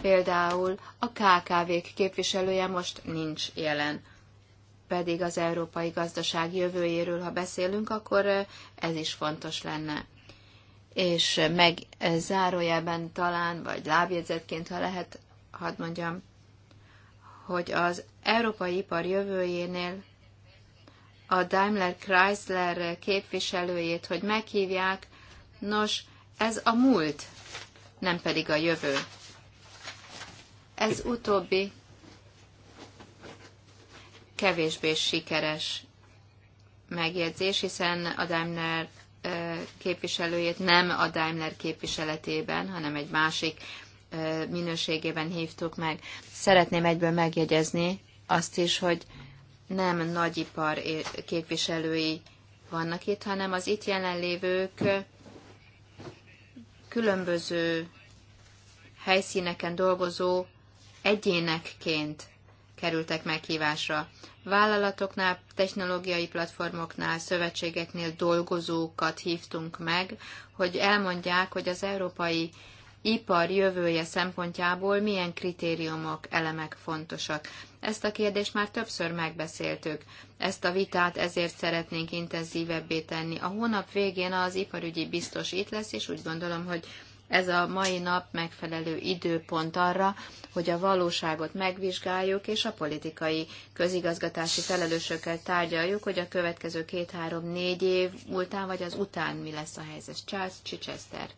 Például a KKV-k képviselője most nincs jelen. Pedig az európai gazdaság jövőjéről, ha beszélünk, akkor ez is fontos lenne. És meg zárójelben talán, vagy lábjegyzetként, ha lehet, hadd mondjam, hogy az európai ipar jövőjénél a Daimler Chrysler képviselőjét, hogy meghívják, nos, ez a múlt, nem pedig a jövő. Ez utóbbi kevésbé sikeres megjegyzés, hiszen a Daimler képviselőjét nem a Daimler képviseletében, hanem egy másik minőségében hívtuk meg. Szeretném egyből megjegyezni azt is, hogy nem nagyipar képviselői vannak itt, hanem az itt jelenlévők különböző helyszíneken dolgozó egyénekként kerültek meghívásra. Vállalatoknál, technológiai platformoknál, szövetségeknél dolgozókat hívtunk meg, hogy elmondják, hogy az európai ipar jövője szempontjából milyen kritériumok, elemek fontosak. Ezt a kérdést már többször megbeszéltük. Ezt a vitát ezért szeretnénk intenzívebbé tenni. A hónap végén az iparügyi biztos itt lesz, és úgy gondolom, hogy ez a mai nap megfelelő időpont arra, hogy a valóságot megvizsgáljuk, és a politikai közigazgatási felelősökkel tárgyaljuk, hogy a következő két-három-négy év után vagy az után mi lesz a helyzet. Charles Chichester.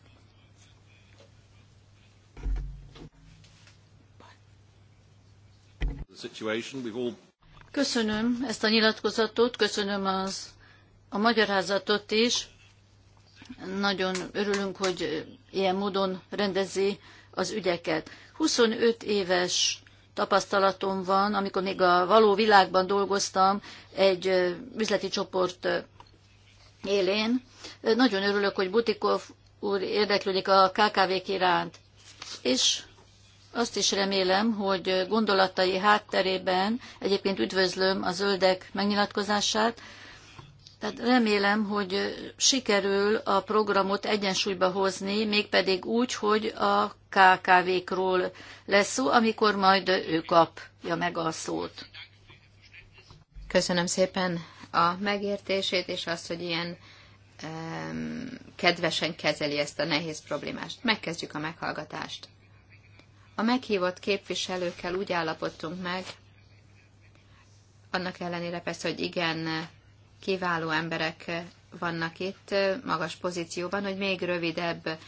Köszönöm ezt a nyilatkozatot, köszönöm az, a magyarázatot is. Nagyon örülünk, hogy ilyen módon rendezi az ügyeket. 25 éves tapasztalatom van, amikor még a való világban dolgoztam egy üzleti csoport élén. Nagyon örülök, hogy Butikov úr érdeklődik a KKV-k iránt. És azt is remélem, hogy gondolatai hátterében, egyébként üdvözlöm a zöldek megnyilatkozását, tehát remélem, hogy sikerül a programot egyensúlyba hozni, mégpedig úgy, hogy a KKV-król lesz szó, amikor majd ő kapja meg a szót. Köszönöm szépen a megértését, és azt, hogy ilyen um, kedvesen kezeli ezt a nehéz problémást. Megkezdjük a meghallgatást. A meghívott képviselőkkel úgy állapodtunk meg, annak ellenére persze, hogy igen, kiváló emberek vannak itt magas pozícióban, hogy még rövidebb e,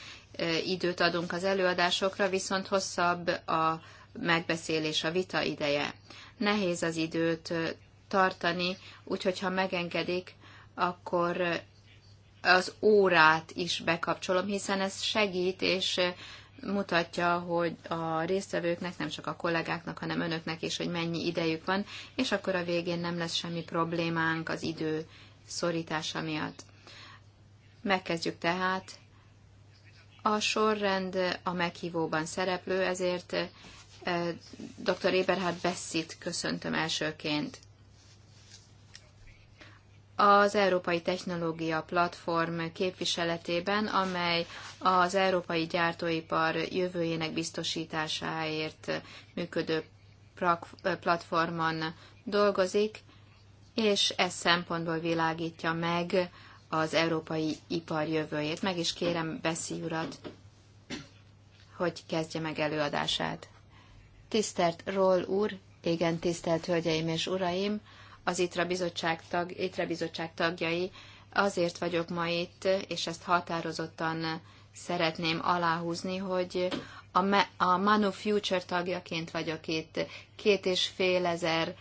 időt adunk az előadásokra, viszont hosszabb a megbeszélés, a vita ideje. Nehéz az időt e, tartani, úgyhogy ha megengedik, akkor az órát is bekapcsolom, hiszen ez segít, és e, mutatja, hogy a résztvevőknek, nem csak a kollégáknak, hanem önöknek is, hogy mennyi idejük van, és akkor a végén nem lesz semmi problémánk az idő szorítása miatt. Megkezdjük tehát. A sorrend a meghívóban szereplő, ezért eh, dr. Eberhard Bessit köszöntöm elsőként az Európai Technológia Platform képviseletében, amely az európai gyártóipar jövőjének biztosításáért működő platformon dolgozik, és ez szempontból világítja meg az európai ipar jövőjét. Meg is kérem Beszi urat, hogy kezdje meg előadását. Tisztelt Roll úr, igen, tisztelt Hölgyeim és Uraim, az ITRA bizottság, tag, ITRA bizottság tagjai. Azért vagyok ma itt, és ezt határozottan szeretném aláhúzni, hogy a, Me- a Manu Future tagjaként vagyok itt. Két és fél ezer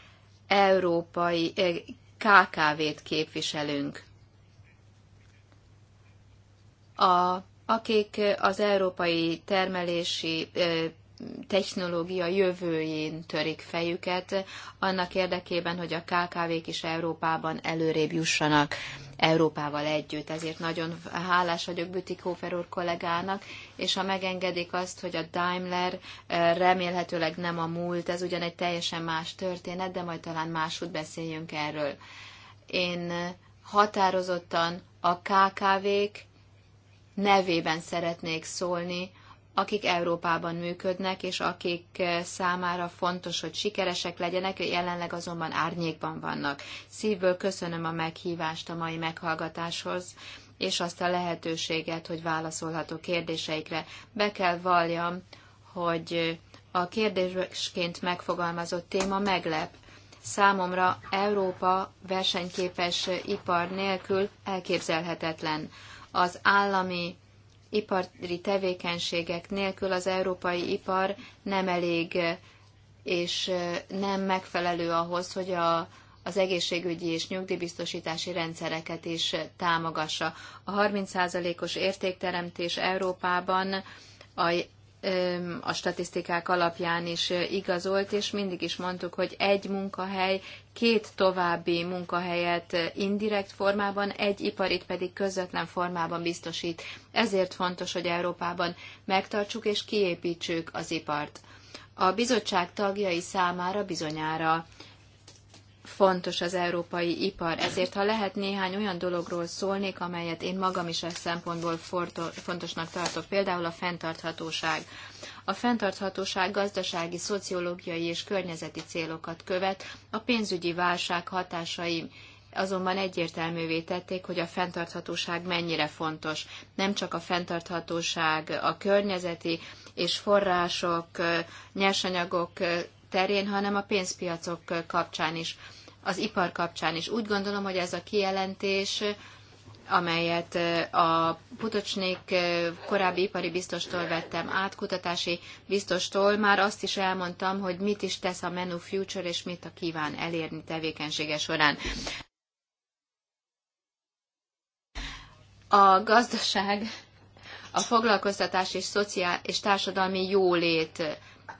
európai eh, KKV-t képviselünk. A, akik az európai termelési eh, technológia jövőjén törik fejüket, annak érdekében, hogy a KKV-k is Európában előrébb jussanak Európával együtt. Ezért nagyon hálás vagyok Bütikófer úr kollégának, és ha megengedik azt, hogy a Daimler remélhetőleg nem a múlt, ez ugyan egy teljesen más történet, de majd talán máshogy beszéljünk erről. Én határozottan a KKV-k nevében szeretnék szólni, akik Európában működnek, és akik eh, számára fontos, hogy sikeresek legyenek, jelenleg azonban árnyékban vannak. Szívből köszönöm a meghívást a mai meghallgatáshoz és azt a lehetőséget, hogy válaszolhatok kérdéseikre. Be kell valljam, hogy eh, a kérdésként megfogalmazott téma meglep. Számomra Európa versenyképes ipar nélkül elképzelhetetlen. Az állami ipari tevékenységek nélkül az európai ipar nem elég és nem megfelelő ahhoz, hogy a, az egészségügyi és nyugdíjbiztosítási rendszereket is támogassa. A 30%-os értékteremtés Európában a a statisztikák alapján is igazolt, és mindig is mondtuk, hogy egy munkahely két további munkahelyet indirekt formában, egy iparit pedig közvetlen formában biztosít. Ezért fontos, hogy Európában megtartsuk és kiépítsük az ipart. A bizottság tagjai számára bizonyára fontos az európai ipar. Ezért, ha lehet néhány olyan dologról szólnék, amelyet én magam is ezt szempontból fontosnak tartok, például a fenntarthatóság. A fenntarthatóság gazdasági, szociológiai és környezeti célokat követ, a pénzügyi válság hatásai azonban egyértelművé tették, hogy a fenntarthatóság mennyire fontos. Nem csak a fenntarthatóság a környezeti és források, nyersanyagok terén, hanem a pénzpiacok kapcsán is, az ipar kapcsán is. Úgy gondolom, hogy ez a kijelentés, amelyet eh, a Putocsnék eh, korábbi ipari biztostól vettem át, kutatási biztostól, már azt is elmondtam, hogy mit is tesz a Menu Future, és mit a kíván elérni tevékenysége során. A gazdaság, a foglalkoztatás és, szociál, és társadalmi jólét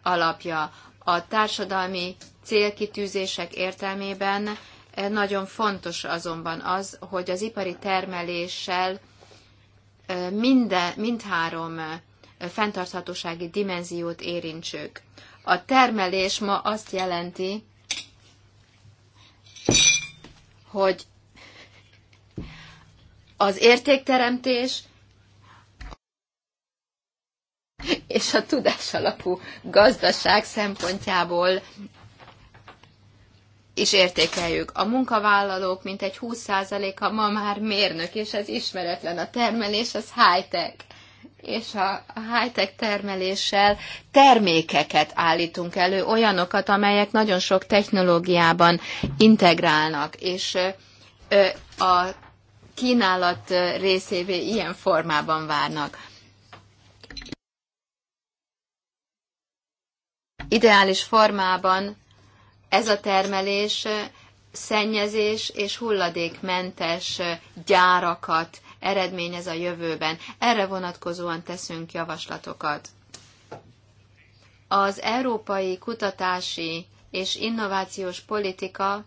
alapja a társadalmi célkitűzések értelmében eh, nagyon fontos azonban az, hogy az ipari termeléssel eh, minden, mindhárom eh, fenntarthatósági dimenziót érintsük. A termelés ma azt jelenti, hogy az értékteremtés és a tudás alapú gazdaság szempontjából is értékeljük. A munkavállalók mintegy 20%-a ma már mérnök, és ez ismeretlen. A termelés az high-tech és a high-tech termeléssel termékeket állítunk elő, olyanokat, amelyek nagyon sok technológiában integrálnak, és a kínálat részévé ilyen formában várnak. ideális formában ez a termelés szennyezés és hulladékmentes gyárakat eredményez a jövőben. Erre vonatkozóan teszünk javaslatokat. Az európai kutatási és innovációs politika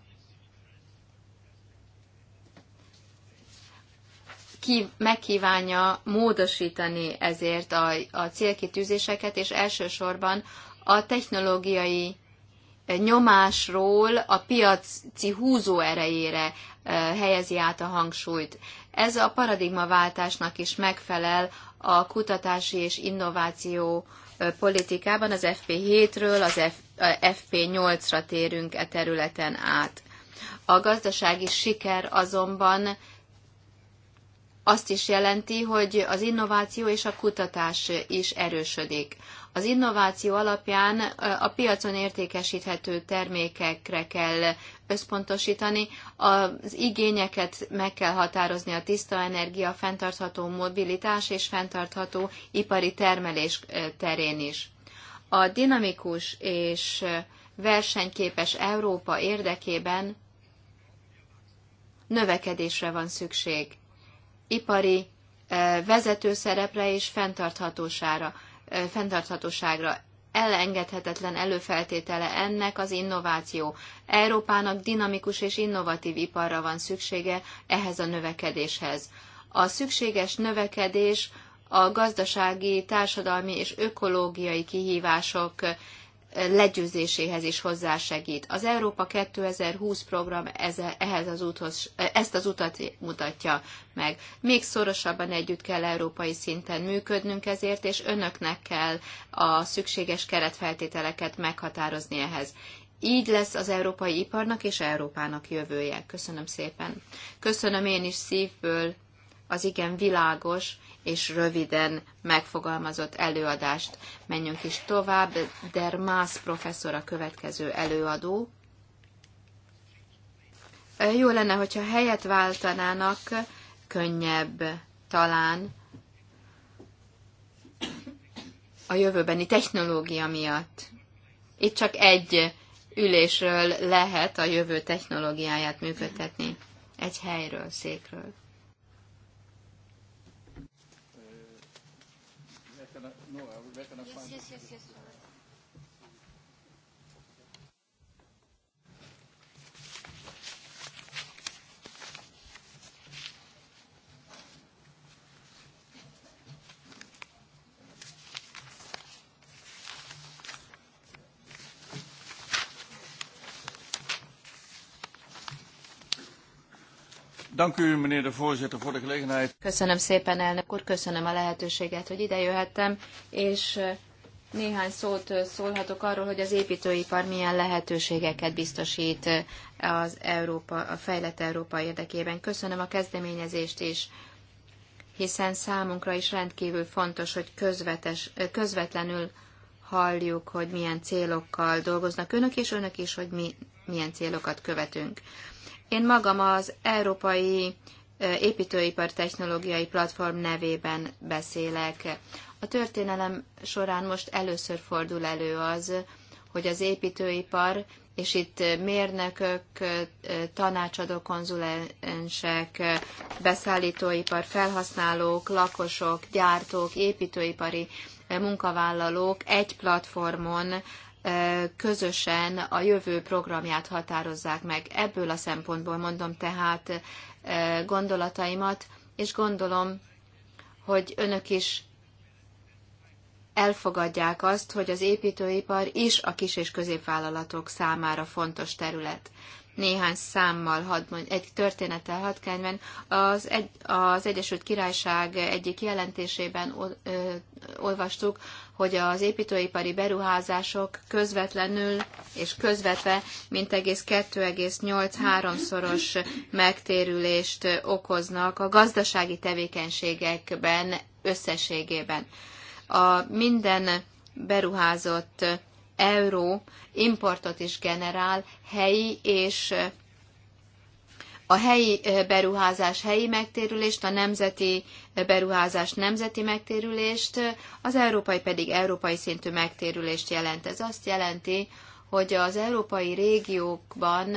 megkívánja módosítani ezért a, a célkitűzéseket, és elsősorban a technológiai eh, nyomásról a piaci húzó erejére eh, helyezi át a hangsúlyt. Ez a paradigmaváltásnak is megfelel a kutatási és innováció eh, politikában. Az FP7-ről az FP8-ra térünk e területen át. A gazdasági siker azonban azt is jelenti, hogy az innováció és a kutatás is erősödik. Az innováció alapján a piacon értékesíthető termékekre kell összpontosítani, az igényeket meg kell határozni a tiszta energia, fenntartható mobilitás és fenntartható ipari termelés terén is. A dinamikus és versenyképes Európa érdekében növekedésre van szükség. Ipari vezetőszerepre és fenntarthatósára fenntarthatóságra. Elengedhetetlen előfeltétele ennek az innováció. Európának dinamikus és innovatív iparra van szüksége ehhez a növekedéshez. A szükséges növekedés a gazdasági, társadalmi és ökológiai kihívások legyőzéséhez is hozzásegít. Az Európa 2020 program ehhez az úthoz, ezt az utat mutatja meg. Még szorosabban együtt kell európai szinten működnünk ezért, és önöknek kell a szükséges keretfeltételeket meghatározni ehhez. Így lesz az európai iparnak és Európának jövője. Köszönöm szépen. Köszönöm én is szívből az igen világos és röviden megfogalmazott előadást. Menjünk is tovább. Dermász professzor a következő előadó. Jó lenne, hogyha helyet váltanának, könnyebb talán a jövőbeni technológia miatt. Itt csak egy ülésről lehet a jövő technológiáját működtetni. Egy helyről, székről. No, I will recognize. Yes, yes, yes, yes. Dank u, meneer de voorzitter, voor de gelegenheid. Köszönöm szépen, elnök úr, köszönöm a lehetőséget, hogy idejöhettem, és néhány szót szólhatok arról, hogy az építőipar milyen lehetőségeket biztosít az Európa, a fejlett Európa érdekében. Köszönöm a kezdeményezést is, hiszen számunkra is rendkívül fontos, hogy közvetes, közvetlenül halljuk, hogy milyen célokkal dolgoznak önök, és önök is, hogy mi milyen célokat követünk. Én magam az Európai Építőipar Technológiai Platform nevében beszélek. A történelem során most először fordul elő az, hogy az építőipar, és itt mérnökök, tanácsadó konzulensek, beszállítóipar, felhasználók, lakosok, gyártók, építőipari munkavállalók egy platformon közösen a jövő programját határozzák meg. Ebből a szempontból mondom tehát gondolataimat, és gondolom, hogy önök is elfogadják azt, hogy az építőipar is a kis- és középvállalatok számára fontos terület. Néhány számmal, hadd mondj, egy történettel hadd kenyben, az, egy, az Egyesült Királyság egyik jelentésében ol, ö, olvastuk, hogy az építőipari beruházások közvetlenül és közvetve mintegész 2,83-szoros megtérülést okoznak a gazdasági tevékenységekben összességében. A minden beruházott euró importot is generál helyi és a helyi beruházás helyi megtérülést, a nemzeti beruházás nemzeti megtérülést, az európai pedig európai szintű megtérülést jelent. Ez azt jelenti, hogy az európai régiókban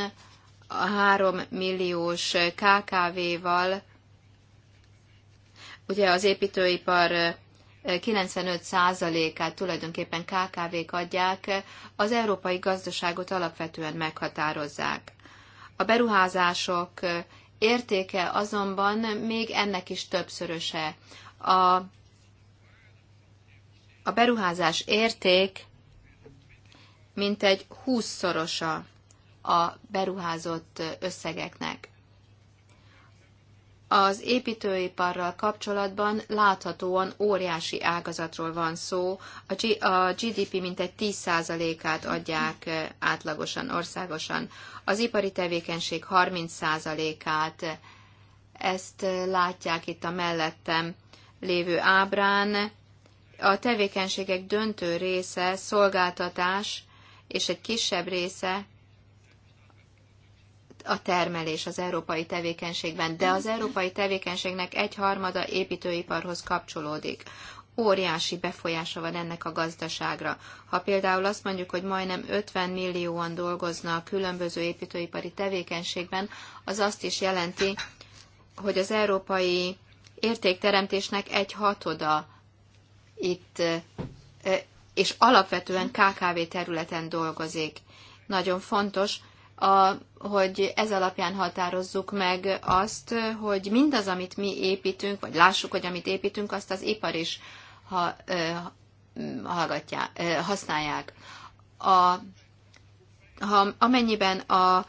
a három milliós KKV-val, ugye az építőipar 95%-át tulajdonképpen KKV-k adják, az európai gazdaságot alapvetően meghatározzák. A beruházások értéke azonban még ennek is többszöröse. A, a beruházás érték mintegy húszszorosa a beruházott összegeknek. Az építőiparral kapcsolatban láthatóan óriási ágazatról van szó. A GDP mintegy 10%-át adják átlagosan, országosan. Az ipari tevékenység 30%-át. Ezt látják itt a mellettem lévő ábrán. A tevékenységek döntő része szolgáltatás, és egy kisebb része a termelés az európai tevékenységben, de az európai tevékenységnek egy harmada építőiparhoz kapcsolódik. Óriási befolyása van ennek a gazdaságra. Ha például azt mondjuk, hogy majdnem 50 millióan dolgoznak különböző építőipari tevékenységben, az azt is jelenti, hogy az európai értékteremtésnek egy hatoda itt, és alapvetően KKV területen dolgozik. Nagyon fontos, a, hogy ez alapján határozzuk meg azt, hogy mindaz, amit mi építünk, vagy lássuk, hogy amit építünk, azt az ipar is ha, hallgatják, használják. A, ha, amennyiben a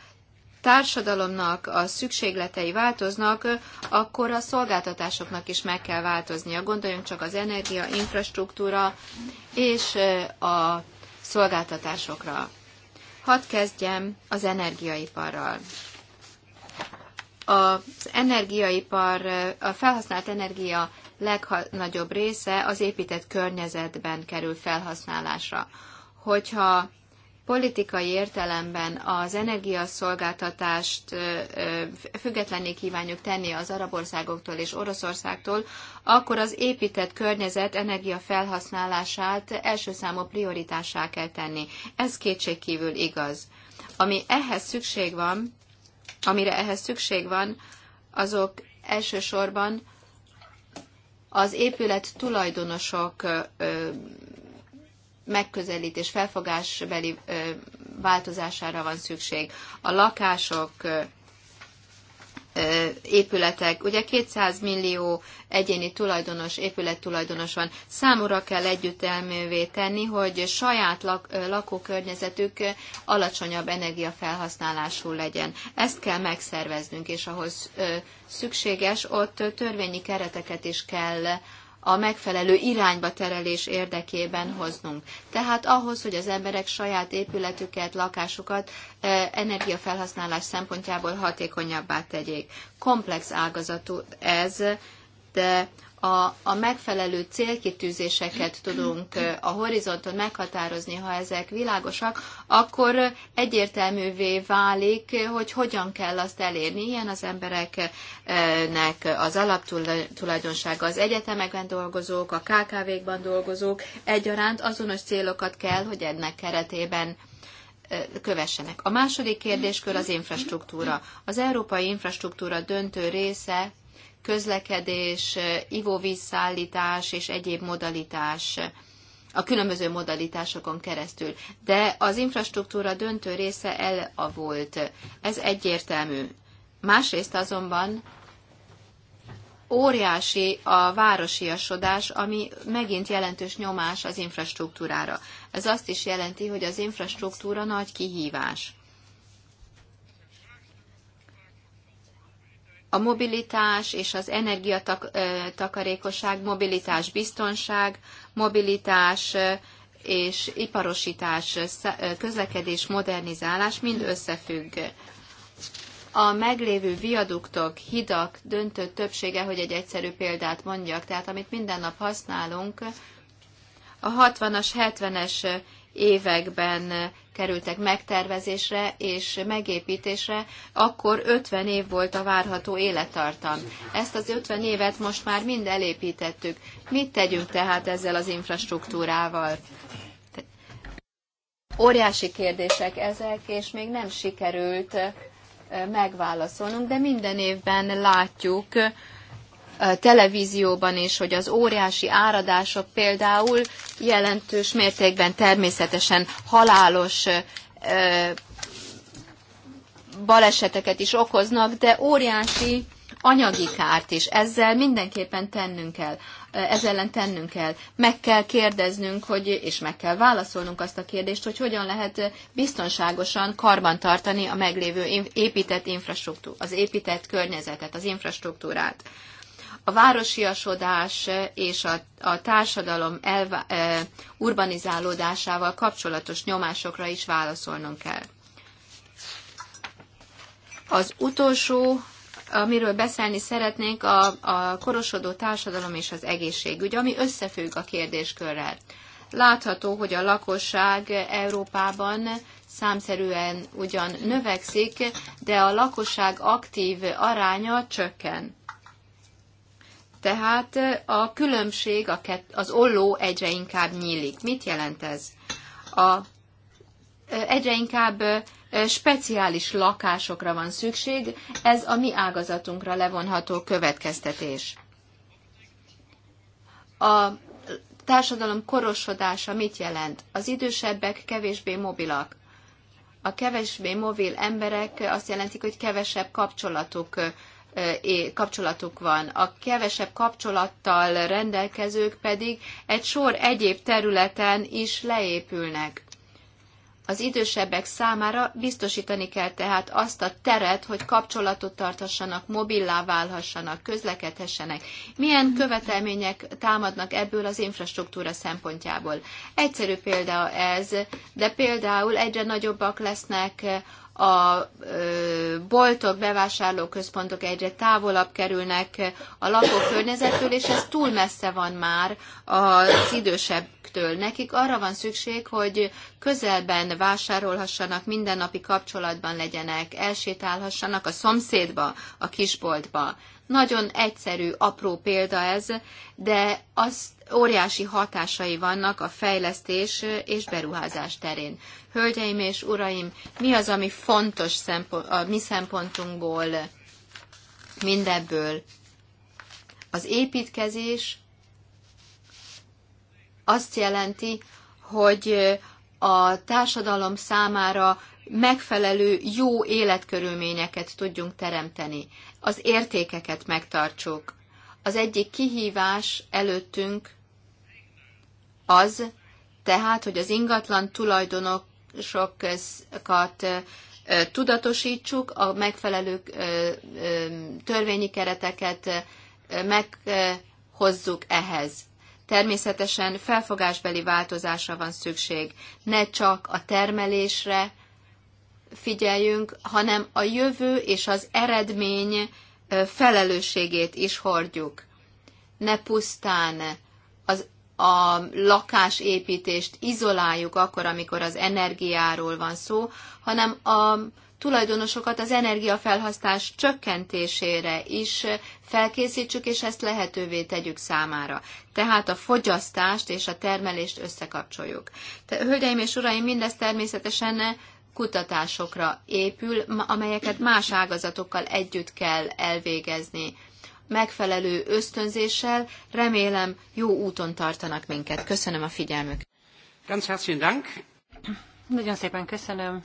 társadalomnak a szükségletei változnak, akkor a szolgáltatásoknak is meg kell változnia. Gondoljunk csak az energia, infrastruktúra és a szolgáltatásokra. Hadd kezdjem az energiaiparral. Az energiaipar, a felhasznált energia legnagyobb része az épített környezetben kerül felhasználásra. Hogyha politikai értelemben az energiaszolgáltatást függetlenné kívánjuk tenni az arab országoktól és Oroszországtól, akkor az épített környezet energiafelhasználását első számú prioritássá kell tenni. Ez kétségkívül igaz. Ami ehhez szükség van, amire ehhez szükség van, azok elsősorban az épület tulajdonosok megközelítés, felfogásbeli változására van szükség. A lakások, épületek, ugye 200 millió egyéni tulajdonos, épülettulajdonos van. Számúra kell együttelművé tenni, hogy saját lak, lakókörnyezetük alacsonyabb energiafelhasználású legyen. Ezt kell megszerveznünk, és ahhoz szükséges, ott törvényi kereteket is kell a megfelelő irányba terelés érdekében hoznunk. Tehát ahhoz, hogy az emberek saját épületüket, lakásukat energiafelhasználás szempontjából hatékonyabbá tegyék. Komplex ágazatú ez, de a, a megfelelő célkitűzéseket tudunk a horizonton meghatározni, ha ezek világosak, akkor egyértelművé válik, hogy hogyan kell azt elérni. Ilyen az embereknek az alaptulajdonsága. Az egyetemekben dolgozók, a KKV-kban dolgozók egyaránt azonos célokat kell, hogy ennek keretében kövessenek. A második kérdéskör az infrastruktúra. Az európai infrastruktúra döntő része közlekedés, ivóvízszállítás és egyéb modalitás a különböző modalitásokon keresztül. De az infrastruktúra döntő része elavult. Ez egyértelmű. Másrészt azonban óriási a városiasodás, ami megint jelentős nyomás az infrastruktúrára. Ez azt is jelenti, hogy az infrastruktúra nagy kihívás. a mobilitás és az energiatakarékosság, mobilitás biztonság, mobilitás és iparosítás, közlekedés modernizálás mind összefügg. A meglévő viaduktok, hidak döntő többsége, hogy egy egyszerű példát mondjak, tehát amit minden nap használunk, a 60-as, 70-es években kerültek megtervezésre és megépítésre, akkor 50 év volt a várható élettartam. Ezt az 50 évet most már mind elépítettük. Mit tegyünk tehát ezzel az infrastruktúrával? Óriási kérdések ezek, és még nem sikerült megválaszolnunk, de minden évben látjuk, televízióban is, hogy az óriási áradások például jelentős mértékben természetesen halálos baleseteket is okoznak, de óriási anyagi kárt is. Ezzel mindenképpen tennünk kell. Ez ellen tennünk kell. Meg kell kérdeznünk, hogy, és meg kell válaszolnunk azt a kérdést, hogy hogyan lehet biztonságosan karbantartani a meglévő épített infrastruktúrát, az épített környezetet, az infrastruktúrát a városiasodás és a, a társadalom elvá, e, urbanizálódásával kapcsolatos nyomásokra is válaszolnunk kell. Az utolsó, amiről beszélni szeretnénk, a, a korosodó társadalom és az egészségügy, ami összefügg a kérdéskörrel. Látható, hogy a lakosság Európában számszerűen ugyan növekszik, de a lakosság aktív aránya csökken. Tehát a különbség, a kett, az olló egyre inkább nyílik. Mit jelent ez? A, egyre inkább speciális lakásokra van szükség, ez a mi ágazatunkra levonható következtetés. A társadalom korosodása mit jelent? Az idősebbek kevésbé mobilak. A kevésbé mobil emberek azt jelentik, hogy kevesebb kapcsolatuk kapcsolatuk van. A kevesebb kapcsolattal rendelkezők pedig egy sor egyéb területen is leépülnek. Az idősebbek számára biztosítani kell tehát azt a teret, hogy kapcsolatot tarthassanak, mobillá válhassanak, közlekedhessenek. Milyen követelmények támadnak ebből az infrastruktúra szempontjából? Egyszerű példa ez, de például egyre nagyobbak lesznek a boltok, bevásárlóközpontok egyre távolabb kerülnek a lakókörnyezettől, és ez túl messze van már az Től. Nekik arra van szükség, hogy közelben vásárolhassanak, mindennapi kapcsolatban legyenek, elsétálhassanak a szomszédba, a kisboltba. Nagyon egyszerű, apró példa ez, de az óriási hatásai vannak a fejlesztés és beruházás terén. Hölgyeim és uraim, mi az, ami fontos szempont, a mi szempontunkból, mindebből? Az építkezés azt jelenti, hogy a társadalom számára megfelelő jó életkörülményeket tudjunk teremteni az értékeket megtartsuk. Az egyik kihívás előttünk az, tehát, hogy az ingatlan tulajdonosokat tudatosítsuk, a megfelelő törvényi kereteket meghozzuk ehhez. Természetesen felfogásbeli változásra van szükség, ne csak a termelésre, figyeljünk, hanem a jövő és az eredmény felelősségét is hordjuk. Ne pusztán az, a lakásépítést izoláljuk akkor, amikor az energiáról van szó, hanem a tulajdonosokat az energiafelhasztás csökkentésére is felkészítsük, és ezt lehetővé tegyük számára. Tehát a fogyasztást és a termelést összekapcsoljuk. Te, hölgyeim és uraim, mindez természetesen kutatásokra épül, amelyeket más ágazatokkal együtt kell elvégezni. Megfelelő ösztönzéssel remélem jó úton tartanak minket. Köszönöm a figyelmük. Ganz herzlichen Dank. Nagyon szépen köszönöm,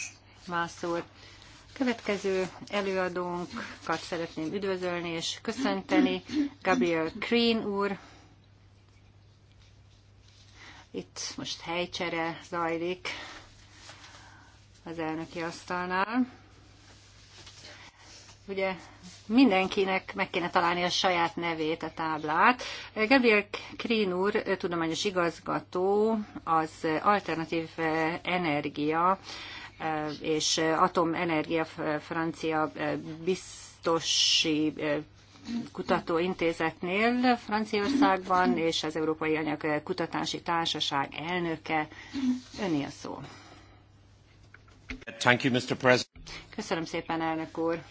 Mász úr. Következő előadónkat szeretném üdvözölni és köszönteni, Gabriel Green úr. Itt most helycsere zajlik az elnöki asztalnál. Ugye mindenkinek meg kéne találni a saját nevét, a táblát. Gabriel Krín úr, tudományos igazgató, az alternatív eh, energia eh, és atomenergia francia eh, biztosi kutatóintézetnél Franciaországban, és az Európai Anyag Kutatási Társaság elnöke. Öni a szó. Köszönöm szépen, elnök úr.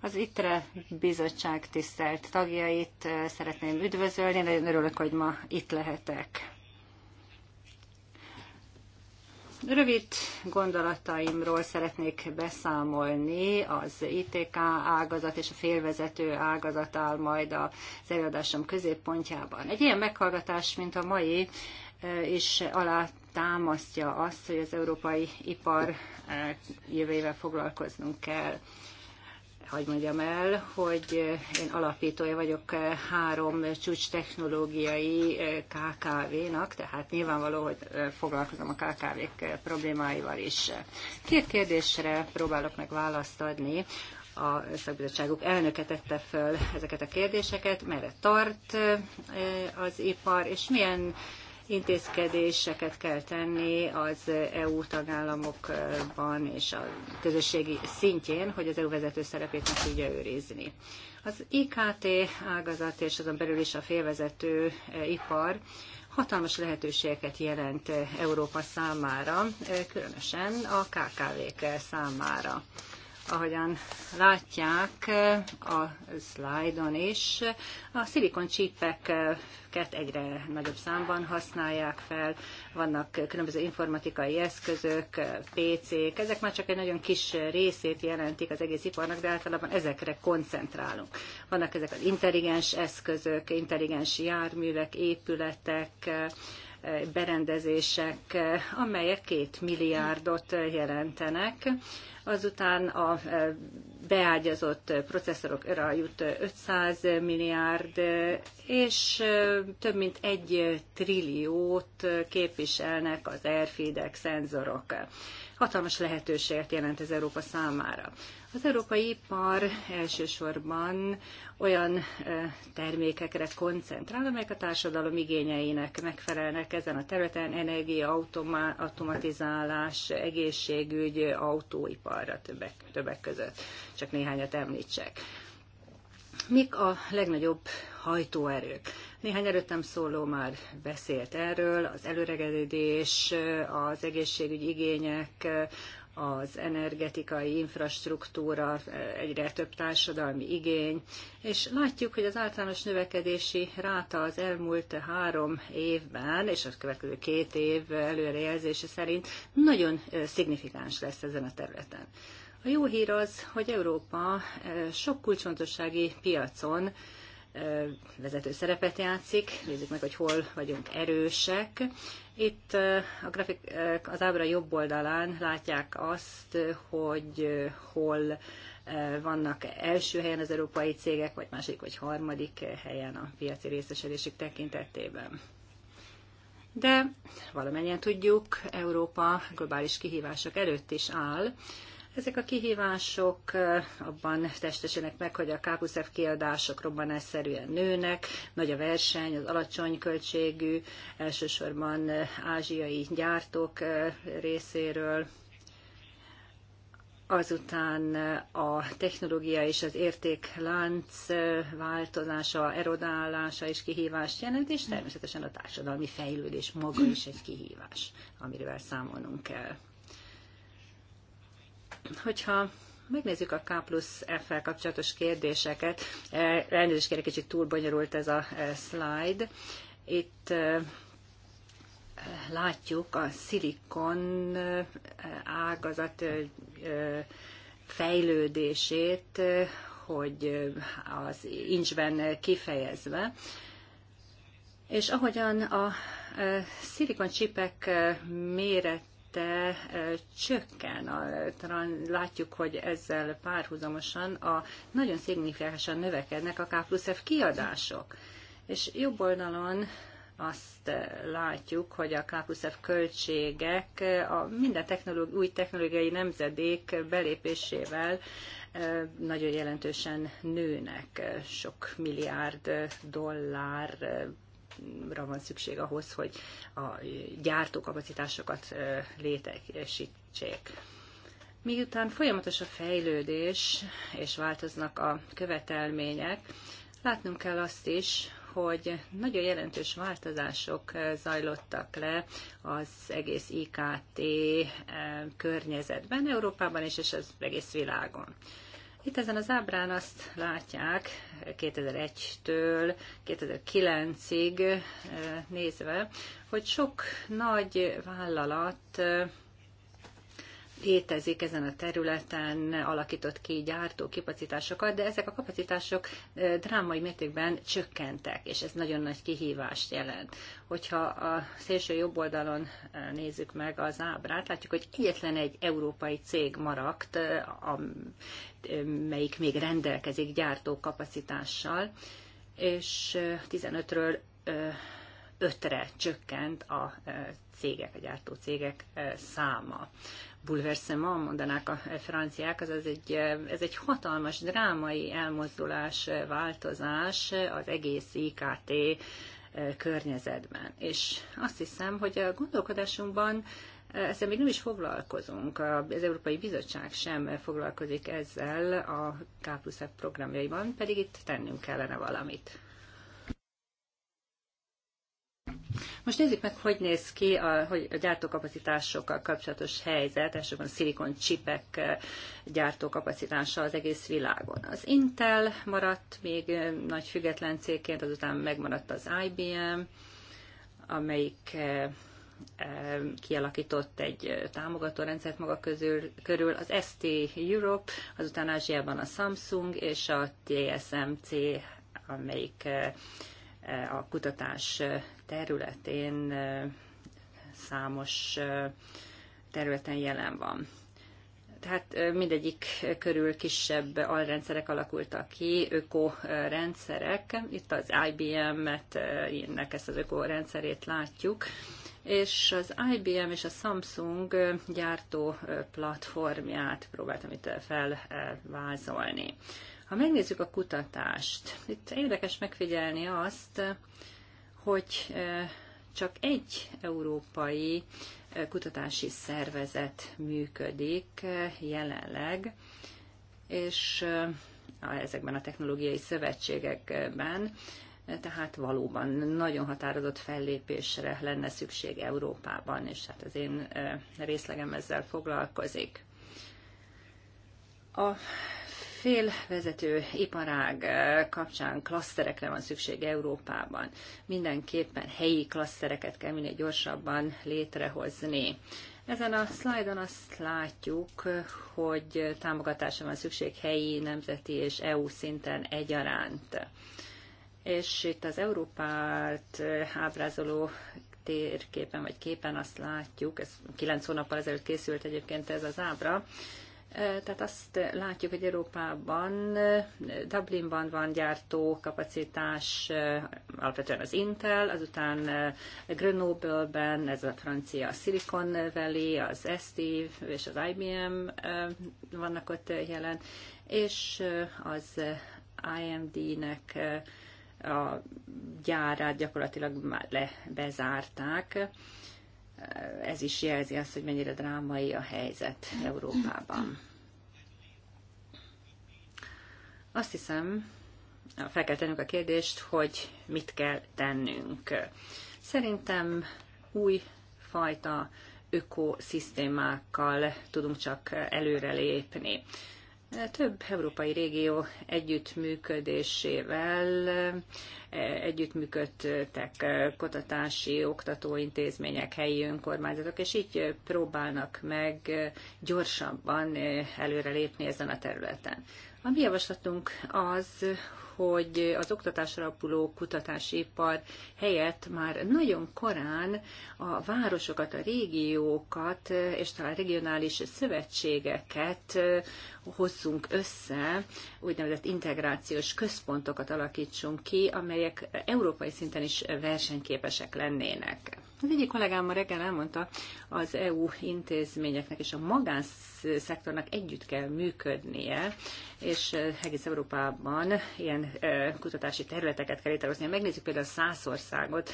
Az ITRE bizottság tisztelt tagjait eh, szeretném üdvözölni. Nagyon örülök, hogy ma itt lehetek. Rövid gondolataimról szeretnék beszámolni, az ITK ágazat és a félvezető ágazat áll majd az előadásom középpontjában. Egy ilyen meghallgatás, mint a mai, eh, is alá támasztja azt, hogy az európai ipar eh, jövőjével foglalkoznunk kell. Hogy mondjam el, hogy eh, én alapítója vagyok eh, három csúcs technológiai KKV-nak, tehát nyilvánvaló, hogy foglalkozom a KKV-k problémáival is. Két kérdésre próbálok meg választ adni a szakbizottságuk elnöke tette föl ezeket a kérdéseket, merre tart az ipar, és milyen intézkedéseket kell tenni az EU tagállamokban és a közösségi szintjén, hogy az EU vezető szerepét meg tudja őrizni. Az IKT ágazat és azon belül is a félvezető eh, ipar hatalmas lehetőségeket jelent eh, Európa számára, eh, különösen a KKV-k számára. Ahogyan látják a szlájdon is, a szilikon csípeket egyre nagyobb számban használják fel, vannak különböző informatikai eszközök, PC-k, ezek már csak egy nagyon kis részét jelentik az egész iparnak, de általában ezekre koncentrálunk. Vannak ezek az intelligens eszközök, intelligens járművek, épületek, berendezések, amelyek két milliárdot jelentenek. Azután a eh, beágyazott processzorokra jut 500 milliárd, és eh, több mint egy trilliót képviselnek az airfeedek szenzorok. Hatalmas lehetőséget jelent ez Európa számára. Az európai ipar elsősorban olyan termékekre koncentrál, amelyek a társadalom igényeinek megfelelnek ezen a területen, energia, automa, automatizálás, egészségügy, autóiparra többek, többek között. Csak néhányat említsek. Mik a legnagyobb hajtóerők? Néhány előttem szóló már beszélt erről, az előregedés, az egészségügyi igények, az energetikai infrastruktúra, egyre több társadalmi igény, és látjuk, hogy az általános növekedési ráta az elmúlt három évben, és a következő két év előrejelzése szerint nagyon szignifikáns lesz ezen a területen. A jó hír az, hogy Európa sok kulcsfontossági piacon vezető szerepet játszik. Nézzük meg, hogy hol vagyunk erősek. Itt a grafik, az ábra jobb oldalán látják azt, hogy hol vannak első helyen az európai cégek, vagy másik, vagy harmadik helyen a piaci részesedésük tekintetében. De valamennyien tudjuk, Európa globális kihívások előtt is áll, ezek a kihívások abban testesülnek meg, hogy a KQSZF kiadások robbanásszerűen nőnek, nagy a verseny, az alacsony költségű, elsősorban ázsiai gyártók részéről, azután a technológia és az értéklánc változása, erodálása is kihívást jelent, és természetesen a társadalmi fejlődés maga is egy kihívás, amiről számolnunk kell. Hogyha megnézzük a K plusz F-fel kapcsolatos kérdéseket, eh, elnézést kérek, kicsit túl bonyolult ez a eh, slide. Itt eh, látjuk a szilikon ágazat fejlődését, hogy az incsben kifejezve. És ahogyan a szilikon csipek méret szinte csökken. A, talán látjuk, hogy ezzel párhuzamosan a nagyon szignifikánsan növekednek a K plusz F kiadások. És jobb oldalon azt látjuk, hogy a K plusz F költségek a minden technológi, új technológiai nemzedék belépésével nagyon jelentősen nőnek, sok milliárd dollár van szükség ahhoz, hogy a gyártókapacitásokat létesítsék. Miután folyamatos a fejlődés, és változnak a követelmények, látnunk kell azt is, hogy nagyon jelentős változások zajlottak le az egész IKT környezetben, Európában és, és az egész világon. Itt ezen az ábrán azt látják 2001-től 2009-ig eh, nézve, hogy sok nagy vállalat eh, létezik ezen a területen, alakított ki gyártó kapacitásokat, de ezek a kapacitások drámai mértékben csökkentek, és ez nagyon nagy kihívást jelent. Hogyha a szélső jobb oldalon nézzük meg az ábrát, látjuk, hogy egyetlen egy európai cég maradt, amelyik még rendelkezik gyártó kapacitással, és 15-ről 5-re csökkent a cégek, a gyártó cégek száma bulversement, mondanák a e, franciák, az egy, e, ez egy hatalmas drámai elmozdulás, e, változás az egész IKT környezetben. És azt hiszem, hogy a gondolkodásunkban ezzel még nem is foglalkozunk. Az Európai Bizottság sem foglalkozik ezzel a K plusz programjaiban, pedig itt tennünk kellene valamit. Most nézzük meg, hogy néz ki a, hogy a gyártókapacitásokkal kapcsolatos helyzet, elsősorban a szilikon csipek eh, gyártókapacitása az egész világon. Az Intel maradt még eh, nagy független cégként, azután megmaradt az IBM, amelyik eh, kialakított egy támogatórendszert maga közül, körül, az ST Europe, azután Ázsiában a Samsung és a TSMC, amelyik a kutatás területén számos területen jelen van. Tehát mindegyik körül kisebb alrendszerek alakultak ki, ökorendszerek. Itt az IBM-et, ennek ezt az ökorendszerét látjuk és az IBM és a Samsung gyártó platformját próbáltam itt felvázolni. Ha megnézzük a kutatást, itt érdekes megfigyelni azt, hogy csak egy európai kutatási szervezet működik jelenleg, és ezekben a technológiai szövetségekben, tehát valóban nagyon határozott fellépésre lenne szükség Európában, és hát az én részlegem ezzel foglalkozik. A félvezető iparág eh, kapcsán klaszterekre van szükség Európában. Mindenképpen helyi klasztereket kell minél gyorsabban létrehozni. Ezen a szlájdon azt látjuk, hogy támogatásra van szükség helyi, nemzeti és EU szinten egyaránt. És itt az Európát eh, ábrázoló térképen vagy képen azt látjuk, ez 9 hónappal ezelőtt készült egyébként ez az ábra, tehát azt látjuk, hogy Európában, Dublinban van gyártó kapacitás, alapvetően az Intel, azután Grenoble-ben ez a francia a Silicon Valley, az ST és az IBM vannak ott jelen, és az IMD-nek a gyárát gyakorlatilag már lebezárták. bezárták ez is jelzi azt, hogy mennyire drámai a helyzet Európában. Azt hiszem, fel kell tennünk a kérdést, hogy mit kell tennünk. Szerintem új fajta ökoszisztémákkal tudunk csak előrelépni. Több európai régió együttműködésével együttműködtek kutatási, oktatóintézmények, helyi önkormányzatok, és így próbálnak meg gyorsabban előrelépni ezen a területen. A mi javaslatunk az, hogy az oktatásra apuló kutatásipar helyett már nagyon korán a városokat, a régiókat és talán regionális szövetségeket hozzunk össze, úgynevezett integrációs központokat alakítsunk ki, amelyek európai szinten is versenyképesek lennének. Az egyik kollégám ma reggel elmondta, az EU intézményeknek és a magánszektornak együtt kell működnie, és egész Európában ilyen kutatási területeket kell létrehozni. Megnézzük például Szászországot.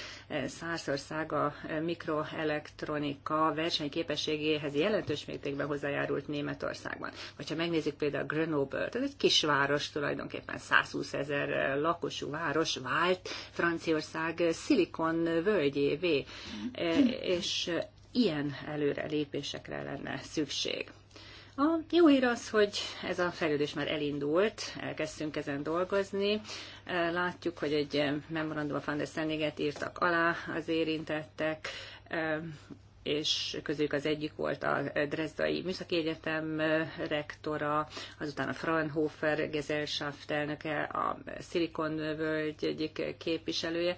Szászország a mikroelektronika versenyképességéhez jelentős mértékben hozzájárult Németországban. Vagy ha megnézzük például Grenoble-t, ez egy kisváros tulajdonképpen 120 ezer lakosú város vált Franciaország szilikon völgyévé. Eh, és eh, ilyen előrelépésekre lenne szükség. A jó ír az, hogy ez a fejlődés már elindult, elkezdtünk ezen dolgozni. Eh, látjuk, hogy egy memorandum a Fandeszenéget írtak alá az érintettek, és közülük az egyik volt a Dresdai Műszaki Egyetem rektora, azután a Fraunhofer Gesellschaft elnöke, a Silicon World egyik képviselője.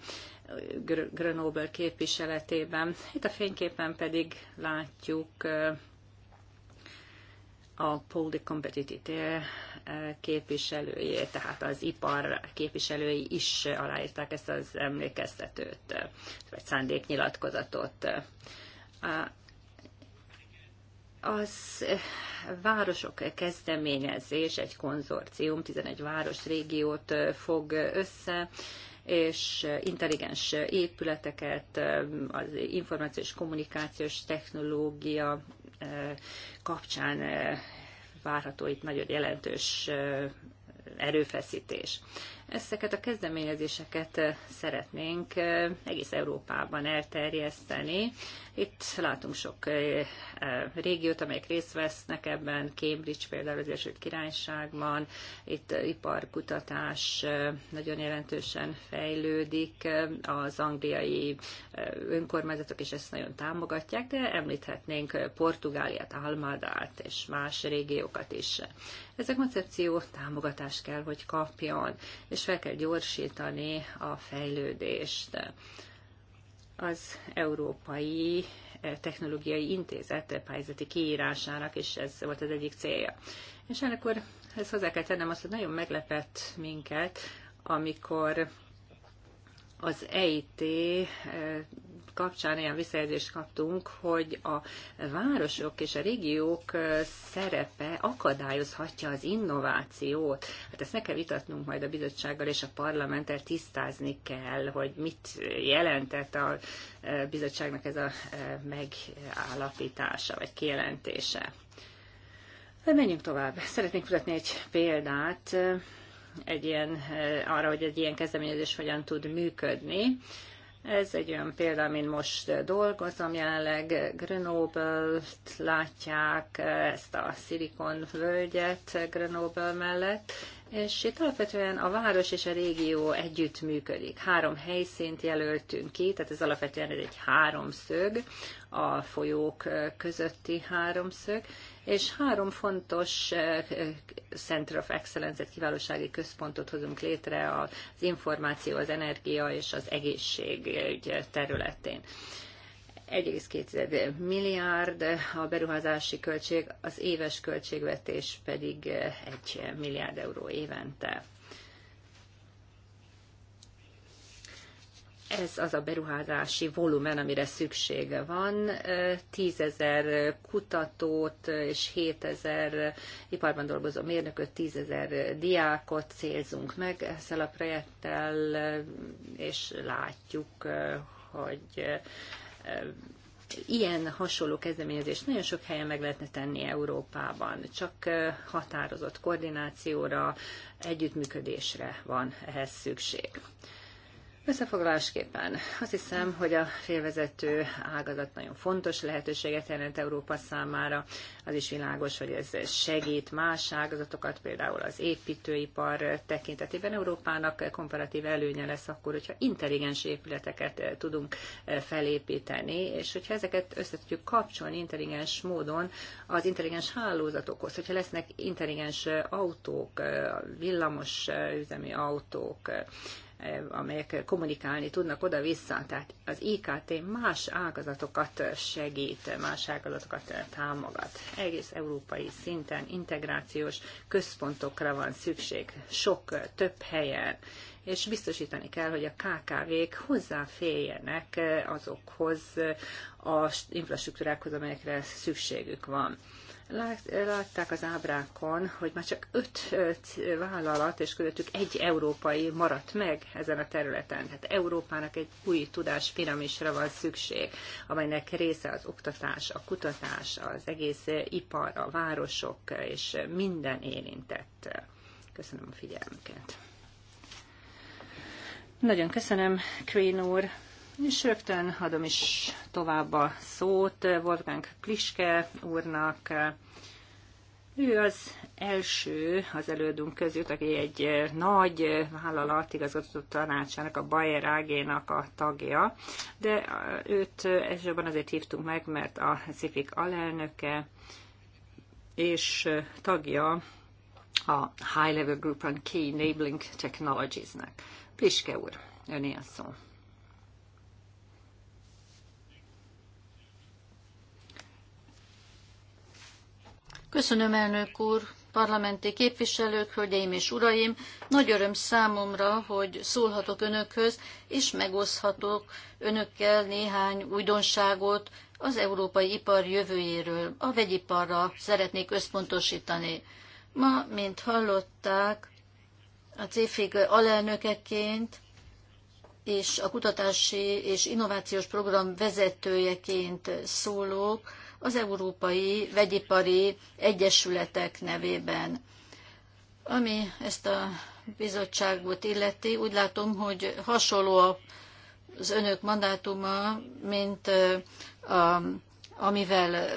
Grenoble képviseletében. Itt a fényképen pedig látjuk a poli Competitive képviselőjét, tehát az ipar képviselői is aláírták ezt az emlékeztetőt, vagy szándéknyilatkozatot. Az városok kezdeményezés, egy konzorcium, 11 város régiót fog össze, és intelligens épületeket, az információs kommunikációs technológia eh, kapcsán eh, várható itt nagyon jelentős eh, erőfeszítés. Ezeket a kezdeményezéseket eh, szeretnénk eh, egész Európában elterjeszteni. Itt látunk sok eh, régiót, amelyek részt vesznek ebben, Cambridge például az Egyesült Királyságban, itt iparkutatás nagyon jelentősen fejlődik, az angliai önkormányzatok is ezt nagyon támogatják, de említhetnénk Portugáliát, Almadát és más régiókat is ez a koncepció támogatást kell, hogy kapjon, és fel kell gyorsítani a fejlődést. Az Európai Technológiai Intézet pályázati kiírásának, és ez volt az egyik célja. És akkor ezt hozzá kell tennem azt, hogy nagyon meglepett minket, amikor az EIT kapcsán ilyen visszajelzést kaptunk, hogy a városok és a régiók szerepe akadályozhatja az innovációt. Hát ezt nekem kell vitatnunk majd a bizottsággal és a parlamenttel tisztázni kell, hogy mit jelentett a bizottságnak ez a megállapítása vagy kijelentése. Menjünk tovább. Szeretnék mutatni egy példát egy ilyen, arra, hogy egy ilyen kezdeményezés hogyan tud működni. Ez egy olyan példa, amin most dolgozom jelenleg. Grenoble-t látják, ezt a szilikon völgyet Grenoble mellett, és itt alapvetően a város és a régió együtt működik. Három helyszínt jelöltünk ki, tehát ez alapvetően egy háromszög, a folyók közötti háromszög, és három fontos eh, Center of Excellence-et, kiválósági központot hozunk létre az információ, az energia és az egészség eh, területén. 1,2 milliárd a beruházási költség, az éves költségvetés pedig 1 eh, milliárd euró évente. ez az a beruházási volumen, amire szüksége van. Tízezer kutatót és 7000 iparban dolgozó mérnököt, tízezer diákot célzunk meg ezzel a projekttel, és látjuk, hogy ilyen hasonló kezdeményezést nagyon sok helyen meg lehetne tenni Európában, csak határozott koordinációra, együttműködésre van ehhez szükség. Összefoglalásképpen azt hiszem, hogy a félvezető ágazat nagyon fontos lehetőséget jelent Európa számára. Az is világos, hogy ez segít más ágazatokat, például az építőipar tekintetében Európának komparatív előnye lesz akkor, hogyha intelligens épületeket tudunk felépíteni, és hogyha ezeket össze tudjuk kapcsolni intelligens módon az intelligens hálózatokhoz, hogyha lesznek intelligens autók, villamos üzemi autók, amelyek kommunikálni tudnak oda-vissza. Tehát az IKT más ágazatokat segít, más ágazatokat támogat. Egész európai szinten integrációs központokra van szükség, sok, több helyen és biztosítani kell, hogy a KKV-k hozzáférjenek azokhoz az infrastruktúrákhoz, amelyekre szükségük van. Látták az ábrákon, hogy már csak öt vállalat, és közöttük egy európai maradt meg ezen a területen. Hát Európának egy új tudás piramisra van szükség, amelynek része az oktatás, a kutatás, az egész ipar, a városok és minden érintett. Köszönöm a figyelmüket. Nagyon köszönöm, Queen úr. És rögtön adom is tovább a szót Wolfgang Pliske úrnak. Ő az első az elődünk között, aki egy nagy vállalat igazgató tanácsának, a Bayer AG-nak a tagja, de őt elsősorban azért hívtunk meg, mert a CIFIK alelnöke és tagja a High Level Group on Key Enabling Technologies-nek. Pliske úr, öné a szó. Köszönöm, elnök úr, parlamenti képviselők, hölgyeim és uraim! Nagy öröm számomra, hogy szólhatok önökhöz, és megoszthatok önökkel néhány újdonságot az európai ipar jövőjéről. A vegyiparra szeretnék összpontosítani. Ma, mint hallották, a CFIG alelnökeként és a kutatási és innovációs program vezetőjeként szólók, az Európai Vegyipari Egyesületek nevében. Ami ezt a bizottságot illeti, úgy látom, hogy hasonló az önök mandátuma, mint a, amivel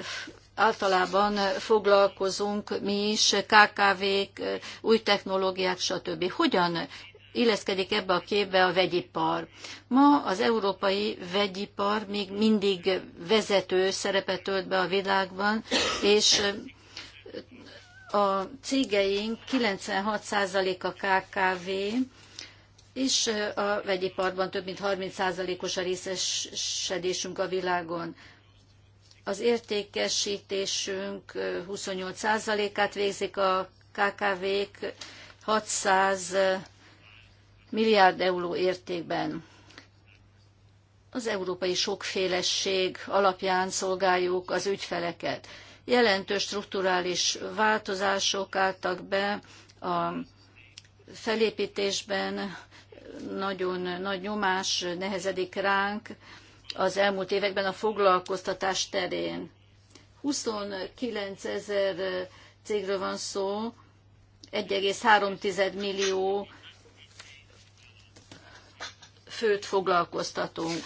általában foglalkozunk mi is, KKV-k, új technológiák, stb. Hogyan illeszkedik ebbe a képbe a vegyipar. Ma az európai vegyipar még mindig vezető szerepet tölt be a világban, és a cégeink 96%-a KKV, és a vegyiparban több mint 30%-os a részesedésünk a világon. Az értékesítésünk 28%-át végzik a KKV-k, 600 milliárd euró értékben. Az európai sokféleség alapján szolgáljuk az ügyfeleket. Jelentős strukturális változások álltak be a felépítésben, nagyon nagy nyomás nehezedik ránk az elmúlt években a foglalkoztatás terén. 29 ezer cégről van szó, 1,3 millió főt foglalkoztatunk.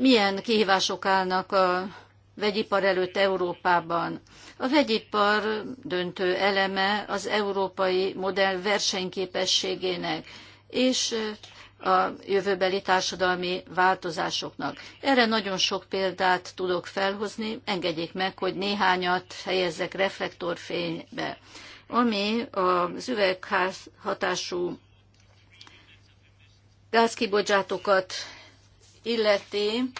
Milyen kihívások állnak a vegyipar előtt Európában? A vegyipar döntő eleme az európai modell versenyképességének, és a jövőbeli társadalmi változásoknak. Erre nagyon sok példát tudok felhozni, engedjék meg, hogy néhányat helyezzek reflektorfénybe. Ami az üvegházhatású hatású gázkibocsátókat illeti,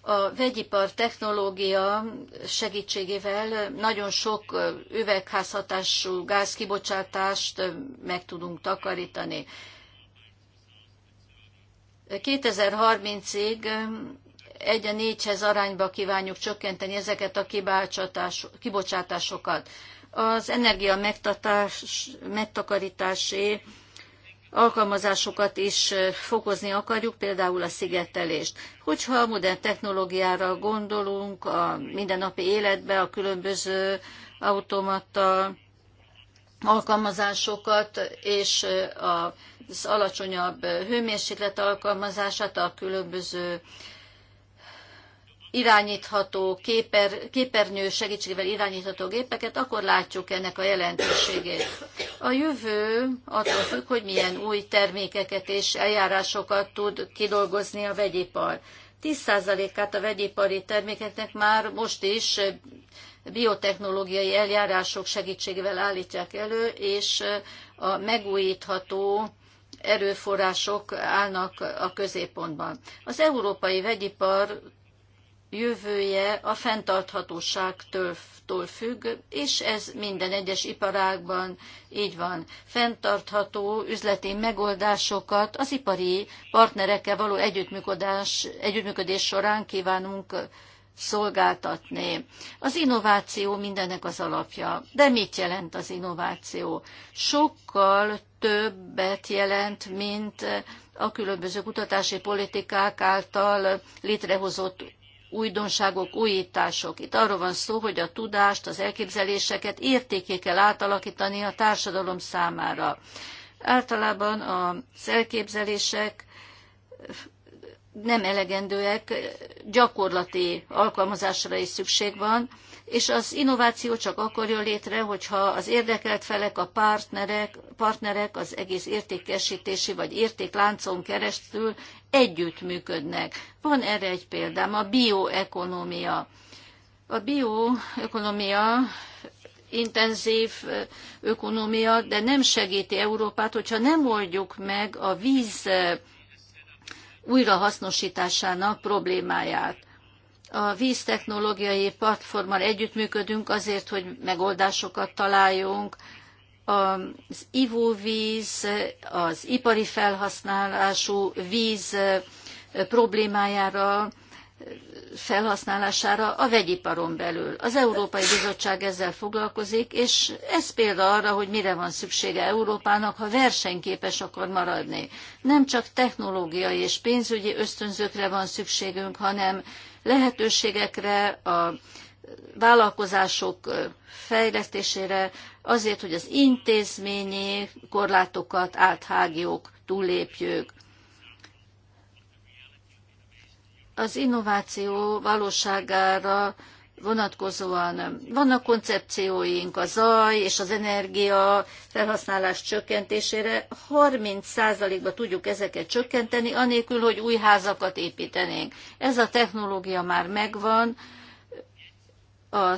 a vegyipar technológia segítségével nagyon sok üvegházhatású gázkibocsátást meg tudunk takarítani. 2030-ig egy a négyhez arányba kívánjuk csökkenteni ezeket a kibocsátásokat. Az energia megtakarítási alkalmazásokat is fokozni akarjuk, például a szigetelést. Hogyha modern technológiára gondolunk, a mindennapi életbe, a különböző automata alkalmazásokat és az alacsonyabb hőmérséklet alkalmazását a különböző irányítható képer, képernyő segítségével irányítható gépeket, akkor látjuk ennek a jelentőségét. A jövő attól függ, hogy milyen új termékeket és eljárásokat tud kidolgozni a vegyipar. 10%-át a vegyipari termékeknek már most is biotechnológiai eljárások segítségével állítják elő, és a megújítható erőforrások állnak a középpontban. Az európai vegyipar jövője a fenntarthatóságtól függ, és ez minden egyes iparágban így van. Fenntartható üzleti megoldásokat az ipari partnerekkel való együttműködés, együttműködés során kívánunk szolgáltatni. Az innováció mindennek az alapja. De mit jelent az innováció? Sokkal többet jelent, mint a különböző kutatási politikák által létrehozott újdonságok, újítások. Itt arról van szó, hogy a tudást, az elképzeléseket értéké kell átalakítani a társadalom számára. Általában az elképzelések nem elegendőek, gyakorlati alkalmazásra is szükség van, és az innováció csak akkor jön létre, hogyha az érdekelt felek, a partnerek, partnerek az egész értékesítési vagy értékláncon keresztül együttműködnek. Van erre egy példám, a bioekonomia. A bioekonomia intenzív ökonomia, de nem segíti Európát, hogyha nem oldjuk meg a víz újrahasznosításának problémáját a víztechnológiai platformmal együttműködünk azért, hogy megoldásokat találjunk. Az ivóvíz, az ipari felhasználású víz problémájára, felhasználására a vegyiparon belül. Az Európai Bizottság ezzel foglalkozik, és ez példa arra, hogy mire van szüksége Európának, ha versenyképes akar maradni. Nem csak technológiai és pénzügyi ösztönzőkre van szükségünk, hanem lehetőségekre, a vállalkozások fejlesztésére, azért, hogy az intézményi korlátokat áthágjuk, túllépjük. Az innováció valóságára vonatkozóan vannak koncepcióink a zaj és az energia felhasználás csökkentésére. 30%-ba tudjuk ezeket csökkenteni, anélkül, hogy új házakat építenénk. Ez a technológia már megvan, a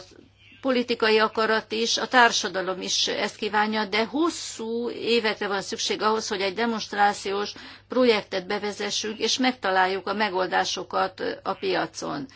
politikai akarat is, a társadalom is ezt kívánja, de hosszú évekre van szükség ahhoz, hogy egy demonstrációs projektet bevezessünk, és megtaláljuk a megoldásokat a piacon.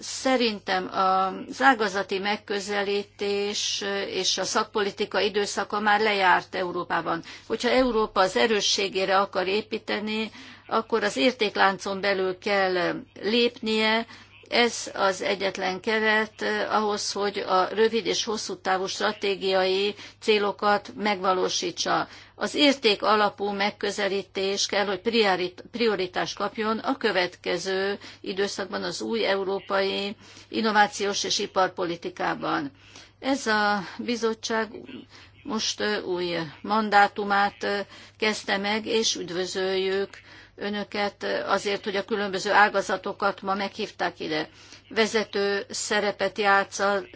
Szerintem az ágazati megközelítés és a szakpolitika időszaka már lejárt Európában. Hogyha Európa az erősségére akar építeni, akkor az értékláncon belül kell lépnie, ez az egyetlen keret ahhoz, hogy a rövid és hosszú távú stratégiai célokat megvalósítsa az érték alapú megközelítés kell, hogy prioritást kapjon a következő időszakban az új európai innovációs és iparpolitikában. Ez a bizottság most új mandátumát kezdte meg, és üdvözöljük önöket azért, hogy a különböző ágazatokat ma meghívták ide. Vezető szerepet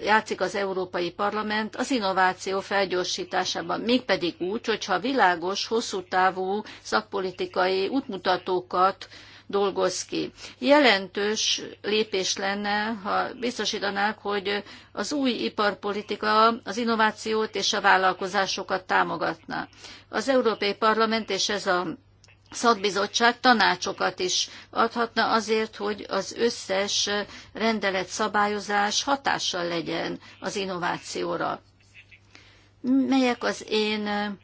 játszik az Európai Parlament az innováció felgyorsításában, mégpedig úgy, hogyha világos, hosszú távú szakpolitikai útmutatókat dolgoz ki. Jelentős lépés lenne, ha biztosítanák, hogy az új iparpolitika az innovációt és a vállalkozásokat támogatná. Az Európai Parlament és ez a szakbizottság tanácsokat is adhatna azért, hogy az összes rendelet szabályozás hatással legyen az innovációra. Melyek az én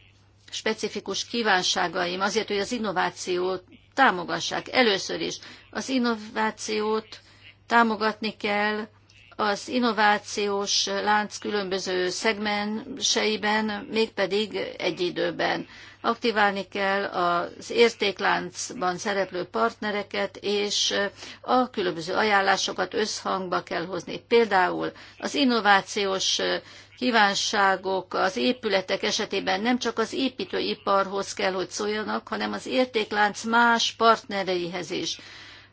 specifikus kívánságaim azért, hogy az innovációt támogassák? Először is az innovációt támogatni kell az innovációs lánc különböző szegmenseiben, mégpedig egy időben. Aktiválni kell az értékláncban szereplő partnereket, és a különböző ajánlásokat összhangba kell hozni. Például az innovációs kívánságok az épületek esetében nem csak az építőiparhoz kell, hogy szóljanak, hanem az értéklánc más partnereihez is.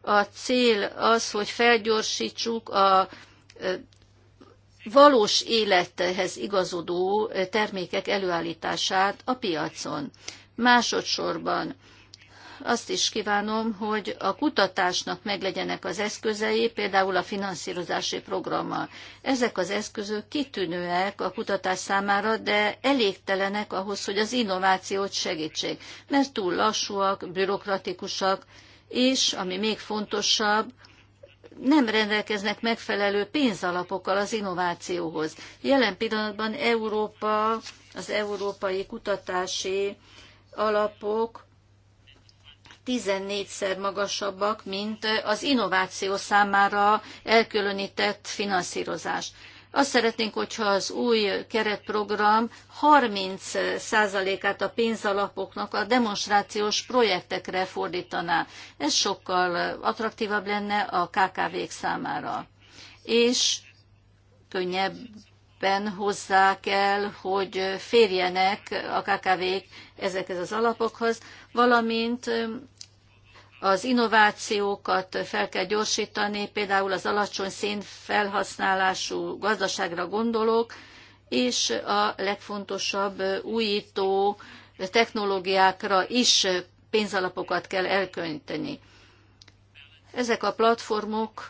A cél az, hogy felgyorsítsuk a valós élethez igazodó termékek előállítását a piacon. Másodszorban azt is kívánom, hogy a kutatásnak meglegyenek az eszközei, például a finanszírozási programmal. Ezek az eszközök kitűnőek a kutatás számára, de elégtelenek ahhoz, hogy az innovációt segítsék, mert túl lassúak, bürokratikusak, és, ami még fontosabb, nem rendelkeznek megfelelő pénzalapokkal az innovációhoz. Jelen pillanatban Európa, az európai kutatási alapok 14-szer magasabbak, mint az innováció számára elkülönített finanszírozás. Azt szeretnénk, hogyha az új keretprogram 30%-át a pénzalapoknak a demonstrációs projektekre fordítaná. Ez sokkal attraktívabb lenne a KKV-k számára. És könnyebb mindenképpen hozzá kell, hogy férjenek a KKV-k ezekhez az alapokhoz, valamint az innovációkat fel kell gyorsítani, például az alacsony szénfelhasználású gazdaságra gondolok, és a legfontosabb újító technológiákra is pénzalapokat kell elkönyteni. Ezek a platformok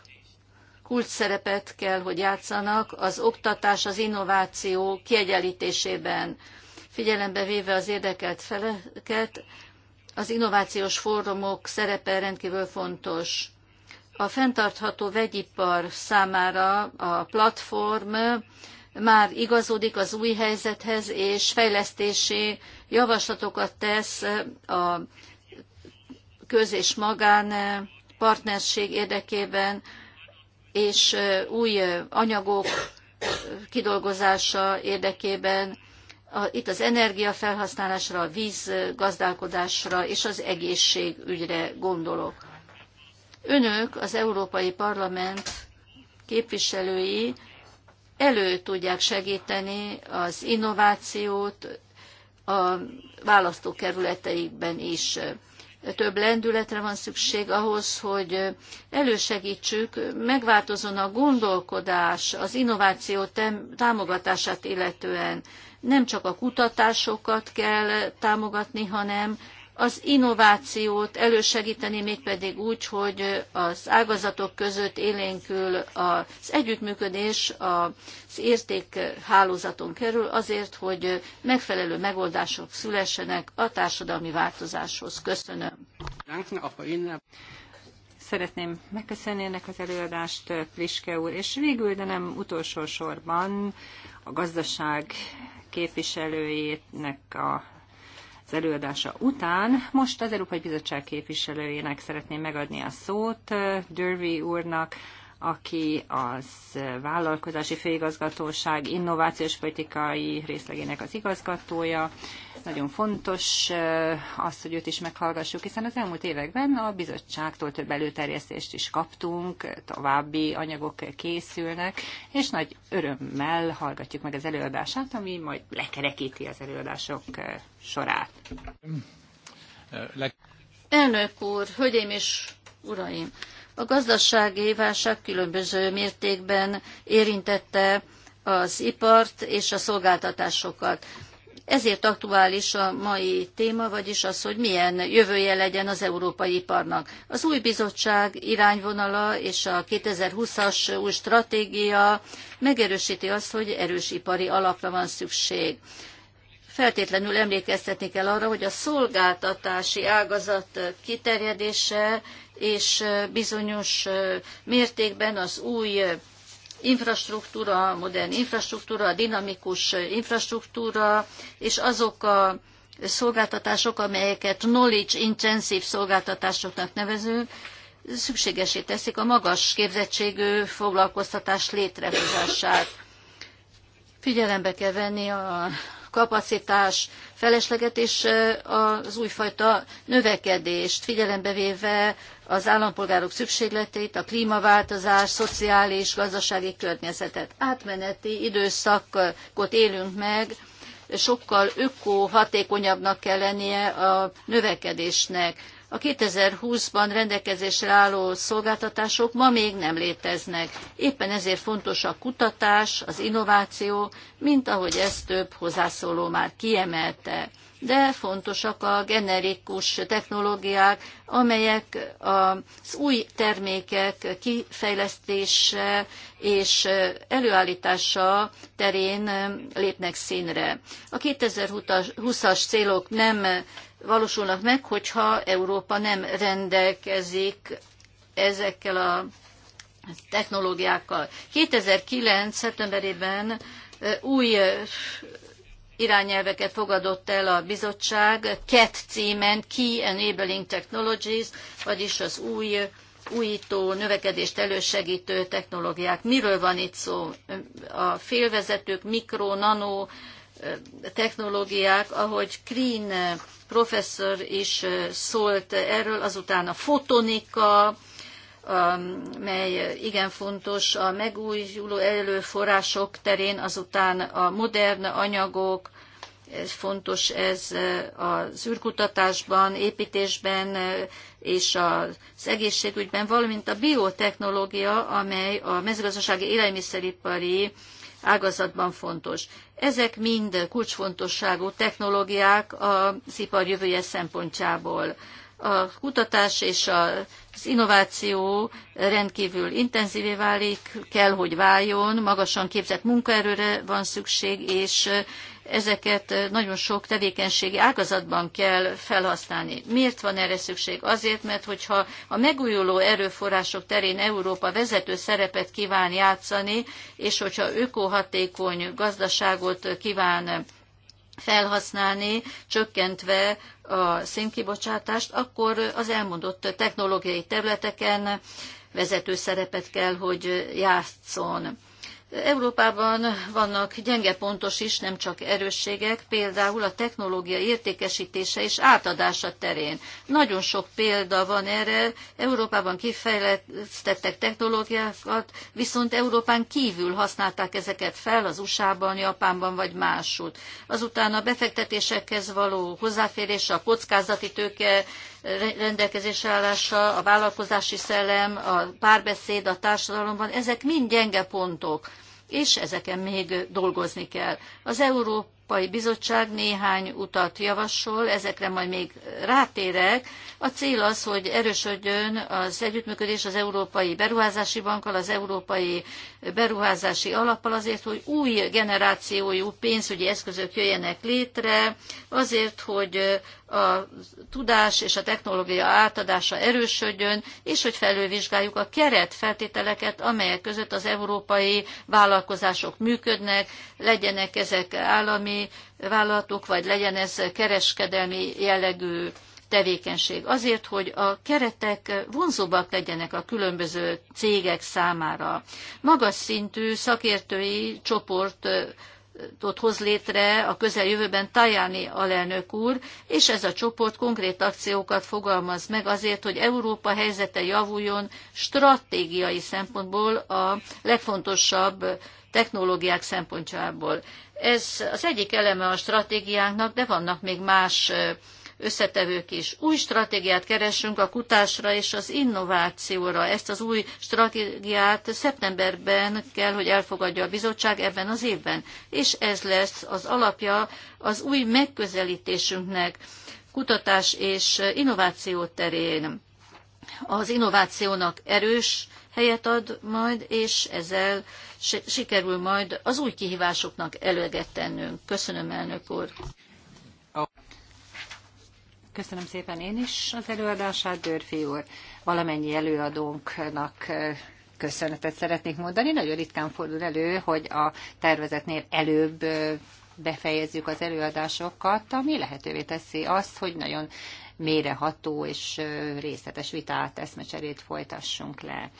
kult szerepet kell, hogy játszanak az oktatás, az innováció kiegyenlítésében, figyelembe véve az érdekelt feleket, az innovációs fórumok szerepe rendkívül fontos. A fenntartható vegyipar számára a platform már igazodik az új helyzethez, és fejlesztési javaslatokat tesz a köz- és magán partnerség érdekében, és új anyagok kidolgozása érdekében a, itt az energiafelhasználásra, a vízgazdálkodásra és az egészségügyre gondolok. Önök, az Európai Parlament képviselői elő tudják segíteni az innovációt a választókerületeikben is. Több lendületre van szükség ahhoz, hogy elősegítsük, megváltozon a gondolkodás, az innováció támogatását illetően nem csak a kutatásokat kell támogatni, hanem az innovációt elősegíteni, mégpedig úgy, hogy az ágazatok között élénkül az együttműködés az értékhálózaton kerül azért, hogy megfelelő megoldások szülessenek a társadalmi változáshoz. Köszönöm. Szeretném megköszönni ennek az előadást, Priske úr, és végül, de nem utolsó sorban a gazdaság képviselőjének a az előadása után. Most az Európai Bizottság képviselőjének szeretném megadni a szót, eh, Dörvi úrnak, aki az vállalkozási főigazgatóság innovációs politikai részlegének az igazgatója, nagyon fontos az, hogy őt is meghallgassuk, hiszen az elmúlt években a bizottságtól több előterjesztést is kaptunk, további anyagok készülnek, és nagy örömmel hallgatjuk meg az előadását, ami majd lekerekíti az előadások sorát. Elnök úr, hölgyeim és uraim! A gazdasági válság különböző mértékben érintette az ipart és a szolgáltatásokat. Ezért aktuális a mai téma, vagyis az, hogy milyen jövője legyen az európai iparnak. Az új bizottság irányvonala és a 2020-as új stratégia megerősíti azt, hogy erős ipari alapra van szükség. Feltétlenül emlékeztetni kell arra, hogy a szolgáltatási ágazat kiterjedése és bizonyos mértékben az új infrastruktúra, modern infrastruktúra, dinamikus infrastruktúra, és azok a szolgáltatások, amelyeket knowledge intensive szolgáltatásoknak nevezünk, szükségesé teszik a magas képzettségű foglalkoztatás létrehozását. Figyelembe kell venni a kapacitás felesleget és az újfajta növekedést figyelembe véve az állampolgárok szükségleteit, a klímaváltozás, szociális, gazdasági környezetet. Átmeneti időszakot élünk meg, sokkal ökó hatékonyabbnak kell lennie a növekedésnek. A 2020-ban rendelkezésre álló szolgáltatások ma még nem léteznek. Éppen ezért fontos a kutatás, az innováció, mint ahogy ezt több hozzászóló már kiemelte de fontosak a generikus technológiák, amelyek az új termékek kifejlesztése és előállítása terén lépnek színre. A 2020-as célok nem valósulnak meg, hogyha Európa nem rendelkezik ezekkel a technológiákkal. 2009. szeptemberében új irányelveket fogadott el a bizottság, KET címen, Key Enabling Technologies, vagyis az új újító, növekedést elősegítő technológiák. Miről van itt szó? A félvezetők, mikro, nano technológiák, ahogy Green professzor is szólt erről, azután a fotonika, Um, mely igen fontos a megújuló előforrások terén, azután a modern anyagok, ez fontos ez uh, az űrkutatásban, építésben uh, és az egészségügyben, valamint a biotechnológia, amely a mezőgazdasági élelmiszeripari ágazatban fontos. Ezek mind kulcsfontosságú technológiák az ipar jövője szempontjából a kutatás és az innováció rendkívül intenzívé válik, kell, hogy váljon, magasan képzett munkaerőre van szükség, és ezeket nagyon sok tevékenységi ágazatban kell felhasználni. Miért van erre szükség? Azért, mert hogyha a megújuló erőforrások terén Európa vezető szerepet kíván játszani, és hogyha ökohatékony gazdaságot kíván felhasználni, csökkentve a szénkibocsátást, akkor az elmondott technológiai területeken vezető szerepet kell, hogy játszon. Európában vannak gyenge pontos is, nem csak erősségek, például a technológia értékesítése és átadása terén. Nagyon sok példa van erre, Európában kifejlesztettek technológiákat, viszont Európán kívül használták ezeket fel az USA-ban, Japánban vagy másút. Azután a befektetésekhez való hozzáférése, a kockázati tőke rendelkezésre állása, a vállalkozási szellem, a párbeszéd a társadalomban, ezek mind gyenge pontok és ezeken még dolgozni kell. Az Európai Bizottság néhány utat javasol, ezekre majd még rátérek. A cél az, hogy erősödjön az együttműködés az Európai Beruházási Bankkal, az Európai Beruházási Alappal azért, hogy új generációjú pénzügyi eszközök jöjjenek létre, azért, hogy a tudás és a technológia átadása erősödjön, és hogy felülvizsgáljuk a keret feltételeket, amelyek között az európai vállalkozások működnek, legyenek ezek állami vállalatok, vagy legyen ez kereskedelmi jellegű tevékenység. Azért, hogy a keretek vonzóbbak legyenek a különböző cégek számára. Magas szintű szakértői csoport hoz létre a közeljövőben Tajani alelnök úr, és ez a csoport konkrét akciókat fogalmaz meg azért, hogy Európa helyzete javuljon stratégiai szempontból a legfontosabb technológiák szempontjából. Ez az egyik eleme a stratégiánknak, de vannak még más összetevők is. Új stratégiát keresünk a kutásra és az innovációra. Ezt az új stratégiát szeptemberben kell, hogy elfogadja a bizottság ebben az évben. És ez lesz az alapja az új megközelítésünknek kutatás és innováció terén. Az innovációnak erős helyet ad majd, és ezzel sikerül majd az új kihívásoknak előget tennünk. Köszönöm, elnök úr! Köszönöm szépen én is az előadását, Dörfi úr. Valamennyi előadónknak köszönetet szeretnék mondani. Nagyon ritkán fordul elő, hogy a tervezetnél előbb befejezzük az előadásokat, ami lehetővé teszi azt, hogy nagyon méreható és részletes vitát, eszmecserét folytassunk le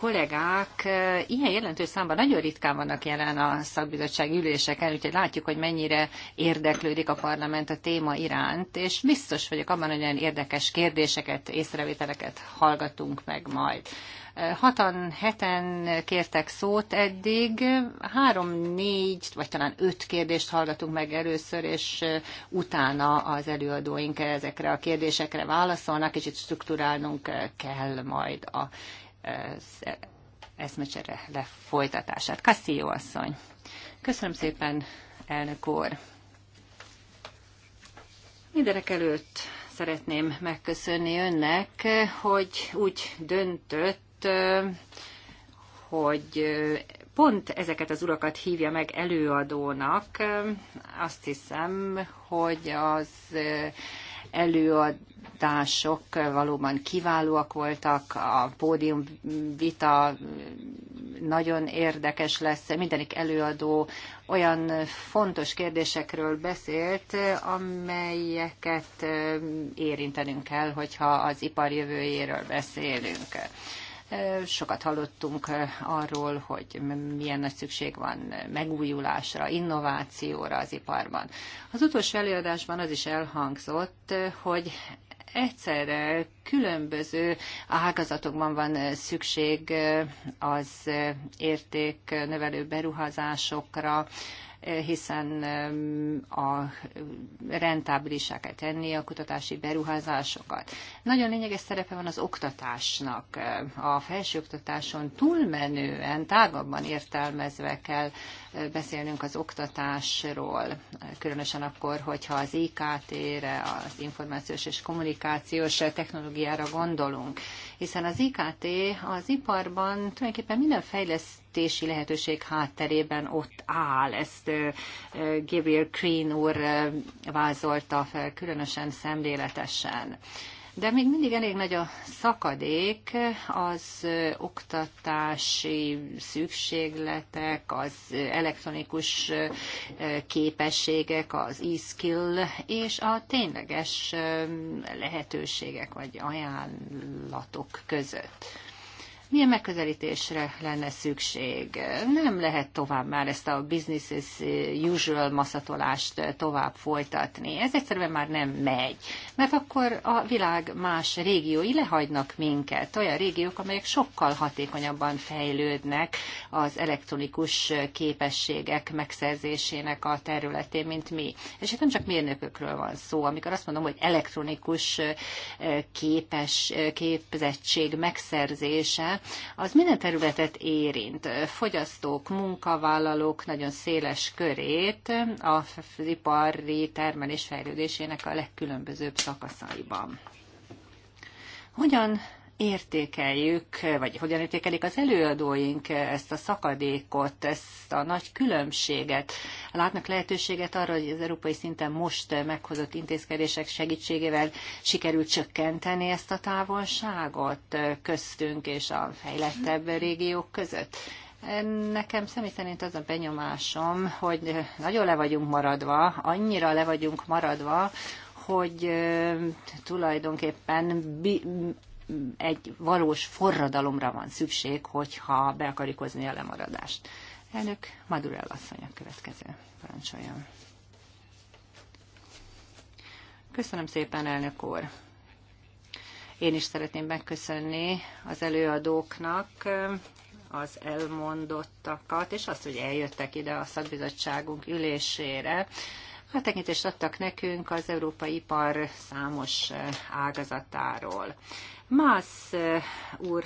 kollégák ilyen jelentős számban nagyon ritkán vannak jelen a szakbizottság üléseken, úgyhogy látjuk, hogy mennyire érdeklődik a parlament a téma iránt, és biztos vagyok abban, hogy olyan érdekes kérdéseket, észrevételeket hallgatunk meg majd. Hatan, heten kértek szót eddig, három, négy, vagy talán öt kérdést hallgatunk meg először, és utána az előadóink ezekre a kérdésekre válaszolnak, kicsit strukturálnunk kell majd a eszmecsere lefolytatását. Castillo asszony. Köszönöm szépen, elnök úr. Mindenek előtt szeretném megköszönni önnek, hogy úgy döntött, hogy pont ezeket az urakat hívja meg előadónak. Azt hiszem, hogy az előadások valóban kiválóak voltak, a pódium vita nagyon érdekes lesz, mindenik előadó olyan fontos kérdésekről beszélt, amelyeket érintenünk kell, hogyha az ipar jövőjéről beszélünk. Sokat hallottunk arról, hogy milyen nagy szükség van megújulásra, innovációra az iparban. Az utolsó előadásban az is elhangzott, hogy egyszerre különböző ágazatokban van szükség az értéknövelő beruházásokra, hiszen um, a rentábilisá tenni a kutatási beruházásokat. Nagyon lényeges szerepe van az oktatásnak. A felsőoktatáson túlmenően, tágabban értelmezve kell uh, beszélnünk az oktatásról, különösen akkor, hogyha az IKT-re, az információs és kommunikációs technológiára gondolunk, hiszen az IKT az iparban tulajdonképpen minden fejlesztés döntési lehetőség hátterében ott áll. Ezt Gabriel Green úr vázolta fel különösen szemléletesen. De még mindig elég nagy a szakadék az oktatási szükségletek, az elektronikus képességek, az e-skill és a tényleges lehetőségek vagy ajánlatok között. Milyen megközelítésre lenne szükség? Nem lehet tovább már ezt a business as usual maszatolást tovább folytatni. Ez egyszerűen már nem megy, mert akkor a világ más régiói lehagynak minket. Olyan régiók, amelyek sokkal hatékonyabban fejlődnek az elektronikus képességek megszerzésének a területén, mint mi. És itt nem csak mérnökökről van szó, amikor azt mondom, hogy elektronikus képes, képzettség megszerzése, az minden területet érint. Fogyasztók, munkavállalók nagyon széles körét az ipari termelés fejlődésének a legkülönbözőbb szakaszaiban. Hogyan értékeljük, vagy hogyan értékelik az előadóink ezt a szakadékot, ezt a nagy különbséget? Látnak lehetőséget arra, hogy az európai szinten most meghozott intézkedések segítségével sikerült csökkenteni ezt a távolságot köztünk és a fejlettebb régiók között? Nekem személy szerint az a benyomásom, hogy nagyon le vagyunk maradva, annyira le vagyunk maradva, hogy tulajdonképpen egy valós forradalomra van szükség, hogyha be akarjuk hozni a lemaradást. Elnök Madurell asszony a következő. Parancsoljon. Köszönöm szépen, elnök úr. Én is szeretném megköszönni az előadóknak az elmondottakat, és azt, hogy eljöttek ide a szakbizottságunk ülésére. Hát tekintést adtak nekünk az európai ipar számos ágazatáról. Mász eh, úr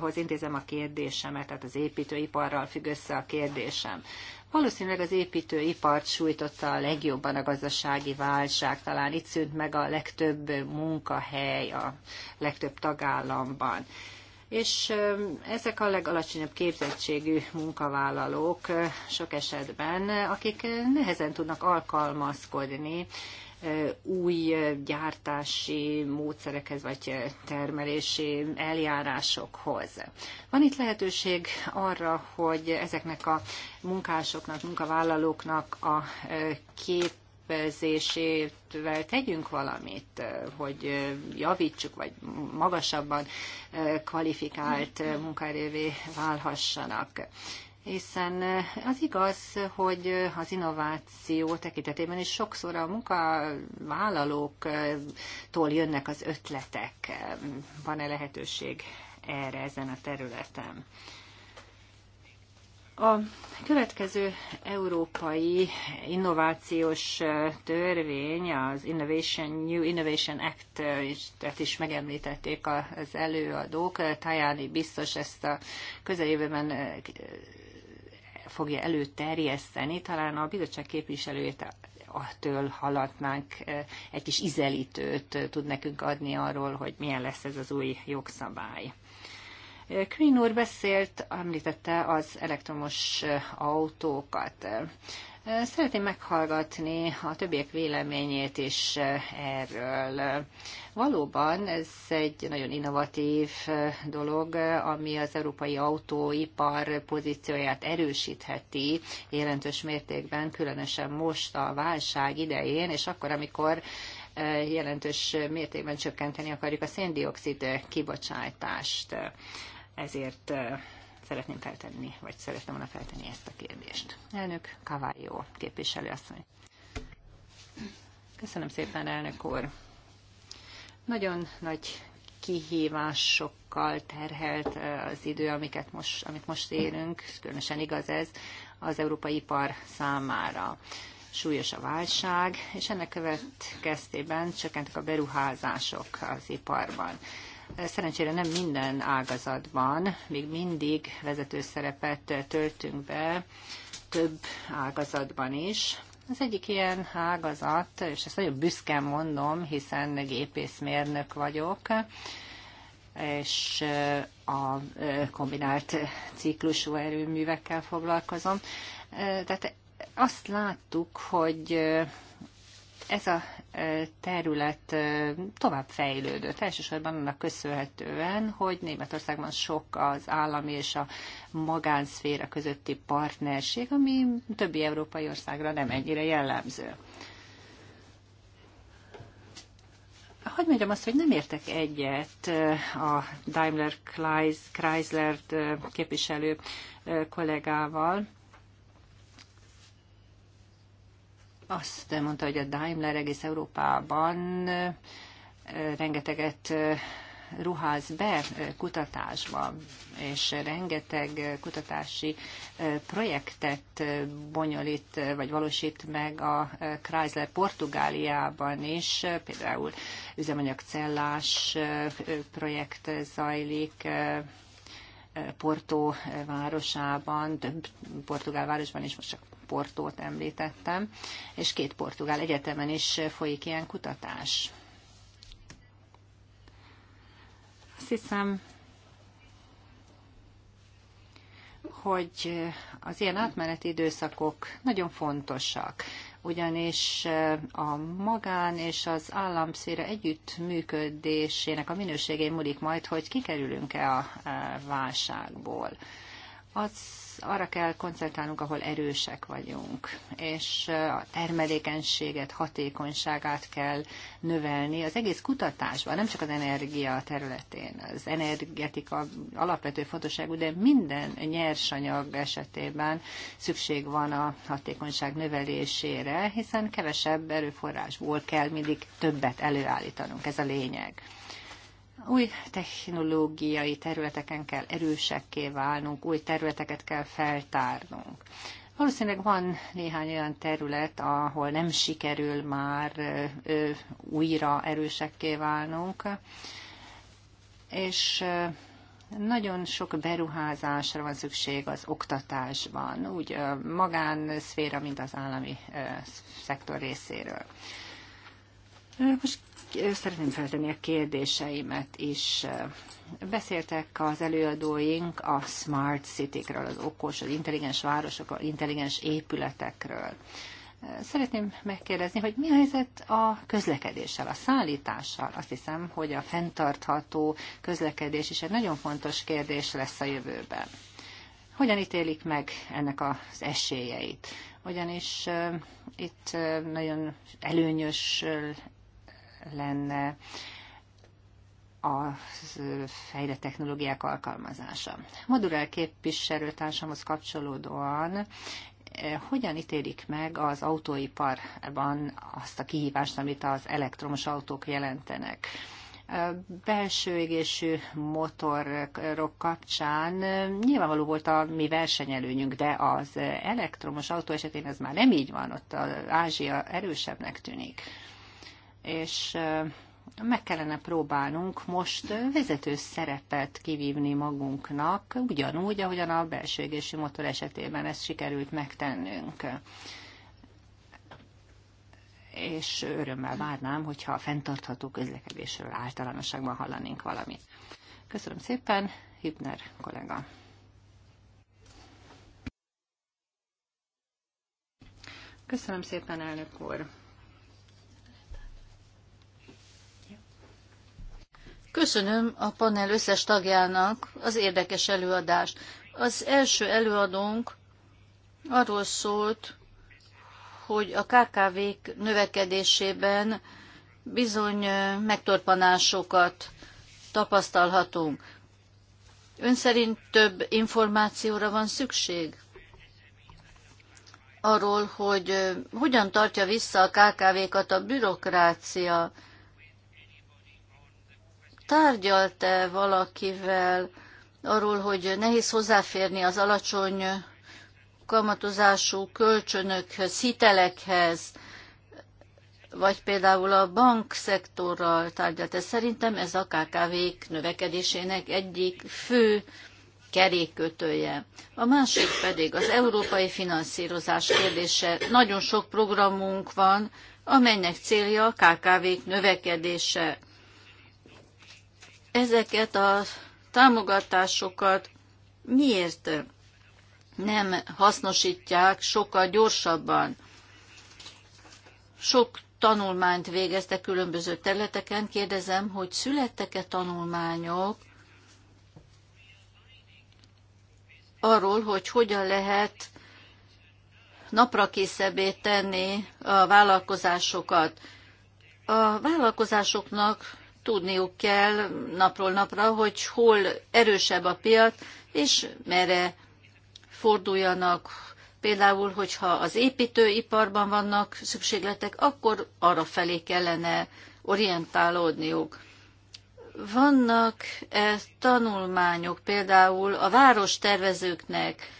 hoz intézem a kérdésemet, tehát az építőiparral függ össze a kérdésem. Valószínűleg az építőipart sújtotta a legjobban a gazdasági válság, talán itt szűnt meg a legtöbb munkahely a legtöbb tagállamban. És eh, ezek a legalacsonyabb képzettségű munkavállalók eh, sok esetben, akik nehezen tudnak alkalmazkodni új gyártási módszerekhez vagy termelési eljárásokhoz. Van itt lehetőség arra, hogy ezeknek a munkásoknak, munkavállalóknak a kép képzésével tegyünk valamit, hogy javítsuk, vagy magasabban kvalifikált munkaerővé válhassanak hiszen eh, az igaz, hogy eh, az innováció tekintetében is sokszor a munkavállalóktól eh, jönnek az ötletek. Van-e lehetőség erre ezen a területen? A következő európai innovációs törvény, az Innovation, New Innovation Act, tehát is megemlítették az előadók. Tajani biztos ezt a közeljövőben fogja előterjeszteni, talán a bizottság képviselőjétől hallatnánk egy kis izelítőt tud nekünk adni arról, hogy milyen lesz ez az új jogszabály. Krín úr beszélt, említette az elektromos autókat. Szeretném meghallgatni a többiek véleményét is eh, erről. Valóban ez egy nagyon innovatív eh, dolog, eh, ami az európai autóipar pozícióját erősítheti jelentős mértékben, különösen most a válság idején, és akkor, amikor jelentős mértékben csökkenteni akarjuk a széndiokszid kibocsátást. Ezért szeretném feltenni, vagy szeretném volna feltenni ezt a kérdést. Elnök Kavályó képviselőasszony. Köszönöm szépen, elnök úr. Nagyon nagy kihívásokkal terhelt eh, az idő, amiket most, amit most élünk, különösen igaz ez, az európai ipar számára. Súlyos a válság, és ennek következtében csökkentek a beruházások az iparban. Szerencsére nem minden ágazatban, még mindig vezető szerepet töltünk be, több ágazatban is. Az egyik ilyen ágazat, és ezt nagyon büszkén mondom, hiszen gépészmérnök vagyok, és a kombinált ciklusú erőművekkel foglalkozom. Tehát azt láttuk, hogy ez a terület tovább fejlődött, elsősorban annak köszönhetően, hogy Németországban sok az állami és a magánszféra közötti partnerség, ami többi európai országra nem ennyire jellemző. Hogy mondjam azt, hogy nem értek egyet a Daimler Chrysler képviselő kollégával, azt mondta, hogy a Daimler egész Európában rengeteget ruház be kutatásba, és rengeteg kutatási projektet bonyolít, vagy valósít meg a Chrysler Portugáliában is, például üzemanyagcellás projekt zajlik, Porto városában, több portugál városban is most csak Portót említettem, és két portugál egyetemen is folyik ilyen kutatás. Azt hiszem, hogy az ilyen átmeneti időszakok nagyon fontosak, ugyanis a magán és az államszféra együttműködésének a minőségén múlik majd, hogy kikerülünk-e a válságból az arra kell koncentrálnunk, ahol erősek vagyunk, és a termelékenységet, hatékonyságát kell növelni az egész kutatásban, nem csak az energia területén, az energetika alapvető fontosságú, de minden nyersanyag esetében szükség van a hatékonyság növelésére, hiszen kevesebb erőforrásból kell mindig többet előállítanunk, ez a lényeg új technológiai területeken kell erősekké válnunk, új területeket kell feltárnunk. Valószínűleg van néhány olyan terület, ahol nem sikerül már újra erősekké válnunk, és nagyon sok beruházásra van szükség az oktatásban, úgy magánszféra, mint az állami szektor részéről. Most szeretném feltenni a kérdéseimet is. Beszéltek az előadóink a smart city-kről, az okos, az intelligens városokról, intelligens épületekről. Szeretném megkérdezni, hogy mi a helyzet a közlekedéssel, a szállítással? Azt hiszem, hogy a fenntartható közlekedés is egy nagyon fontos kérdés lesz a jövőben. Hogyan ítélik meg ennek az esélyeit? Ugyanis uh, itt uh, nagyon előnyös lenne a fejre technológiák alkalmazása. Modulál képviselőtársamhoz kapcsolódóan eh, hogyan ítélik meg az autóiparban azt a kihívást, amit az elektromos autók jelentenek? belső égésű motorok kapcsán eh, nyilvánvaló volt a mi versenyelőnyünk, de az elektromos autó esetén ez már nem így van, ott az Ázsia erősebbnek tűnik és meg kellene próbálnunk most vezető szerepet kivívni magunknak, ugyanúgy, ahogyan a belső égési motor esetében ezt sikerült megtennünk. És örömmel várnám, hogyha a fenntartható közlekedésről általánosságban hallanénk valamit. Köszönöm szépen, Hübner kollega. Köszönöm szépen, elnök úr. Köszönöm a panel összes tagjának az érdekes előadást. Az első előadónk arról szólt, hogy a KKV-k növekedésében bizony megtorpanásokat tapasztalhatunk. Ön szerint több információra van szükség? Arról, hogy hogyan tartja vissza a KKV-kat a bürokrácia, Tárgyalt-e valakivel arról, hogy nehéz hozzáférni az alacsony kamatozású kölcsönökhöz, hitelekhez, vagy például a bankszektorral tárgyalt. Ez szerintem ez a kkv növekedésének egyik fő kerékkötője. A másik pedig az európai finanszírozás kérdése. Nagyon sok programunk van, amelynek célja a KKV-k növekedése ezeket a támogatásokat miért nem hasznosítják sokkal gyorsabban? Sok tanulmányt végeztek különböző területeken. Kérdezem, hogy születtek-e tanulmányok arról, hogy hogyan lehet naprakészebé tenni a vállalkozásokat. A vállalkozásoknak tudniuk kell napról napra, hogy hol erősebb a piac, és merre forduljanak. Például, hogyha az építőiparban vannak szükségletek, akkor arra felé kellene orientálódniuk. Vannak -e tanulmányok például a várostervezőknek,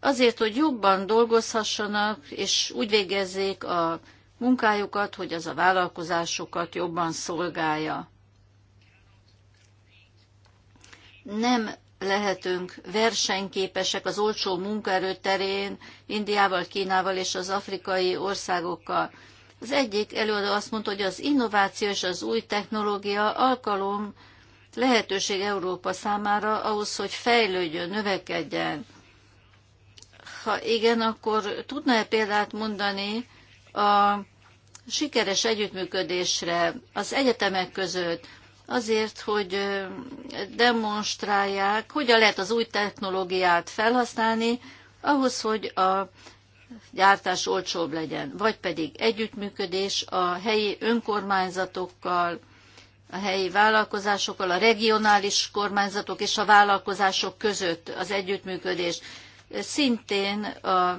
azért, hogy jobban dolgozhassanak, és úgy végezzék a munkájukat, hogy az a vállalkozásokat jobban szolgálja. Nem lehetünk versenyképesek az olcsó munkaerő terén Indiával, Kínával és az afrikai országokkal. Az egyik előadó azt mondta, hogy az innováció és az új technológia alkalom lehetőség Európa számára ahhoz, hogy fejlődjön, növekedjen. Ha igen, akkor tudna-e példát mondani a sikeres együttműködésre az egyetemek között, azért, hogy demonstrálják, hogyan lehet az új technológiát felhasználni, ahhoz, hogy a gyártás olcsóbb legyen, vagy pedig együttműködés a helyi önkormányzatokkal, a helyi vállalkozásokkal, a regionális kormányzatok és a vállalkozások között az együttműködés. Szintén a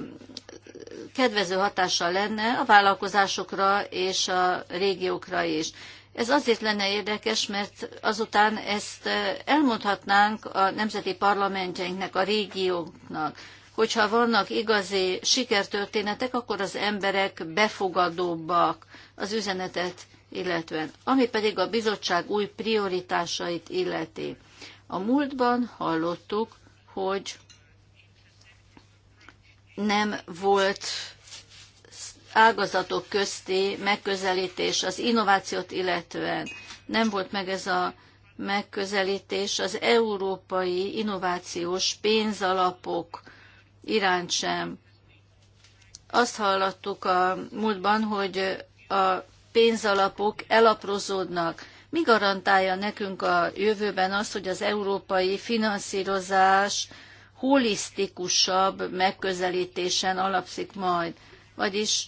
kedvező hatással lenne a vállalkozásokra és a régiókra is. Ez azért lenne érdekes, mert azután ezt e, elmondhatnánk a nemzeti parlamentjeinknek, a régióknak, hogyha vannak igazi sikertörténetek, akkor az emberek befogadóbbak az üzenetet illetően. Ami pedig a bizottság új prioritásait illeti. A múltban hallottuk, hogy nem volt ágazatok közti megközelítés az innovációt illetően. Nem volt meg ez a megközelítés az európai innovációs pénzalapok iránt sem. Azt hallottuk a múltban, hogy a pénzalapok elaprozódnak. Mi garantálja nekünk a jövőben azt, hogy az európai finanszírozás holisztikusabb megközelítésen alapszik majd. Vagyis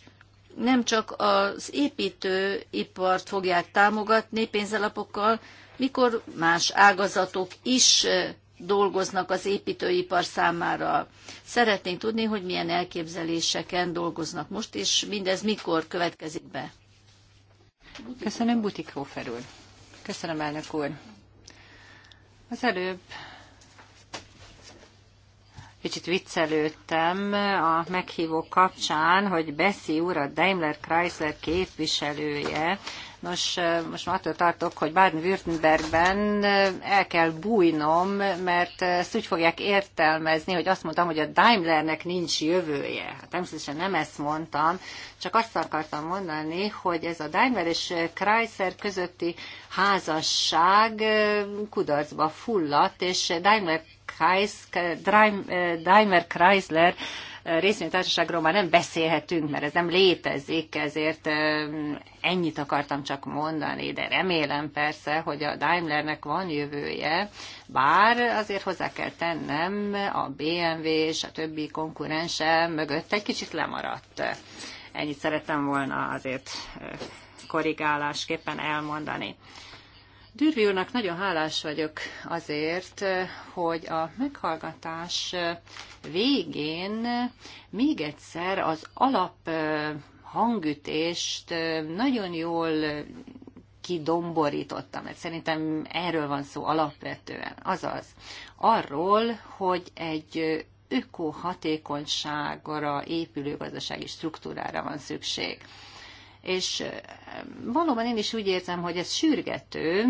nem csak az építőipart fogják támogatni pénzalapokkal, mikor más ágazatok is dolgoznak az építőipar számára. Szeretnénk tudni, hogy milyen elképzeléseken dolgoznak most, és mindez mikor következik be. Köszönöm, Butikófer úr. Köszönöm, elnök úr. Az előbb Kicsit viccelődtem a meghívó kapcsán, hogy Bessi úr, a Daimler Chrysler képviselője, Nos, most már attól tartok, hogy Baden-Württembergben el kell bújnom, mert ezt úgy fogják értelmezni, hogy azt mondtam, hogy a Daimlernek nincs jövője. Hát természetesen nem ezt mondtam, csak azt akartam mondani, hogy ez a Daimler és Chrysler közötti házasság kudarcba fulladt, és Daimler Chrysler, Daimler Chrysler részvénytársaságról már nem beszélhetünk, mert ez nem létezik, ezért ennyit akartam csak mondani, de remélem persze, hogy a Daimlernek van jövője, bár azért hozzá kell tennem, a BMW és a többi konkurense mögött egy kicsit lemaradt. Ennyit szerettem volna azért korrigálásképpen elmondani. Dürvi úrnak nagyon hálás vagyok azért, hogy a meghallgatás végén még egyszer az alap hangütést nagyon jól kidomborította, mert szerintem erről van szó alapvetően, azaz arról, hogy egy ökohatékonyságra épülő gazdasági struktúrára van szükség és valóban én is úgy érzem, hogy ez sürgető.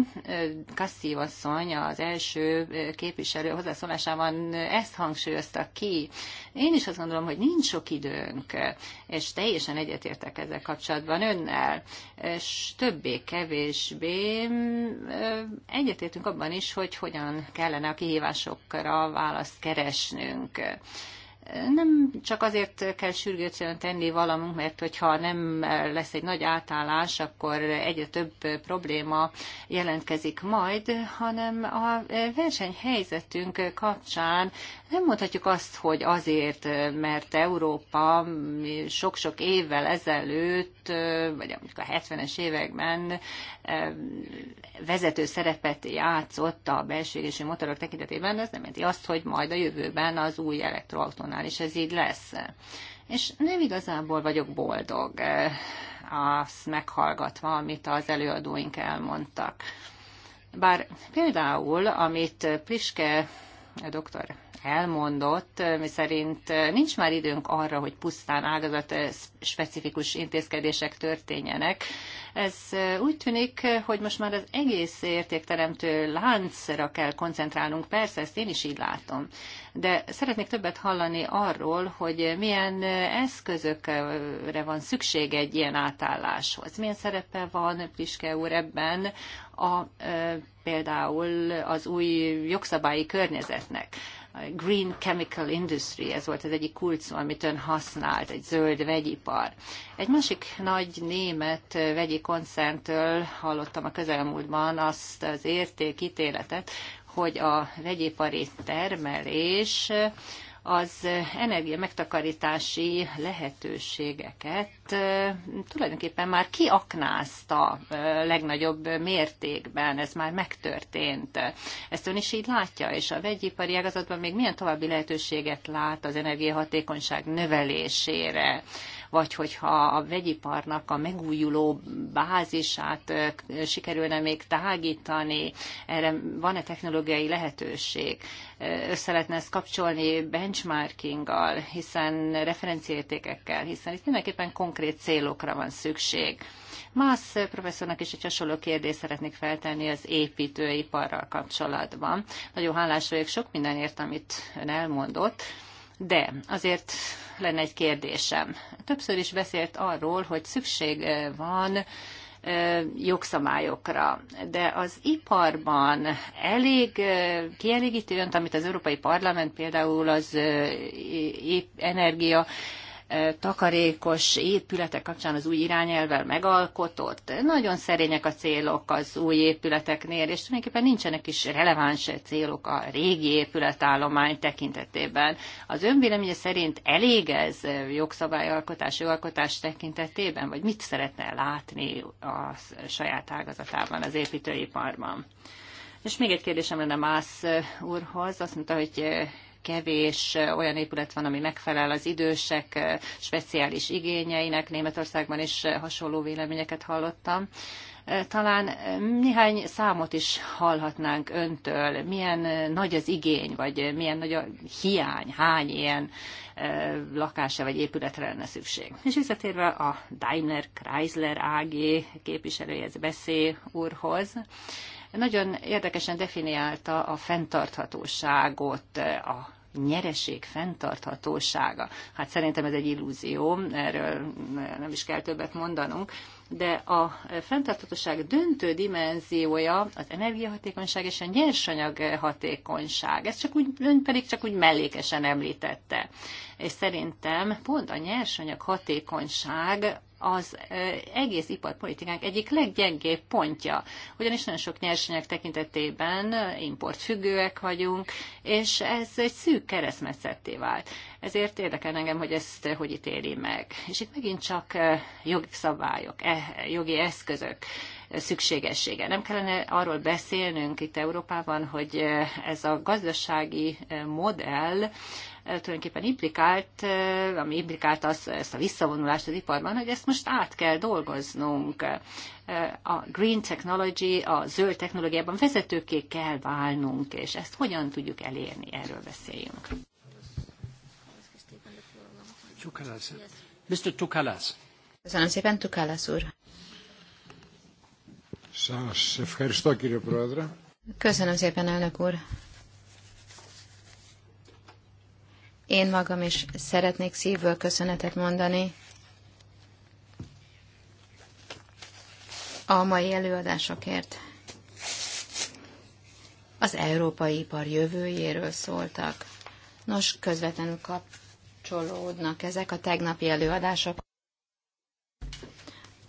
Kasszi asszony az első képviselő hozzászólásában ezt hangsúlyozta ki. Én is azt gondolom, hogy nincs sok időnk, és teljesen egyetértek ezzel kapcsolatban önnel, és többé-kevésbé egyetértünk abban is, hogy hogyan kellene a kihívásokra választ keresnünk nem csak azért kell sürgősen tenni valamunk, mert hogyha nem lesz egy nagy átállás, akkor egyre több probléma jelentkezik majd, hanem a versenyhelyzetünk kapcsán nem mondhatjuk azt, hogy azért, mert Európa sok-sok évvel ezelőtt, vagy mondjuk a 70-es években eh, vezető szerepet játszott a belségési motorok tekintetében, ez nem jelenti azt, hogy majd a jövőben az új elektroautónál is ez így lesz. És nem igazából vagyok boldog eh, azt meghallgatva, amit az előadóink elmondtak. Bár például, amit Priske a doktor elmondott, miszerint nincs már időnk arra, hogy pusztán ágazat specifikus intézkedések történjenek. Ez úgy tűnik, hogy most már az egész értékteremtő láncra kell koncentrálnunk. Persze, ezt én is így látom. De szeretnék többet hallani arról, hogy milyen eszközökre van szükség egy ilyen átálláshoz. Milyen szerepe van, Piske úr, ebben a, például az új jogszabályi környezetnek. Green Chemical Industry, ez volt az egyik kulcs, amit ön használt, egy zöld vegyipar. Egy másik nagy német vegyi koncerntől hallottam a közelmúltban azt az értékítéletet, hogy a vegyipari termelés az energia megtakarítási lehetőségeket eh, tulajdonképpen már kiaknázta eh, legnagyobb mértékben, ez már megtörtént. Ezt ön is így látja, és a vegyipari ágazatban még milyen további lehetőséget lát az energiahatékonyság növelésére? vagy hogyha a vegyiparnak a megújuló bázisát sikerülne még tágítani, erre van-e technológiai lehetőség? Össze lehetne ezt kapcsolni benchmarkinggal, hiszen referenciértékekkel, hiszen itt mindenképpen konkrét célokra van szükség. Más professzornak is egy hasonló kérdést szeretnék feltenni az építőiparral kapcsolatban. Nagyon hálás vagyok sok mindenért, amit ön elmondott. De azért lenne egy kérdésem. Többször is beszélt arról, hogy szükség van jogszabályokra. De az iparban elég kielégítő, amit az Európai Parlament például az energia takarékos épületek kapcsán az új irányelvvel megalkotott. Nagyon szerények a célok az új épületeknél, és tulajdonképpen nincsenek is releváns célok a régi épületállomány tekintetében. Az önvéleménye szerint elég ez jogszabályalkotás, jogalkotás tekintetében, vagy mit szeretne látni a saját ágazatában, az építőiparban? És még egy kérdésem lenne Mász úrhoz. Azt mondta, hogy kevés olyan épület van, ami megfelel az idősek speciális igényeinek. Németországban is hasonló véleményeket hallottam. Talán néhány számot is hallhatnánk öntől. Milyen nagy az igény, vagy milyen nagy a hiány, hány ilyen e, lakása vagy épületre lenne szükség. És visszatérve a Daimler Chrysler AG képviselőjez beszé úrhoz, nagyon érdekesen definiálta a fenntarthatóságot, a nyereség fenntarthatósága. Hát szerintem ez egy illúzió, erről nem is kell többet mondanunk, de a fenntarthatóság döntő dimenziója az energiahatékonyság és a nyersanyag hatékonyság. Ez csak úgy, ön pedig csak úgy mellékesen említette. És szerintem pont a nyersanyag hatékonyság az egész iparpolitikánk egyik leggyengébb pontja, ugyanis nagyon sok nyersanyag tekintetében importfüggőek vagyunk, és ez egy szűk keresztmetszetté vált. Ezért érdekel engem, hogy ezt hogy ítéli meg. És itt megint csak jogi szabályok, e, jogi eszközök szükségessége. Nem kellene arról beszélnünk itt Európában, hogy ez a gazdasági modell, Eh, tulajdonképpen implikált, eh, ami implikált az, ezt a visszavonulást az iparban, hogy ezt most át kell dolgoznunk. Eh, a green technology, a zöld technológiában vezetőké kell válnunk, és ezt hogyan tudjuk elérni, erről beszéljünk. Mr. Tukalas. Köszönöm szépen, Tukalas úr. Köszönöm szépen, elnök úr. Én magam is szeretnék szívből köszönetet mondani a mai előadásokért. Az európai ipar jövőjéről szóltak. Nos, közvetlenül kapcsolódnak ezek a tegnapi előadások,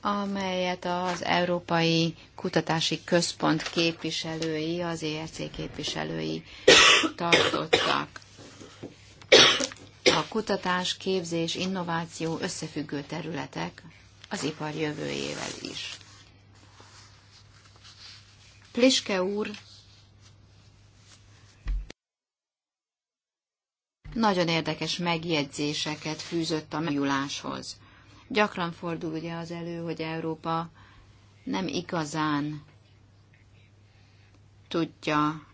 amelyet az Európai Kutatási Központ képviselői, az ERC képviselői tartottak. A kutatás, képzés, innováció összefüggő területek az ipar jövőjével is. Pliske úr nagyon érdekes megjegyzéseket fűzött a megjuláshoz. Gyakran fordul ugye az elő, hogy Európa nem igazán tudja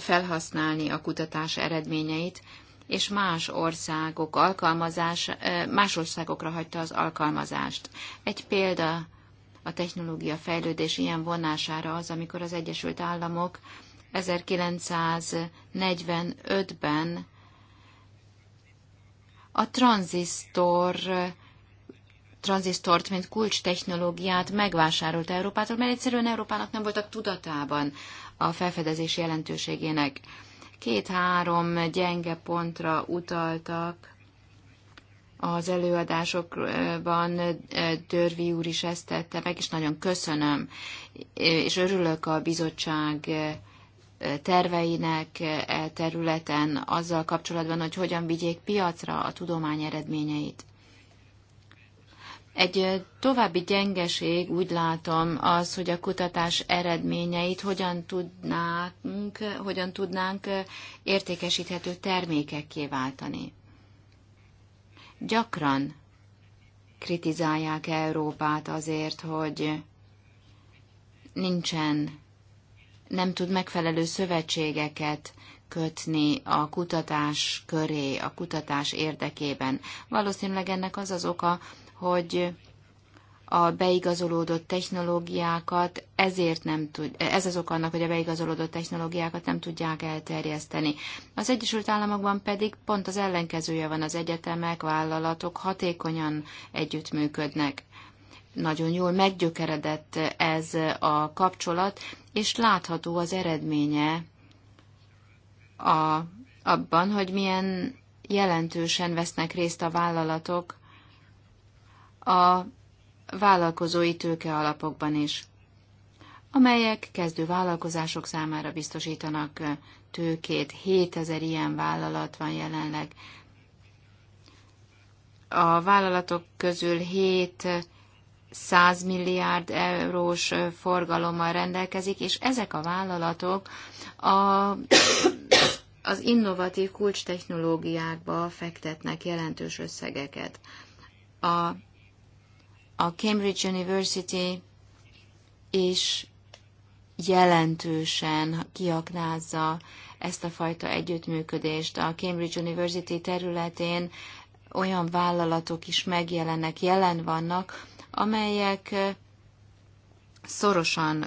felhasználni a kutatás eredményeit, és más országok alkalmazás, más országokra hagyta az alkalmazást. Egy példa a technológia fejlődés ilyen vonására az, amikor az Egyesült Államok 1945-ben a tranzisztor tranzisztort, mint kulcs technológiát megvásárolt Európától, mert egyszerűen Európának nem voltak tudatában a felfedezés jelentőségének. Két-három gyenge pontra utaltak az előadásokban Dörvi úr is ezt tette meg, és nagyon köszönöm, és örülök a bizottság terveinek e területen azzal kapcsolatban, hogy hogyan vigyék piacra a tudomány eredményeit. Egy további gyengeség, úgy látom, az, hogy a kutatás eredményeit hogyan tudnánk, hogyan tudnánk értékesíthető termékekké váltani. Gyakran kritizálják Európát azért, hogy nincsen, nem tud megfelelő szövetségeket kötni a kutatás köré, a kutatás érdekében. Valószínűleg ennek az az oka, hogy a beigazolódott technológiákat, ezért nem tud, ez az ok annak, hogy a beigazolódott technológiákat nem tudják elterjeszteni. Az Egyesült Államokban pedig pont az ellenkezője van, az egyetemek, vállalatok hatékonyan együttműködnek. Nagyon jól meggyökeredett ez a kapcsolat, és látható az eredménye a, abban, hogy milyen jelentősen vesznek részt a vállalatok a vállalkozói tőke alapokban is, amelyek kezdő vállalkozások számára biztosítanak tőkét. 7000 ilyen vállalat van jelenleg. A vállalatok közül 7 100 milliárd eurós forgalommal rendelkezik, és ezek a vállalatok a, az innovatív kulcstechnológiákba fektetnek jelentős összegeket. A a Cambridge University is jelentősen kiaknázza ezt a fajta együttműködést. A Cambridge University területén olyan vállalatok is megjelennek, jelen vannak, amelyek szorosan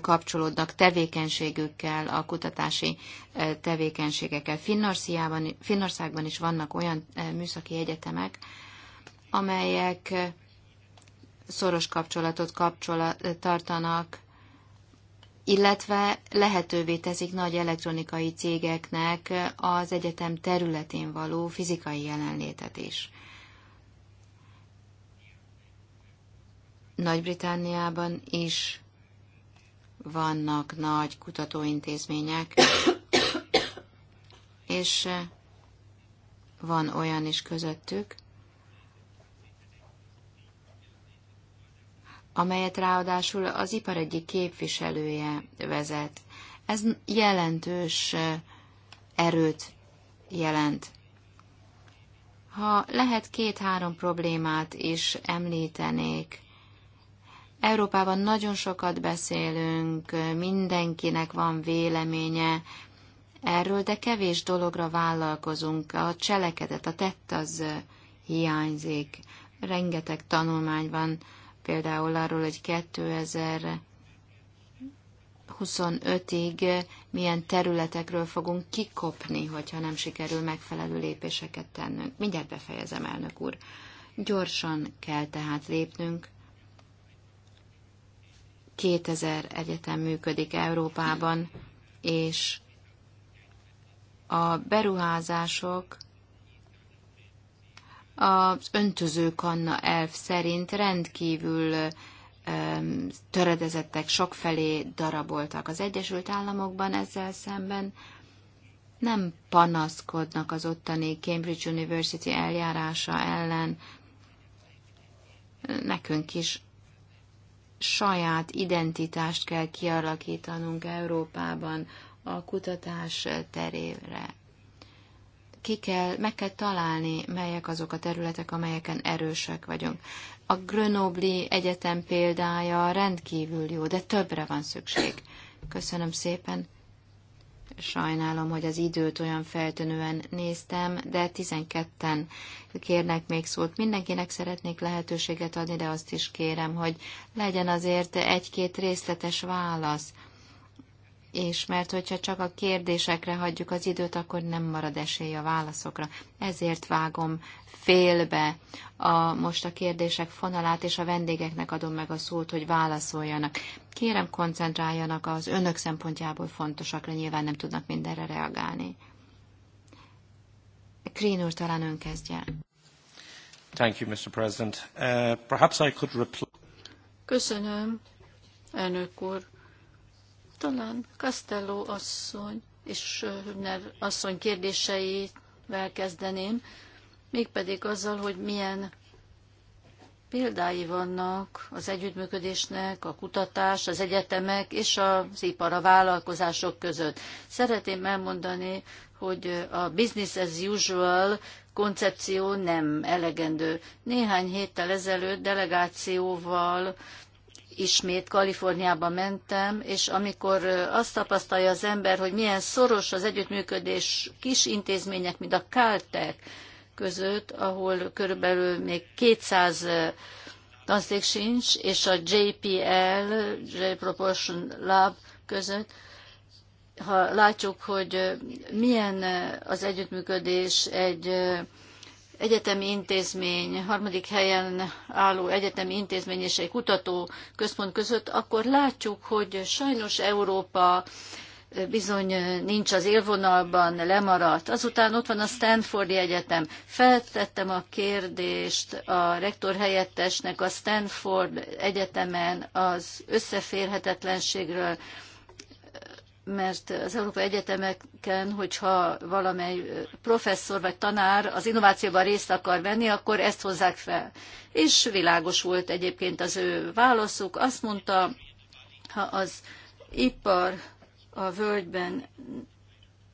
kapcsolódnak tevékenységükkel, a kutatási tevékenységekkel. Finnországban, is vannak olyan műszaki egyetemek, amelyek szoros kapcsolatot kapcsolat, tartanak, illetve lehetővé teszik nagy elektronikai cégeknek az egyetem területén való fizikai jelenlétet is. Nagy-Britániában is vannak nagy kutatóintézmények, és van olyan is közöttük, amelyet ráadásul az ipar egyik képviselője vezet. Ez jelentős erőt jelent. Ha lehet, két-három problémát is említenék. Európában nagyon sokat beszélünk, mindenkinek van véleménye erről, de kevés dologra vállalkozunk. A cselekedet, a tett az hiányzik. Rengeteg tanulmány van például arról, hogy 2025-ig milyen területekről fogunk kikopni, hogyha nem sikerül megfelelő lépéseket tennünk. Mindjárt befejezem, elnök úr. Gyorsan kell tehát lépnünk. 2000 egyetem működik Európában, és a beruházások az öntöző kanna elv szerint rendkívül töredezettek, sokfelé daraboltak. Az Egyesült Államokban ezzel szemben nem panaszkodnak az ottani Cambridge University eljárása ellen. Nekünk is saját identitást kell kialakítanunk Európában a kutatás terére ki kell, meg kell találni, melyek azok a területek, amelyeken erősek vagyunk. A Grenoble Egyetem példája rendkívül jó, de többre van szükség. Köszönöm szépen. Sajnálom, hogy az időt olyan feltűnően néztem, de 12-en kérnek még szót. Mindenkinek szeretnék lehetőséget adni, de azt is kérem, hogy legyen azért egy-két részletes válasz és mert hogyha csak a kérdésekre hagyjuk az időt, akkor nem marad esély a válaszokra. Ezért vágom félbe a, most a kérdések fonalát, és a vendégeknek adom meg a szót, hogy válaszoljanak. Kérem, koncentráljanak az önök szempontjából fontosakra, nyilván nem tudnak mindenre reagálni. Krín úr, talán ön kezdje. Thank you, Mr. President. Uh, perhaps I could reply. Köszönöm, elnök úr. Talán Castello asszony és Hübner asszony kérdéseivel kezdeném, mégpedig azzal, hogy milyen példái vannak az együttműködésnek, a kutatás, az egyetemek és az ipar, a vállalkozások között. Szeretném elmondani, hogy a business as usual koncepció nem elegendő. Néhány héttel ezelőtt delegációval ismét Kaliforniába mentem, és amikor azt tapasztalja az ember, hogy milyen szoros az együttműködés kis intézmények, mint a Caltech között, ahol körülbelül még 200 tanszék sincs, és a JPL, J Proportion Lab között, ha látjuk, hogy milyen az együttműködés egy egyetemi intézmény, harmadik helyen álló egyetemi intézmény és egy kutató központ között, akkor látjuk, hogy sajnos Európa bizony nincs az élvonalban, lemaradt. Azután ott van a Stanfordi Egyetem. Feltettem a kérdést a rektor helyettesnek a Stanford Egyetemen az összeférhetetlenségről mert az Európai Egyetemeken, hogyha valamely professzor vagy tanár az innovációban részt akar venni, akkor ezt hozzák fel. És világos volt egyébként az ő válaszuk. Azt mondta, ha az ipar a völgyben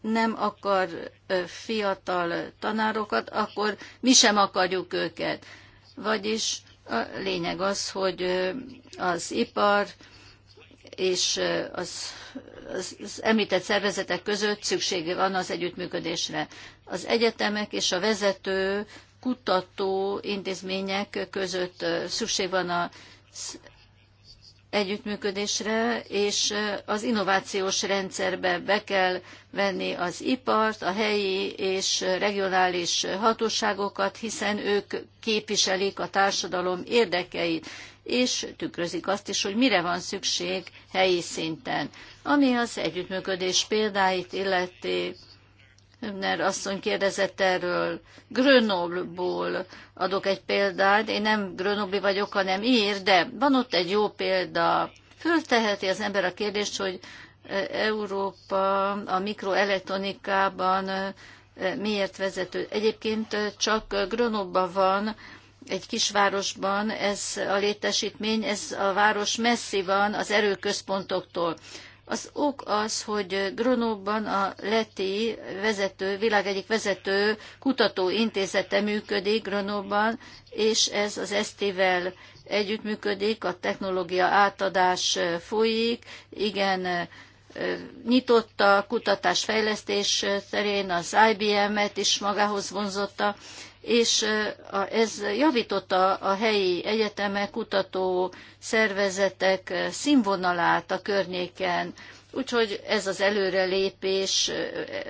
nem akar fiatal tanárokat, akkor mi sem akarjuk őket. Vagyis a lényeg az, hogy az ipar és az az említett szervezetek között szüksége van az együttműködésre. Az egyetemek és a vezető kutató intézmények között szükség van az együttműködésre, és az innovációs rendszerbe be kell venni az ipart, a helyi és regionális hatóságokat, hiszen ők képviselik a társadalom érdekeit, és tükrözik azt is, hogy mire van szükség helyi szinten. Ami az együttműködés példáit illeti, Hübner asszony kérdezett erről. Grönobból adok egy példát. Én nem Grönobi vagyok, hanem ír, de van ott egy jó példa. Fölteheti az ember a kérdést, hogy e, Európa a mikroelektronikában e, miért vezető. Egyébként e, csak Grönobban van egy kisvárosban ez a létesítmény, ez a város messzi van az erőközpontoktól. Az ok az, hogy Gronóban a LETI vezető, világ egyik vezető kutatóintézete működik Gronóban, és ez az ST-vel együttműködik, a technológia átadás folyik, igen, nyitotta a kutatásfejlesztés terén, az IBM-et is magához vonzotta, és ez javította a helyi egyetemek, kutató szervezetek színvonalát a környéken. Úgyhogy ez az előrelépés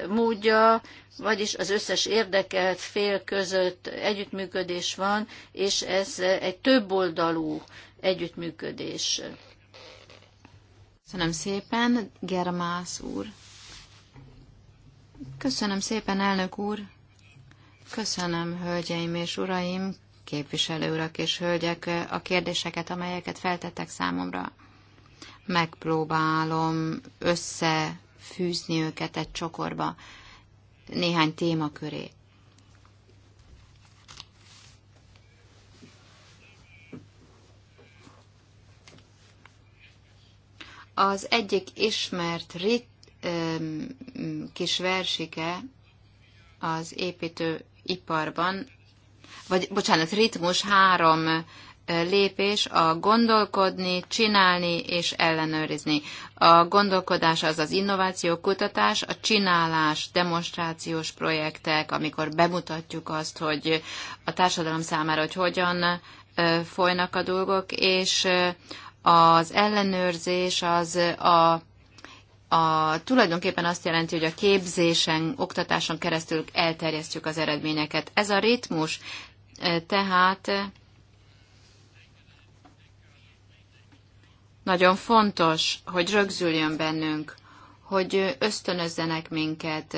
módja, vagyis az összes érdekelt fél között együttműködés van, és ez egy többoldalú együttműködés. Köszönöm szépen, Germász úr. Köszönöm szépen, elnök úr. Köszönöm, hölgyeim és uraim, képviselő urak és hölgyek, a kérdéseket, amelyeket feltettek számomra. Megpróbálom összefűzni őket egy csokorba néhány téma köré. Az egyik ismert rit, kis versike az építő iparban, vagy bocsánat, ritmus három lépés a gondolkodni, csinálni és ellenőrizni. A gondolkodás az az innováció, kutatás, a csinálás, demonstrációs projektek, amikor bemutatjuk azt, hogy a társadalom számára, hogy hogyan folynak a dolgok, és az ellenőrzés az a a, tulajdonképpen azt jelenti, hogy a képzésen, oktatáson keresztül elterjesztjük az eredményeket. Ez a ritmus e, tehát nagyon fontos, hogy rögzüljön bennünk hogy ösztönözzenek minket.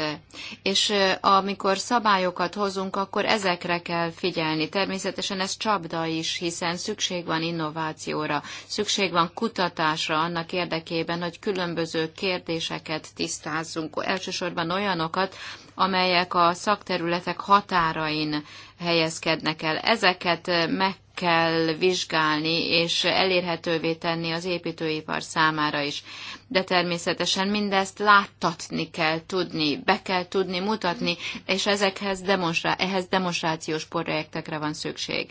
És amikor szabályokat hozunk, akkor ezekre kell figyelni. Természetesen ez csapda is, hiszen szükség van innovációra, szükség van kutatásra annak érdekében, hogy különböző kérdéseket tisztázzunk, elsősorban olyanokat, amelyek a szakterületek határain helyezkednek el. Ezeket meg kell vizsgálni és elérhetővé tenni az építőipar számára is de természetesen mindezt láttatni kell tudni, be kell tudni mutatni, és ezekhez demonstrá- ehhez demonstrációs projektekre van szükség.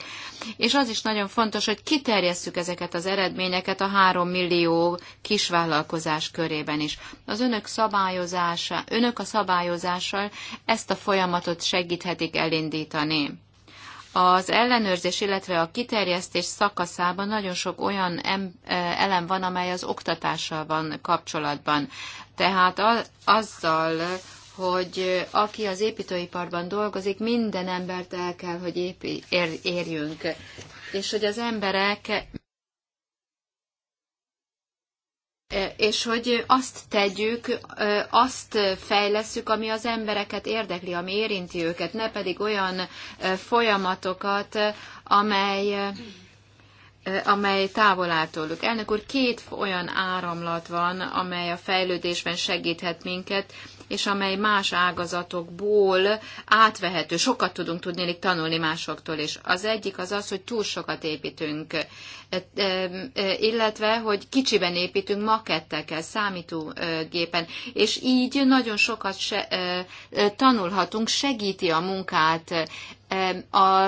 És az is nagyon fontos, hogy kiterjesszük ezeket az eredményeket a három millió kisvállalkozás körében is. Az önök szabályozása, önök a szabályozással ezt a folyamatot segíthetik elindítani az ellenőrzés, illetve a kiterjesztés szakaszában nagyon sok olyan elem van, amely az oktatással van kapcsolatban. Tehát azzal, hogy aki az építőiparban dolgozik, minden embert el kell, hogy épi, ér, érjünk. És hogy az emberek és hogy azt tegyük, azt fejleszük, ami az embereket érdekli, ami érinti őket, ne pedig olyan folyamatokat, amely amely távol áll tőlük. Elnök úr, két olyan áramlat van, amely a fejlődésben segíthet minket, és amely más ágazatokból átvehető. Sokat tudunk tudni elég tanulni másoktól is. Az egyik az az, hogy túl sokat építünk, e, e, e, illetve, hogy kicsiben építünk makettekkel, számítógépen, és így nagyon sokat se, tanulhatunk, segíti a munkát, a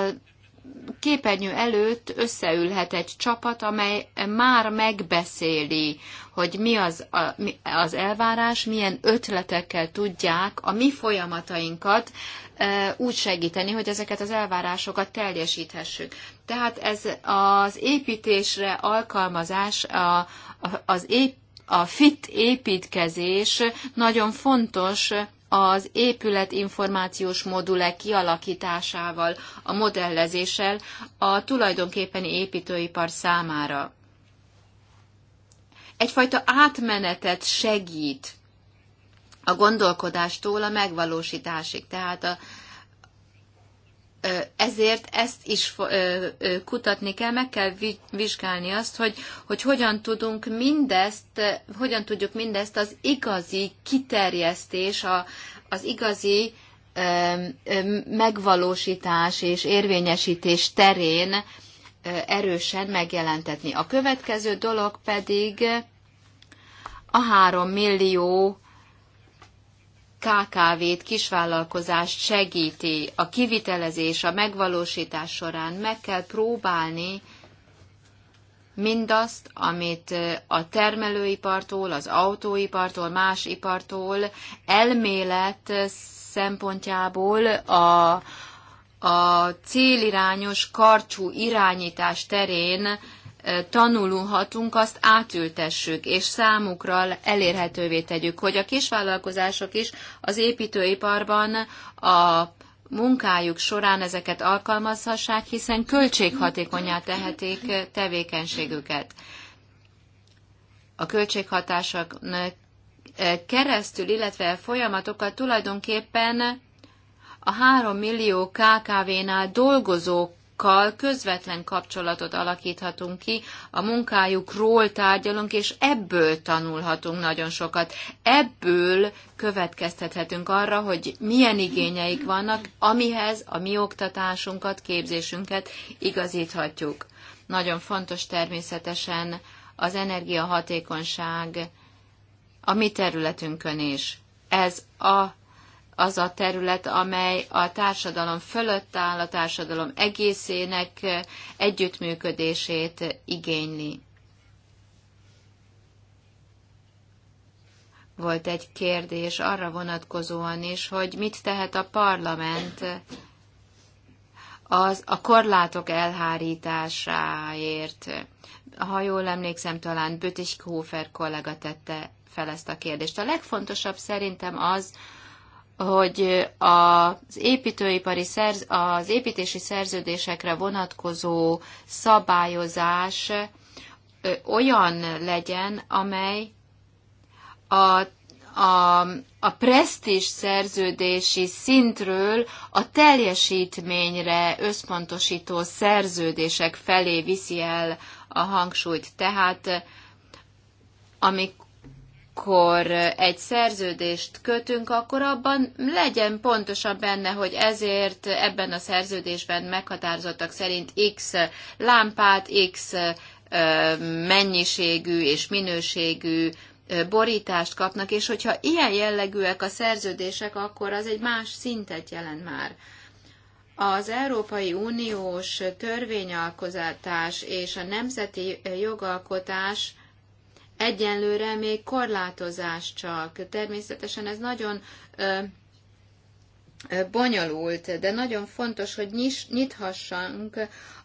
képernyő előtt összeülhet egy csapat, amely már megbeszéli hogy mi az, a, mi az elvárás, milyen ötletekkel tudják a mi folyamatainkat e, úgy segíteni, hogy ezeket az elvárásokat teljesíthessük. Tehát ez az építésre alkalmazás, a, a, az ép, a fit építkezés nagyon fontos az épületinformációs modulek kialakításával, a modellezéssel a tulajdonképpeni építőipar számára egyfajta átmenetet segít a gondolkodástól a megvalósításig. Tehát a, ezért ezt is kutatni kell, meg kell vizsgálni azt, hogy, hogy hogyan tudunk mindezt, hogyan tudjuk mindezt az igazi kiterjesztés, a, az igazi megvalósítás és érvényesítés terén erősen megjelentetni. A következő dolog pedig a három millió KKV-t, kisvállalkozást segíti a kivitelezés, a megvalósítás során. Meg kell próbálni mindazt, amit a termelőipartól, az autóipartól, más ipartól elmélet szempontjából a, a célirányos karcsú irányítás terén tanulhatunk, azt átültessük, és számukra elérhetővé tegyük, hogy a kisvállalkozások is az építőiparban a munkájuk során ezeket alkalmazhassák, hiszen költséghatékonyá tehetik tevékenységüket. A költséghatások keresztül, illetve folyamatokat tulajdonképpen a 3 millió KKV-nál dolgozókkal közvetlen kapcsolatot alakíthatunk ki, a munkájukról tárgyalunk, és ebből tanulhatunk nagyon sokat. Ebből következtethetünk arra, hogy milyen igényeik vannak, amihez a mi oktatásunkat, képzésünket igazíthatjuk. Nagyon fontos természetesen az energiahatékonyság a mi területünkön is. Ez a az a terület, amely a társadalom fölött áll, a társadalom egészének eh, együttműködését igényli. Volt egy kérdés arra vonatkozóan is, hogy mit tehet a parlament az a korlátok elhárításáért. Ha jól emlékszem, talán Bütiskhofer kollega tette fel ezt a kérdést. A legfontosabb szerintem az, hogy az építőipari szerz, az építési szerződésekre vonatkozó szabályozás olyan legyen, amely a, a, a presztis szerződési szintről a teljesítményre összpontosító szerződések felé viszi el a hangsúlyt. Tehát amikor amikor egy szerződést kötünk, akkor abban legyen pontosan benne, hogy ezért ebben a szerződésben meghatározottak szerint X lámpát, X mennyiségű és minőségű borítást kapnak, és hogyha ilyen jellegűek a szerződések, akkor az egy más szintet jelent már. Az Európai Uniós törvényalkozatás és a nemzeti jogalkotás egyenlőre még korlátozás csak. Természetesen ez nagyon ö, bonyolult, de nagyon fontos, hogy nyis, nyithassunk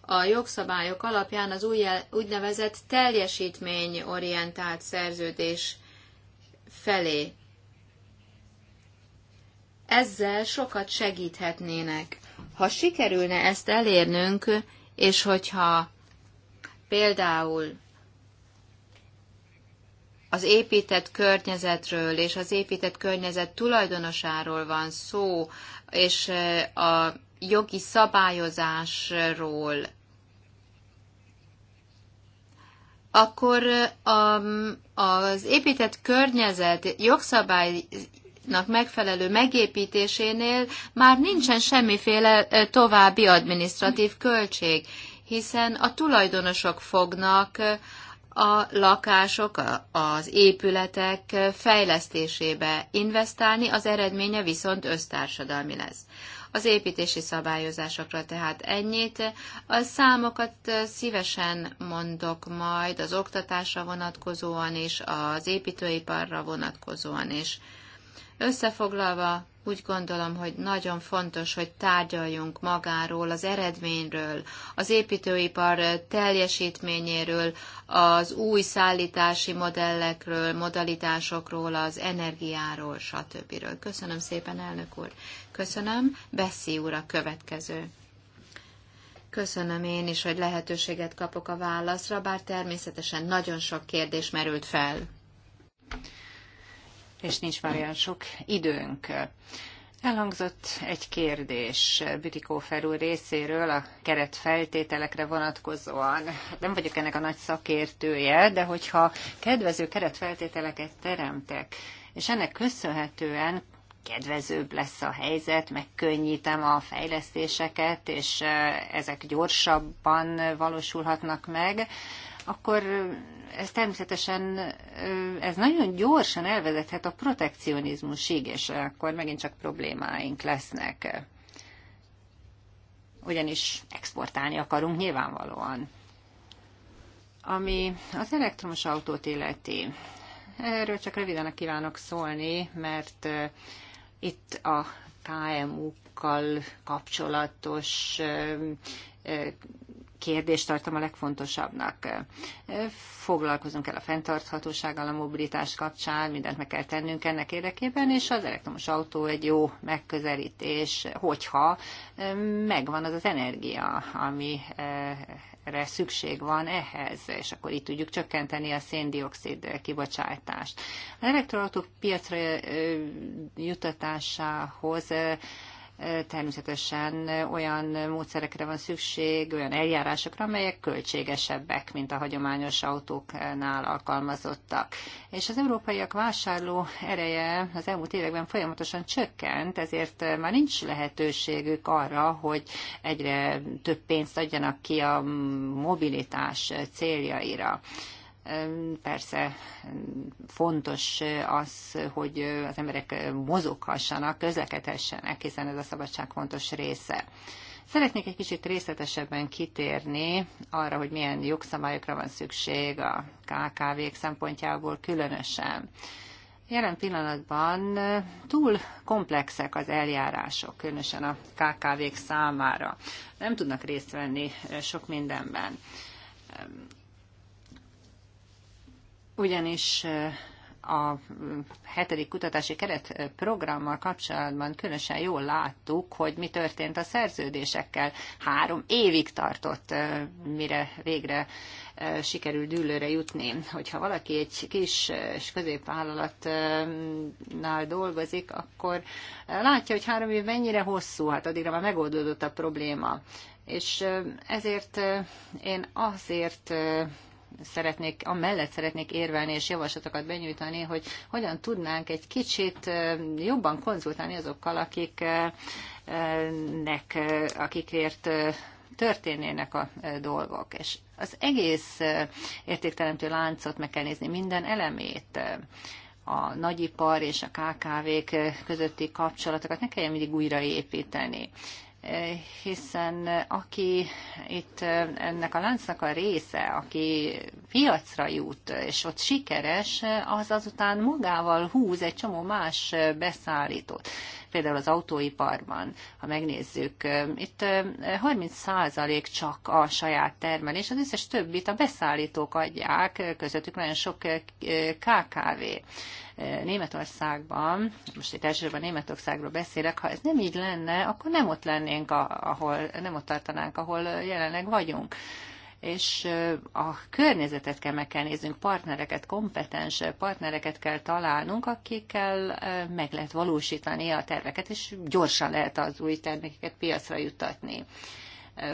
a jogszabályok alapján az új, úgynevezett teljesítményorientált szerződés felé. Ezzel sokat segíthetnének. Ha sikerülne ezt elérnünk, és hogyha például az épített környezetről és az épített környezet tulajdonosáról van szó, és a jogi szabályozásról, akkor a, az épített környezet jogszabálynak megfelelő megépítésénél már nincsen semmiféle további adminisztratív költség, hiszen a tulajdonosok fognak a lakások, az épületek fejlesztésébe investálni, az eredménye viszont össztársadalmi lesz. Az építési szabályozásokra tehát ennyit. A számokat szívesen mondok majd az oktatásra vonatkozóan és az építőiparra vonatkozóan is. Összefoglalva, úgy gondolom, hogy nagyon fontos, hogy tárgyaljunk magáról, az eredményről, az építőipar teljesítményéről, az új szállítási modellekről, modalitásokról, az energiáról, stb. Köszönöm szépen, elnök úr. Köszönöm. Bessi úr a következő. Köszönöm én is, hogy lehetőséget kapok a válaszra, bár természetesen nagyon sok kérdés merült fel és nincs már olyan sok időnk. Elhangzott egy kérdés Bütikó Ferú részéről a keret feltételekre vonatkozóan. Nem vagyok ennek a nagy szakértője, de hogyha kedvező keretfeltételeket teremtek, és ennek köszönhetően kedvezőbb lesz a helyzet, megkönnyítem a fejlesztéseket, és eh, ezek gyorsabban valósulhatnak meg, akkor ez természetesen ez nagyon gyorsan elvezethet a protekcionizmusig, és akkor megint csak problémáink lesznek. Ugyanis exportálni akarunk nyilvánvalóan. Ami az elektromos autót illeti, erről csak röviden kívánok szólni, mert itt a KMU-kkal kapcsolatos kérdést tartom a legfontosabbnak. Foglalkozunk el a fenntarthatósággal a mobilitás kapcsán, mindent meg kell tennünk ennek érdekében, és az elektromos autó egy jó megközelítés, hogyha megvan az az energia, amire szükség van ehhez, és akkor így tudjuk csökkenteni a széndiokszid kibocsátást. Az elektroautók piacra jutatásához természetesen olyan módszerekre van szükség, olyan eljárásokra, amelyek költségesebbek, mint a hagyományos autóknál alkalmazottak. És az európaiak vásárló ereje az elmúlt években folyamatosan csökkent, ezért már nincs lehetőségük arra, hogy egyre több pénzt adjanak ki a mobilitás céljaira. Persze fontos az, hogy az emberek mozoghassanak, közlekedhessenek, hiszen ez a szabadság fontos része. Szeretnék egy kicsit részletesebben kitérni arra, hogy milyen jogszabályokra van szükség a KKV-k szempontjából különösen. Jelen pillanatban túl komplexek az eljárások, különösen a kkv számára. Nem tudnak részt venni sok mindenben ugyanis eh, a mm, hetedik kutatási keret eh, programmal kapcsolatban különösen jól láttuk, hogy mi történt a szerződésekkel. Három évig tartott, eh, mire végre sikerült dűlőre jutni. Hogyha valaki egy kis és középvállalatnál dolgozik, akkor látja, hogy három év mennyire hosszú, hát addigra már megoldódott a probléma. És ezért én azért szeretnék, amellett szeretnék érvelni és javaslatokat benyújtani, hogy hogyan tudnánk egy kicsit jobban konzultálni azokkal, akik nek, akikért történnének a dolgok. És az egész értékteremtő láncot meg kell nézni, minden elemét a nagyipar és a KKV-k közötti kapcsolatokat ne kelljen mindig újraépíteni hiszen aki itt ennek a láncnak a része, aki piacra jut, és ott sikeres, az azután magával húz egy csomó más beszállítót például az autóiparban, ha megnézzük, itt 30% csak a saját termelés, az összes többit a beszállítók adják, közöttük nagyon sok KKV. Németországban, most itt elsősorban Németországról beszélek, ha ez nem így lenne, akkor nem ott lennénk, ahol, nem ott tartanánk, ahol jelenleg vagyunk és a környezetet kell meg kell néznünk, partnereket, kompetens partnereket kell találnunk, akikkel meg lehet valósítani a terveket, és gyorsan lehet az új termékeket piacra juttatni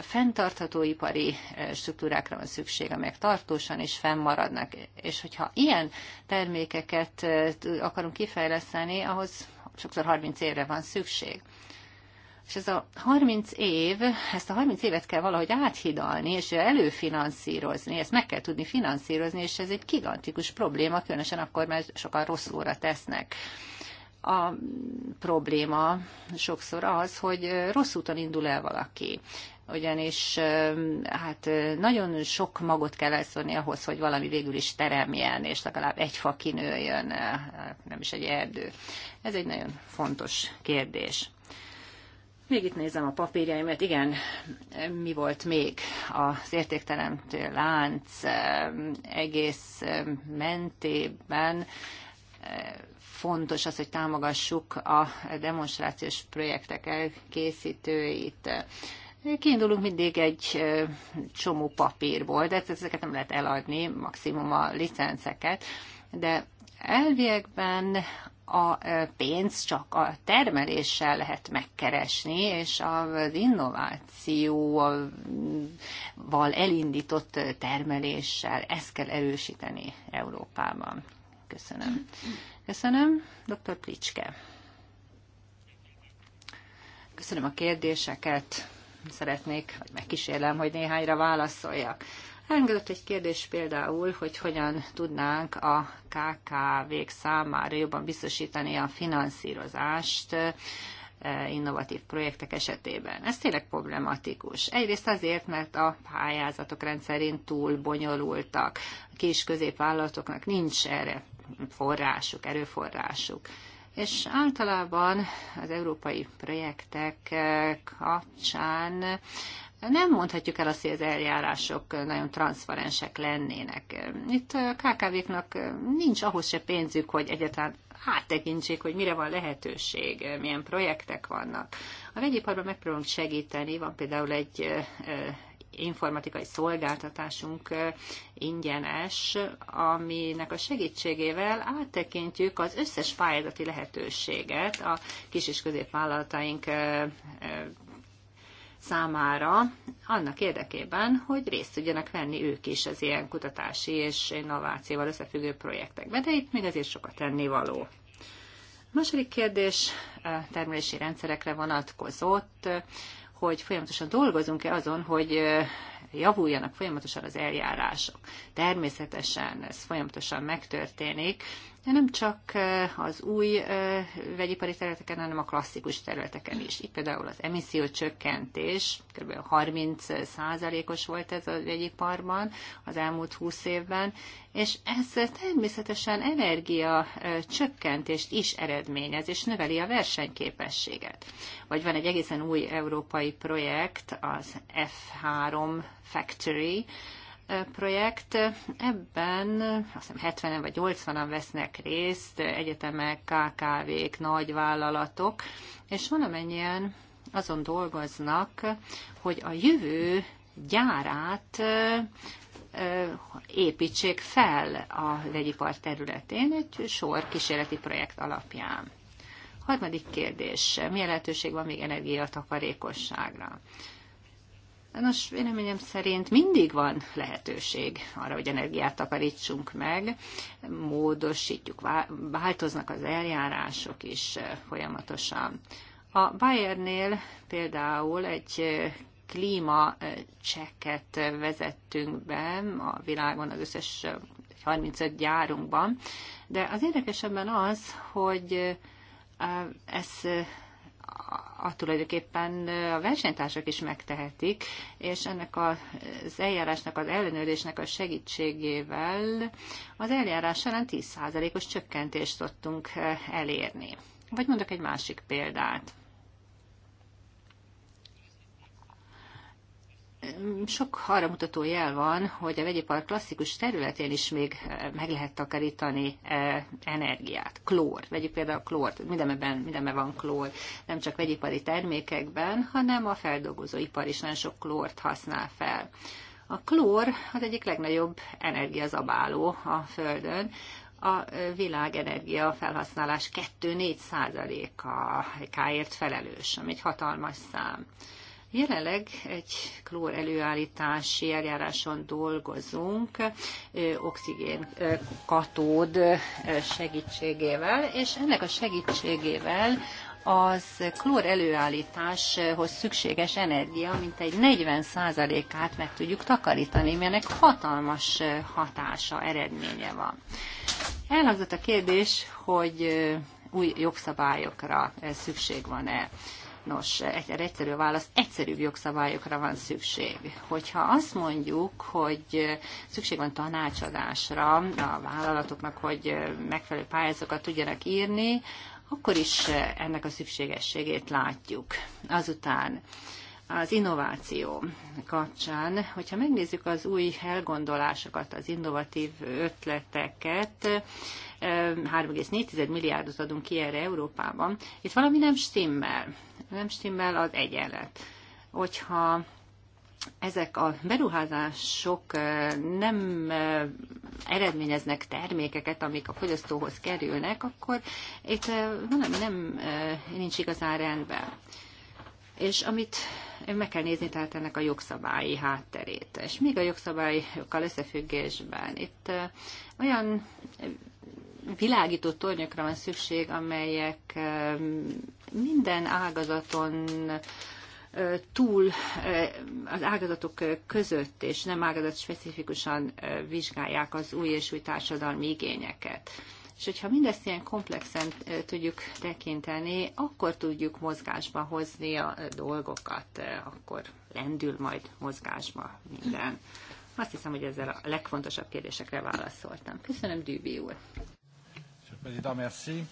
Fentartható ipari struktúrákra van szükség, amelyek tartósan és fennmaradnak. És hogyha ilyen termékeket akarunk kifejleszteni, ahhoz sokszor 30 évre van szükség. És ez a 30 év, ezt a 30 évet kell valahogy áthidalni, és előfinanszírozni, ezt meg kell tudni finanszírozni, és ez egy gigantikus probléma, különösen akkor, mert sokan rossz óra tesznek a probléma sokszor az, hogy rossz úton indul el valaki ugyanis hát nagyon sok magot kell elszórni ahhoz, hogy valami végül is teremjen, és legalább egy fa kinőjön, nem is egy erdő. Ez egy nagyon fontos kérdés. Még itt nézem a papírjaimat. Igen, mi volt még az értékteremtő lánc eh, egész eh, mentében? Eh, fontos az, hogy támogassuk a demonstrációs projektek elkészítőit. Kiindulunk mindig egy csomó papírból, de ezeket nem lehet eladni, maximum a licenceket, de elviekben a pénzt csak a termeléssel lehet megkeresni, és az innovációval elindított termeléssel ezt kell erősíteni Európában. Köszönöm. Köszönöm. Dr. Plicske. Köszönöm a kérdéseket. Szeretnék, hogy megkísérlem, hogy néhányra válaszoljak. Elhangzott egy kérdés például, hogy hogyan tudnánk a KKV-k számára jobban biztosítani a finanszírozást, eh, innovatív projektek esetében. Ez tényleg problematikus. Egyrészt azért, mert a pályázatok rendszerén túl bonyolultak. A kis középvállalatoknak nincs erre forrásuk, erőforrásuk. És általában az európai projektek kapcsán nem mondhatjuk el azt, hogy az eljárások nagyon transzparensek lennének. Itt a KKV-knak nincs ahhoz se pénzük, hogy egyáltalán áttekintsék, hogy mire van lehetőség, milyen projektek vannak. A vegyiparban megpróbálunk segíteni, van például egy informatikai szolgáltatásunk ingyenes, aminek a segítségével áttekintjük az összes pályázati lehetőséget a kis és középvállalataink számára, annak érdekében, hogy részt tudjanak venni ők is az ilyen kutatási és innovációval összefüggő projektekben, de itt még azért sokat tennivaló. A második kérdés termelési rendszerekre vonatkozott, hogy folyamatosan dolgozunk-e azon, hogy javuljanak folyamatosan az eljárások. Természetesen ez folyamatosan megtörténik, de nem csak eh, az új eh, vegyipari területeken, hanem a klasszikus területeken is. Itt például az emisszió csökkentés, kb. 30%-os volt ez a vegyiparban az elmúlt 20 évben, és ez természetesen energia eh, csökkentést is eredményez, és növeli a versenyképességet. Vagy van egy egészen új európai projekt, az F3 Factory, projekt. Ebben azt hiszem 70-en vagy 80-an vesznek részt egyetemek, KKV-k, nagyvállalatok, és van amennyien azon dolgoznak, hogy a jövő gyárát építsék fel a vegyipar területén egy sor kísérleti projekt alapján. Harmadik kérdés. Milyen lehetőség van még energiatakarékosságra? Nos, véleményem szerint mindig van lehetőség arra, hogy energiát takarítsunk meg, módosítjuk, változnak az eljárások is eh, folyamatosan. A Bayernnél például egy eh, klímacsekket eh, vezettünk be a világon az összes 35 gyárunkban, de az érdekesebben az, hogy ez a tulajdonképpen a versenytársak is megtehetik, és ennek az eljárásnak, az ellenőrzésnek a segítségével az eljárás során 10%-os csökkentést tudtunk eh, elérni. Vagy mondok egy másik példát. sok arra mutató jel van, hogy a vegyipar klasszikus területén is még eh, meg lehet takarítani eh, energiát. Klór, vegyük például a klórt, mindenben, mindenben van klór, nem csak vegyipari termékekben, hanem a feldolgozóipar is nagyon sok klórt használ fel. A klór az egyik legnagyobb energiazabáló a Földön, a eh, világ energia felhasználás 2-4 százalékáért felelős, ami egy hatalmas szám. Jelenleg egy klór előállítási eljáráson dolgozunk, oxigén katód segítségével, és ennek a segítségével az klór előállításhoz szükséges energia egy 40%-át meg tudjuk takarítani, mert ennek hatalmas hatása, eredménye van. Elhangzott a kérdés, hogy új jogszabályokra szükség van-e. Nos, egyre egyszerű válasz, egyszerűbb jogszabályokra van szükség. Hogyha azt mondjuk, hogy szükség van tanácsadásra a vállalatoknak, hogy megfelelő pályázatokat tudjanak írni, akkor is ennek a szükségességét látjuk. Azután az innováció kapcsán, hogyha megnézzük az új elgondolásokat, az innovatív ötleteket, eh, 3,4 milliárdot adunk ki erre Európában, itt valami nem stimmel nem stimmel, az egyenlet. Hogyha ezek a beruházások nem eredményeznek termékeket, amik a fogyasztóhoz kerülnek, akkor itt valami nem nincs igazán rendben. És amit meg kell nézni tehát ennek a jogszabályi hátterét. És még a jogszabályokkal összefüggésben itt olyan világító tornyokra van szükség, amelyek minden ágazaton túl az ágazatok között és nem ágazat specifikusan vizsgálják az új és új társadalmi igényeket. És hogyha mindezt ilyen komplexen tudjuk tekinteni, akkor tudjuk mozgásba hozni a dolgokat, akkor lendül majd mozgásba minden. Azt hiszem, hogy ezzel a legfontosabb kérdésekre válaszoltam. Köszönöm, Dűbi úr! Président, merci.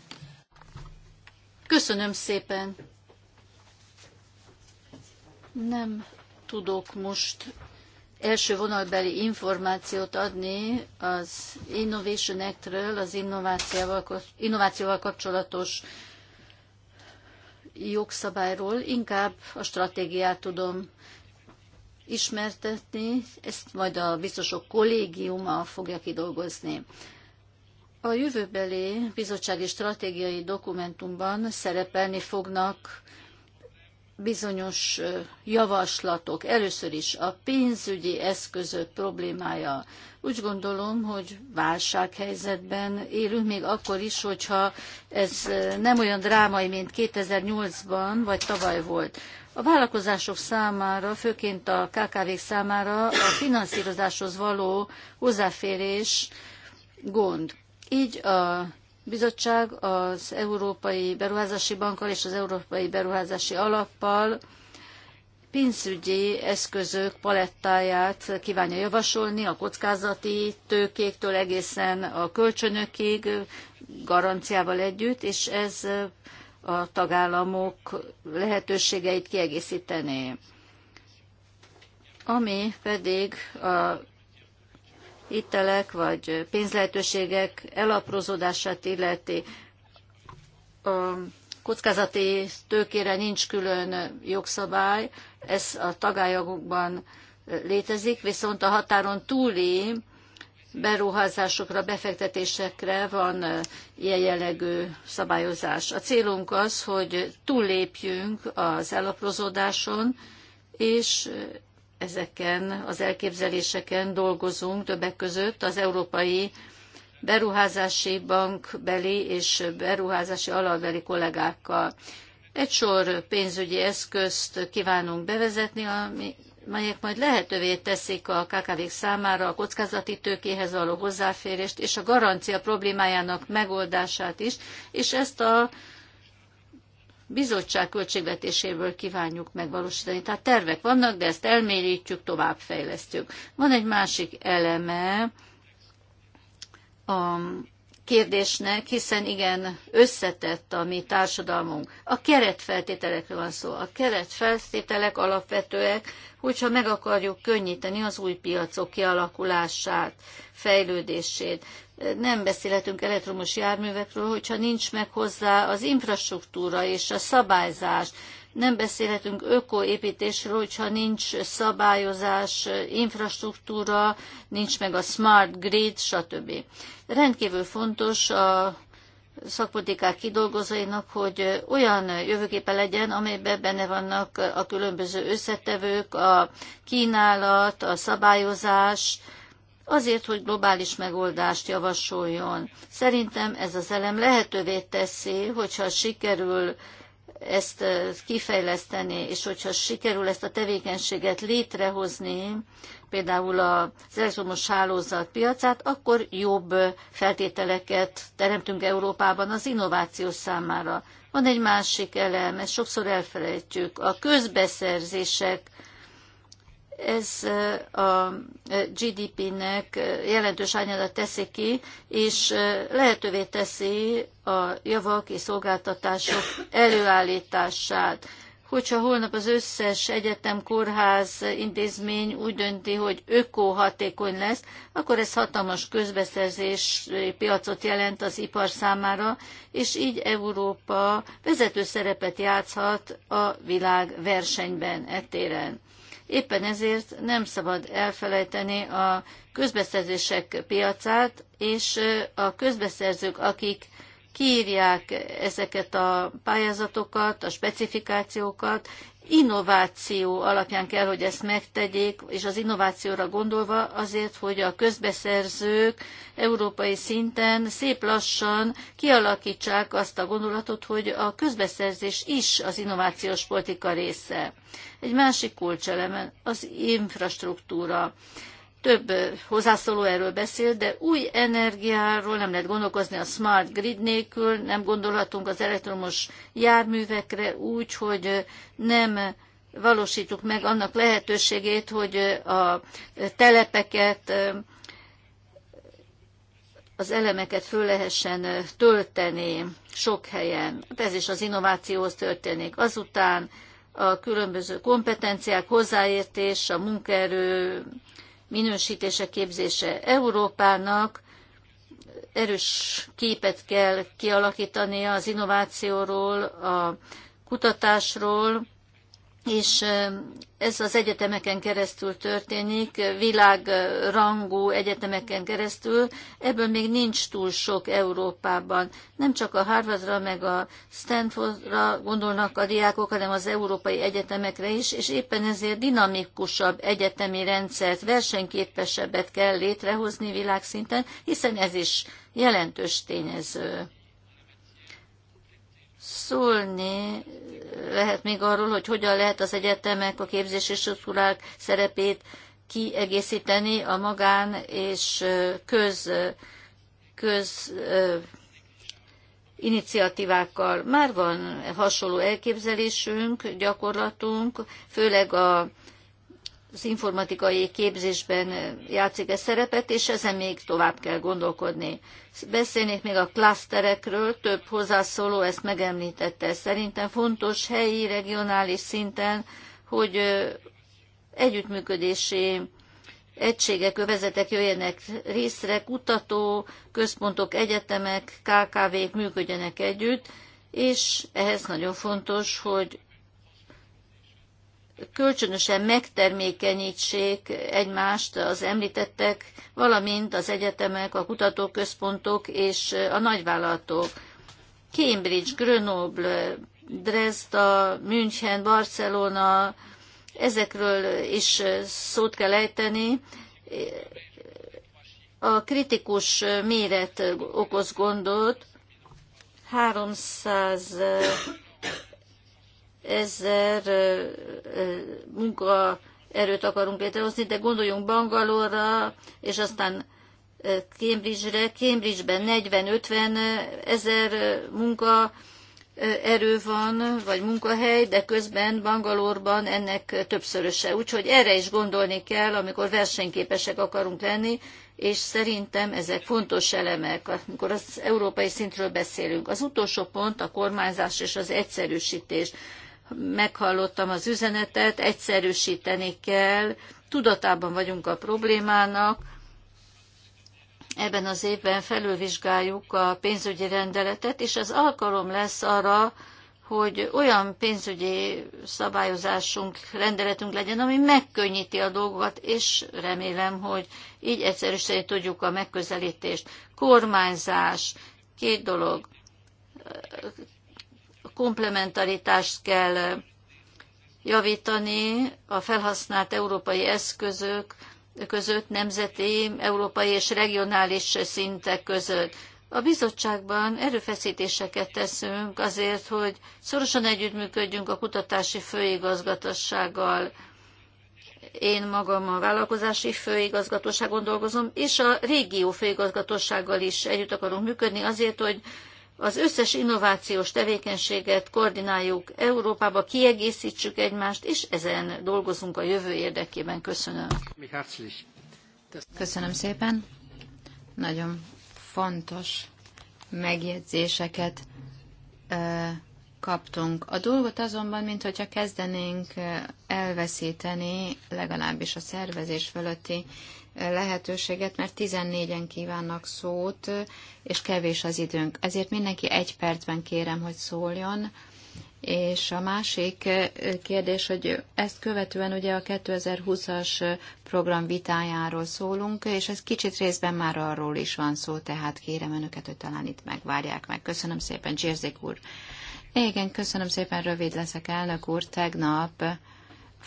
Köszönöm szépen. Nem tudok most első vonalbeli információt adni az Innovation Act-ről, az innovációval, innovációval kapcsolatos jogszabályról, inkább a stratégiát tudom ismertetni, ezt majd a biztosok kollégiuma fogja kidolgozni. A jövőbeli bizottsági stratégiai dokumentumban szerepelni fognak bizonyos javaslatok. Először is a pénzügyi eszközök problémája. Úgy gondolom, hogy válsághelyzetben élünk, még akkor is, hogyha ez nem olyan drámai, mint 2008-ban vagy tavaly volt. A vállalkozások számára, főként a KKV-k számára a finanszírozáshoz való hozzáférés gond. Így a bizottság az Európai Beruházási Bankkal és az Európai Beruházási Alappal pénzügyi eszközök palettáját kívánja javasolni a kockázati tőkéktől egészen a kölcsönökig, garanciával együtt, és ez a tagállamok lehetőségeit kiegészítené. Ami pedig a hitelek vagy pénzlehetőségek elaprózódását illeti. A kockázati tőkére nincs külön jogszabály, ez a tagályokban létezik, viszont a határon túli beruházásokra, befektetésekre van ilyen jellegű szabályozás. A célunk az, hogy túllépjünk az elaprózódáson, és ezeken az elképzeléseken dolgozunk többek között az Európai Beruházási Bank beli és beruházási alapbeli kollégákkal. Egy sor pénzügyi eszközt kívánunk bevezetni, ami melyek majd lehetővé teszik a kkv számára a kockázati tőkéhez való hozzáférést és a garancia problémájának megoldását is, és ezt a bizottság költségvetéséből kívánjuk megvalósítani. Tehát tervek vannak, de ezt elmélyítjük, továbbfejlesztjük. Van egy másik eleme a kérdésnek, hiszen igen, összetett a mi társadalmunk. A keretfeltételekről van szó. A keretfeltételek alapvetőek, hogyha meg akarjuk könnyíteni az új piacok kialakulását, fejlődését. Nem beszélhetünk elektromos járművekről, hogyha nincs meg hozzá az infrastruktúra és a szabályzás, nem beszélhetünk ökoépítésről, hogyha nincs szabályozás, infrastruktúra, nincs meg a smart grid, stb. Rendkívül fontos a szakpolitikák kidolgozóinak, hogy olyan jövőképe legyen, amelyben benne vannak a különböző összetevők, a kínálat, a szabályozás, azért, hogy globális megoldást javasoljon. Szerintem ez az elem lehetővé teszi, hogyha sikerül ezt kifejleszteni, és hogyha sikerül ezt a tevékenységet létrehozni, például az elektromos hálózat piacát, akkor jobb feltételeket teremtünk Európában az innováció számára. Van egy másik elem, ezt sokszor elfelejtjük, a közbeszerzések ez a GDP-nek jelentős ányadát teszi ki, és lehetővé teszi a javak és szolgáltatások előállítását. Hogyha holnap az összes egyetem, kórház, intézmény úgy dönti, hogy ökohatékony lesz, akkor ez hatalmas közbeszerzési piacot jelent az ipar számára, és így Európa vezető szerepet játszhat a világ versenyben ettéren. Éppen ezért nem szabad elfelejteni a közbeszerzések piacát, és a közbeszerzők, akik kiírják ezeket a pályázatokat, a specifikációkat, innováció alapján kell, hogy ezt megtegyék, és az innovációra gondolva azért, hogy a közbeszerzők európai szinten szép lassan kialakítsák azt a gondolatot, hogy a közbeszerzés is az innovációs politika része. Egy másik kulcseleme az infrastruktúra. Több hozzászóló erről beszél, de új energiáról nem lehet gondolkozni a smart grid nélkül, nem gondolhatunk az elektromos járművekre úgy, hogy nem valósítjuk meg annak lehetőségét, hogy a telepeket, az elemeket föl lehessen tölteni sok helyen. Hát ez is az innovációhoz történik. Azután a különböző kompetenciák, hozzáértés, a munkaerő minősítése, képzése. Európának erős képet kell kialakítania az innovációról, a kutatásról, és ez az egyetemeken keresztül történik, világrangú egyetemeken keresztül, ebből még nincs túl sok Európában. Nem csak a Harvardra meg a Stanfordra gondolnak a diákok, hanem az európai egyetemekre is, és éppen ezért dinamikusabb egyetemi rendszert, versenyképesebbet kell létrehozni világszinten, hiszen ez is jelentős tényező szólni lehet még arról, hogy hogyan lehet az egyetemek, a képzési struktúrák szerepét kiegészíteni a magán és köz, köz iniciatívákkal. Már van hasonló elképzelésünk, gyakorlatunk, főleg a az informatikai képzésben játszik e szerepet, és ezen még tovább kell gondolkodni. Beszélnék még a klaszterekről, több hozzászóló ezt megemlítette. Szerintem fontos helyi, regionális szinten, hogy együttműködési egységek, övezetek jöjjenek részre, kutató, központok, egyetemek, KKV-k működjenek együtt, és ehhez nagyon fontos, hogy kölcsönösen megtermékenyítsék egymást az említettek, valamint az egyetemek, a kutatóközpontok és a nagyvállalatok. Cambridge, Grenoble, Dresda, München, Barcelona, ezekről is szót kell ejteni. A kritikus méret okoz gondot, 300 ezer munkaerőt akarunk létrehozni, de gondoljunk Bangalore-ra, és aztán Cambridge-re. Cambridge-ben 40-50 ezer munka erő van, vagy munkahely, de közben Bangalore-ban ennek többszöröse. Úgyhogy erre is gondolni kell, amikor versenyképesek akarunk lenni, és szerintem ezek fontos elemek, amikor az európai szintről beszélünk. Az utolsó pont a kormányzás és az egyszerűsítés meghallottam az üzenetet, egyszerűsíteni kell, tudatában vagyunk a problémának, ebben az évben felülvizsgáljuk a pénzügyi rendeletet, és az alkalom lesz arra, hogy olyan pénzügyi szabályozásunk, rendeletünk legyen, ami megkönnyíti a dolgokat, és remélem, hogy így egyszerűsíteni tudjuk a megközelítést. Kormányzás, két dolog komplementaritást kell javítani a felhasznált európai eszközök között, nemzeti, európai és regionális szintek között. A bizottságban erőfeszítéseket teszünk azért, hogy szorosan együttműködjünk a kutatási főigazgatossággal. Én magam a vállalkozási főigazgatóságon dolgozom, és a régió főigazgatósággal is együtt akarunk működni azért, hogy az összes innovációs tevékenységet koordináljuk Európába, kiegészítsük egymást, és ezen dolgozunk a jövő érdekében. Köszönöm. Köszönöm szépen. Nagyon fontos megjegyzéseket kaptunk. A dolgot azonban, mintha kezdenénk elveszíteni, legalábbis a szervezés fölötti lehetőséget, mert 14-en kívánnak szót, és kevés az időnk. Ezért mindenki egy percben kérem, hogy szóljon. És a másik kérdés, hogy ezt követően ugye a 2020-as program vitájáról szólunk, és ez kicsit részben már arról is van szó, tehát kérem önöket, hogy talán itt megvárják meg. Köszönöm szépen, Csérzék úr. Igen, köszönöm szépen, rövid leszek, elnök úr. Tegnap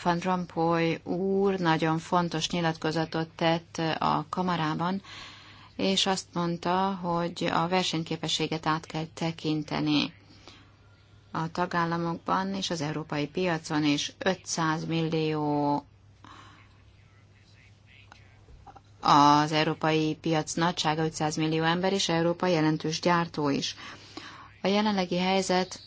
van Rompuy úr nagyon fontos nyilatkozatot tett a kamarában, és azt mondta, hogy a versenyképességet át kell tekinteni a tagállamokban és az európai piacon is 500 millió az európai piac nagysága 500 millió ember és Európa jelentős gyártó is. A jelenlegi helyzet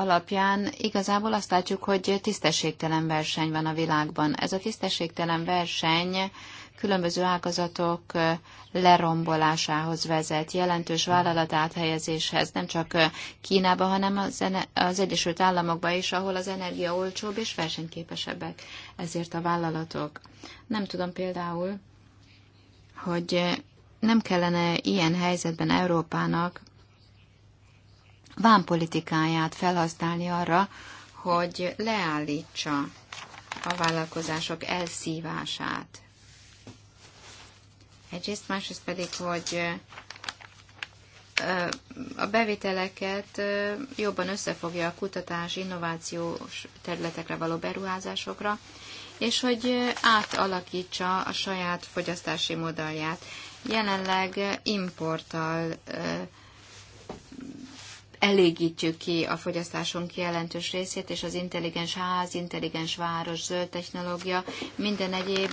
alapján igazából azt látjuk, hogy tisztességtelen verseny van a világban. Ez a tisztességtelen verseny különböző ágazatok lerombolásához vezet, jelentős vállalat áthelyezéshez, nem csak Kínába, hanem az, az Egyesült Államokba is, ahol az energia olcsóbb és versenyképesebbek ezért a vállalatok. Nem tudom például, hogy nem kellene ilyen helyzetben Európának vámpolitikáját felhasználni arra, hogy leállítsa a vállalkozások elszívását. Egyrészt, másrészt pedig, hogy a bevételeket jobban összefogja a kutatás, innovációs területekre való beruházásokra, és hogy átalakítsa a saját fogyasztási modellját. Jelenleg importtal elégítjük ki a fogyasztásunk jelentős részét, és az intelligens ház, intelligens város, zöld technológia, minden egyéb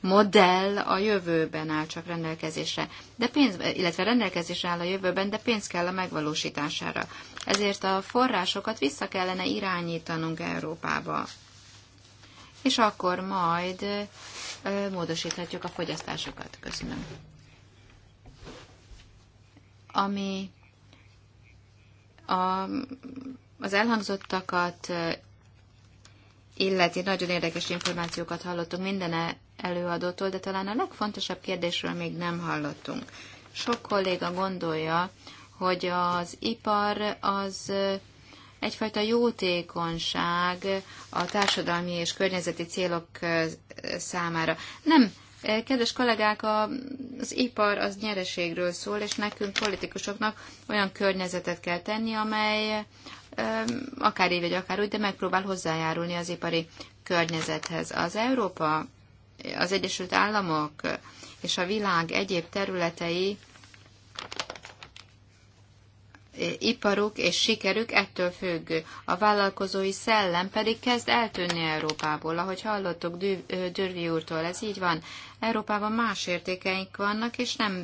modell a jövőben áll csak rendelkezésre, de pénz, illetve rendelkezésre áll a jövőben, de pénz kell a megvalósítására. Ezért a forrásokat vissza kellene irányítanunk Európába. És akkor majd módosíthatjuk a fogyasztásokat. Köszönöm. Ami a, az elhangzottakat illeti nagyon érdekes információkat hallottunk minden e- előadótól, de talán a legfontosabb kérdésről még nem hallottunk. Sok kolléga gondolja, hogy az ipar az egyfajta jótékonyság a társadalmi és környezeti célok számára. Nem, Kedves kollégák, az ipar az nyereségről szól, és nekünk politikusoknak olyan környezetet kell tenni, amely akár így vagy akár úgy, de megpróbál hozzájárulni az ipari környezethez. Az Európa, az Egyesült Államok és a világ egyéb területei iparuk és sikerük ettől függ. A vállalkozói szellem pedig kezd eltűnni Európából, ahogy hallottuk Dürvi úrtól, ez így van. Európában más értékeink vannak, és nem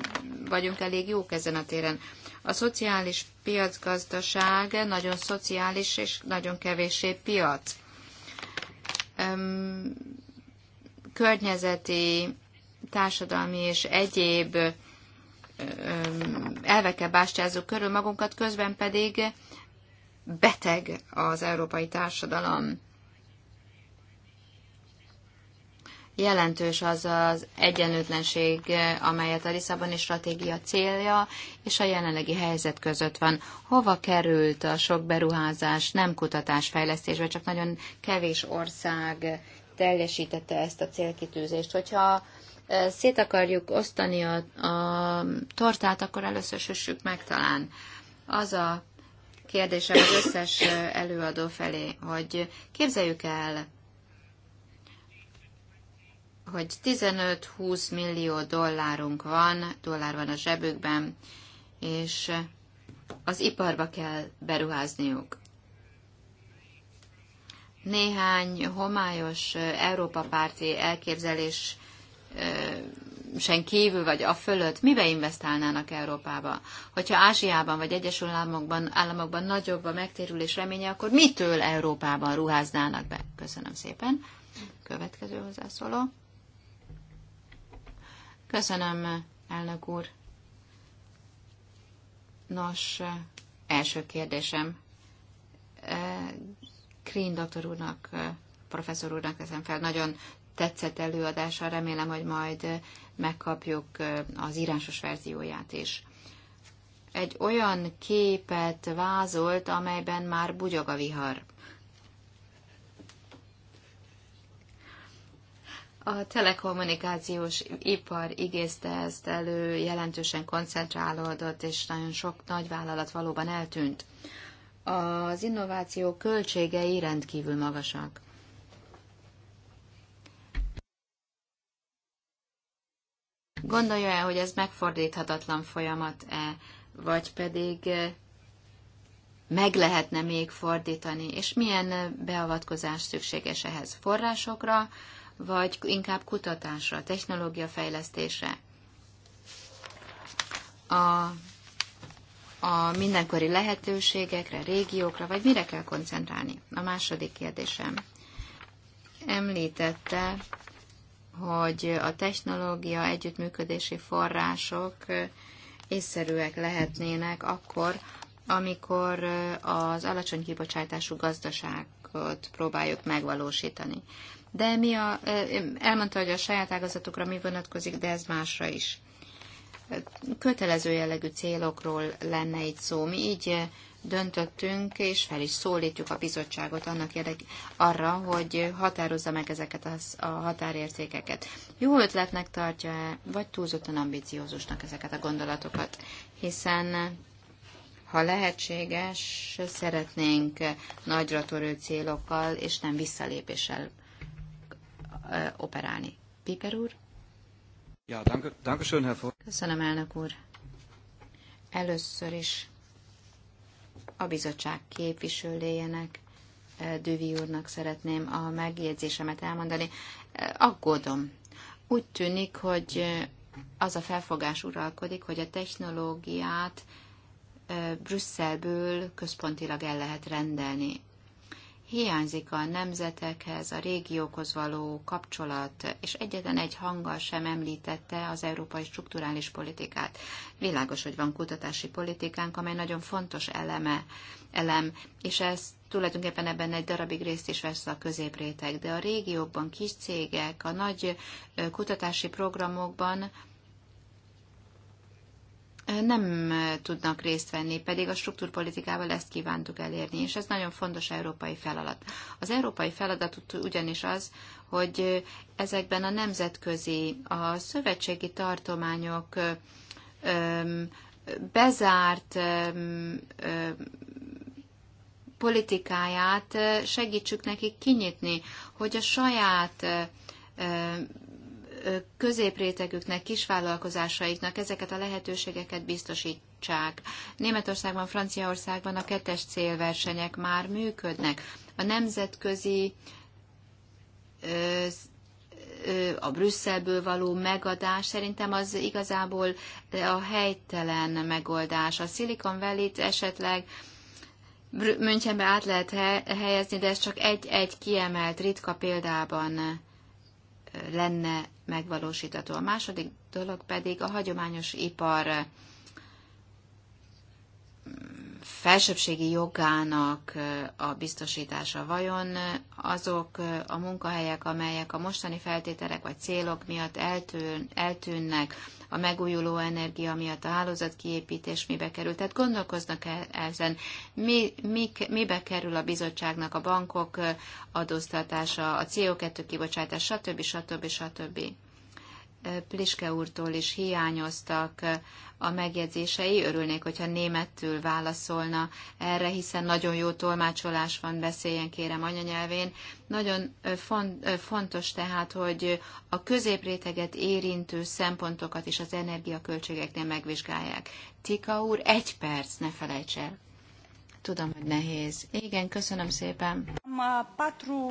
vagyunk elég jók ezen a téren. A szociális piacgazdaság nagyon szociális és nagyon kevéssé piac. Öm, környezeti, társadalmi és egyéb elvekkel bástyázzuk körül magunkat, közben pedig beteg az európai társadalom. jelentős az az egyenlőtlenség, amelyet a Lisszaboni stratégia célja és a jelenlegi helyzet között van. Hova került a sok beruházás, nem kutatásfejlesztésbe, csak nagyon kevés ország teljesítette ezt a célkitűzést. Hogyha e, szét akarjuk osztani a, a tortát, akkor először süssük meg talán. Az a kérdésem az összes előadó felé, hogy képzeljük el hogy 15-20 millió dollárunk van, dollár van a zsebükben, és az iparba kell beruházniuk. Néhány homályos Európa párti elképzelés sen kívül vagy a fölött mibe investálnának Európába? Hogyha Ázsiában vagy Egyesült Államokban, államokban nagyobb a megtérülés reménye, akkor mitől Európában ruháznának be? Köszönöm szépen. Következő hozzászóló. Köszönöm, elnök úr. Nos, első kérdésem. Krín e, doktor úrnak, e, professzor úrnak teszem fel. Nagyon tetszett előadása, remélem, hogy majd megkapjuk e, az írásos verzióját is. Egy olyan képet vázolt, amelyben már bugyog a vihar. A telekommunikációs ipar igézte ezt elő, jelentősen koncentrálódott, és nagyon sok nagy vállalat valóban eltűnt. Az innováció költségei rendkívül magasak. Gondolja-e, hogy ez megfordíthatatlan folyamat-e, vagy pedig eh, meg lehetne még fordítani, és milyen eh, beavatkozás szükséges ehhez forrásokra, vagy inkább kutatásra, technológiafejlesztésre. A, a mindenkori lehetőségekre, régiókra, vagy mire kell koncentrálni? A második kérdésem. Említette, hogy a technológia együttműködési források észszerűek lehetnének akkor, amikor az alacsony kibocsátású gazdaságot próbáljuk megvalósítani de mi a, elmondta, hogy a saját ágazatukra mi vonatkozik, de ez másra is. Kötelező jellegű célokról lenne itt szó. Mi így döntöttünk, és fel is szólítjuk a bizottságot annak érdek, arra, hogy határozza meg ezeket a, a határértékeket. Jó ötletnek tartja -e, vagy túlzottan ambiciózusnak ezeket a gondolatokat, hiszen ha lehetséges, szeretnénk nagyra törő célokkal és nem visszalépéssel operálni. Piper úr? Ja, danke, danke schön, Herr Ford. Köszönöm, elnök úr. Először is a bizottság képviselőjének, Dövi úrnak szeretném a megjegyzésemet elmondani. Aggódom. Úgy tűnik, hogy az a felfogás uralkodik, hogy a technológiát Brüsszelből központilag el lehet rendelni hiányzik a nemzetekhez, a régiókhoz való kapcsolat, és egyetlen egy hanggal sem említette az európai strukturális politikát. Világos, hogy van kutatási politikánk, amely nagyon fontos eleme, elem, és ez tulajdonképpen ebben egy darabig részt is vesz a középréteg, de a régiókban kis cégek, a nagy kutatási programokban nem eh, tudnak részt venni, pedig a struktúrpolitikával ezt kívántuk elérni, és ez nagyon fontos európai feladat. Az európai feladat ugyanis az, hogy eh, ezekben a nemzetközi, a szövetségi tartományok eh, bezárt politikáját segítsük nekik kinyitni, hogy a saját középrétegüknek, kisvállalkozásaiknak ezeket a lehetőségeket biztosítsák. Németországban, Franciaországban a kettes célversenyek már működnek. A nemzetközi a Brüsszelből való megadás szerintem az igazából a helytelen megoldás. A Silicon Valley-t esetleg Münchenbe át lehet helyezni, de ez csak egy-egy kiemelt, ritka példában lenne megvalósítható. A második dolog pedig a hagyományos ipar mm, felsőbségi jogának a biztosítása vajon azok a munkahelyek, amelyek a mostani feltételek vagy célok miatt eltűn, eltűnnek, a megújuló energia miatt a hálózat kiépítés mibe kerül. Tehát gondolkoznak e-, ezen, mi, mi, mibe kerül a bizottságnak a bankok adóztatása, a CO2 kibocsátás, stb. stb. stb. stb. Pliske úrtól is hiányoztak a megjegyzései. Örülnék, hogyha németül válaszolna erre, hiszen nagyon jó tolmácsolás van, beszéljen kérem anyanyelvén. Nagyon fontos tehát, hogy a középréteget érintő szempontokat is az energiaköltségeknél megvizsgálják. Tika úr, egy perc, ne felejts el. Tudom, hogy nehéz. Igen, köszönöm szépen. Patru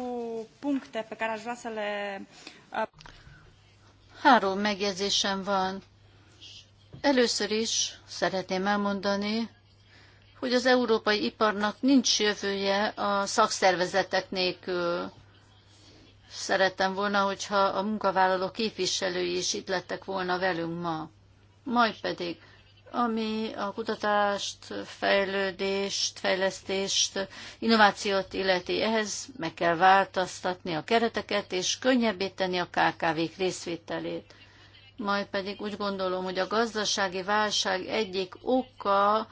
puncte pe care Három megjegyzésem van. Először is szeretném elmondani, hogy az európai iparnak nincs jövője a szakszervezetek nélkül. Szerettem volna, hogyha a munkavállaló képviselői is itt lettek volna velünk ma. Majd pedig ami a kutatást, fejlődést, fejlesztést, innovációt illeti. Ehhez meg kell változtatni a kereteket, és könnyebbé tenni a KKV-k részvételét. Majd pedig úgy gondolom, hogy a gazdasági válság egyik oka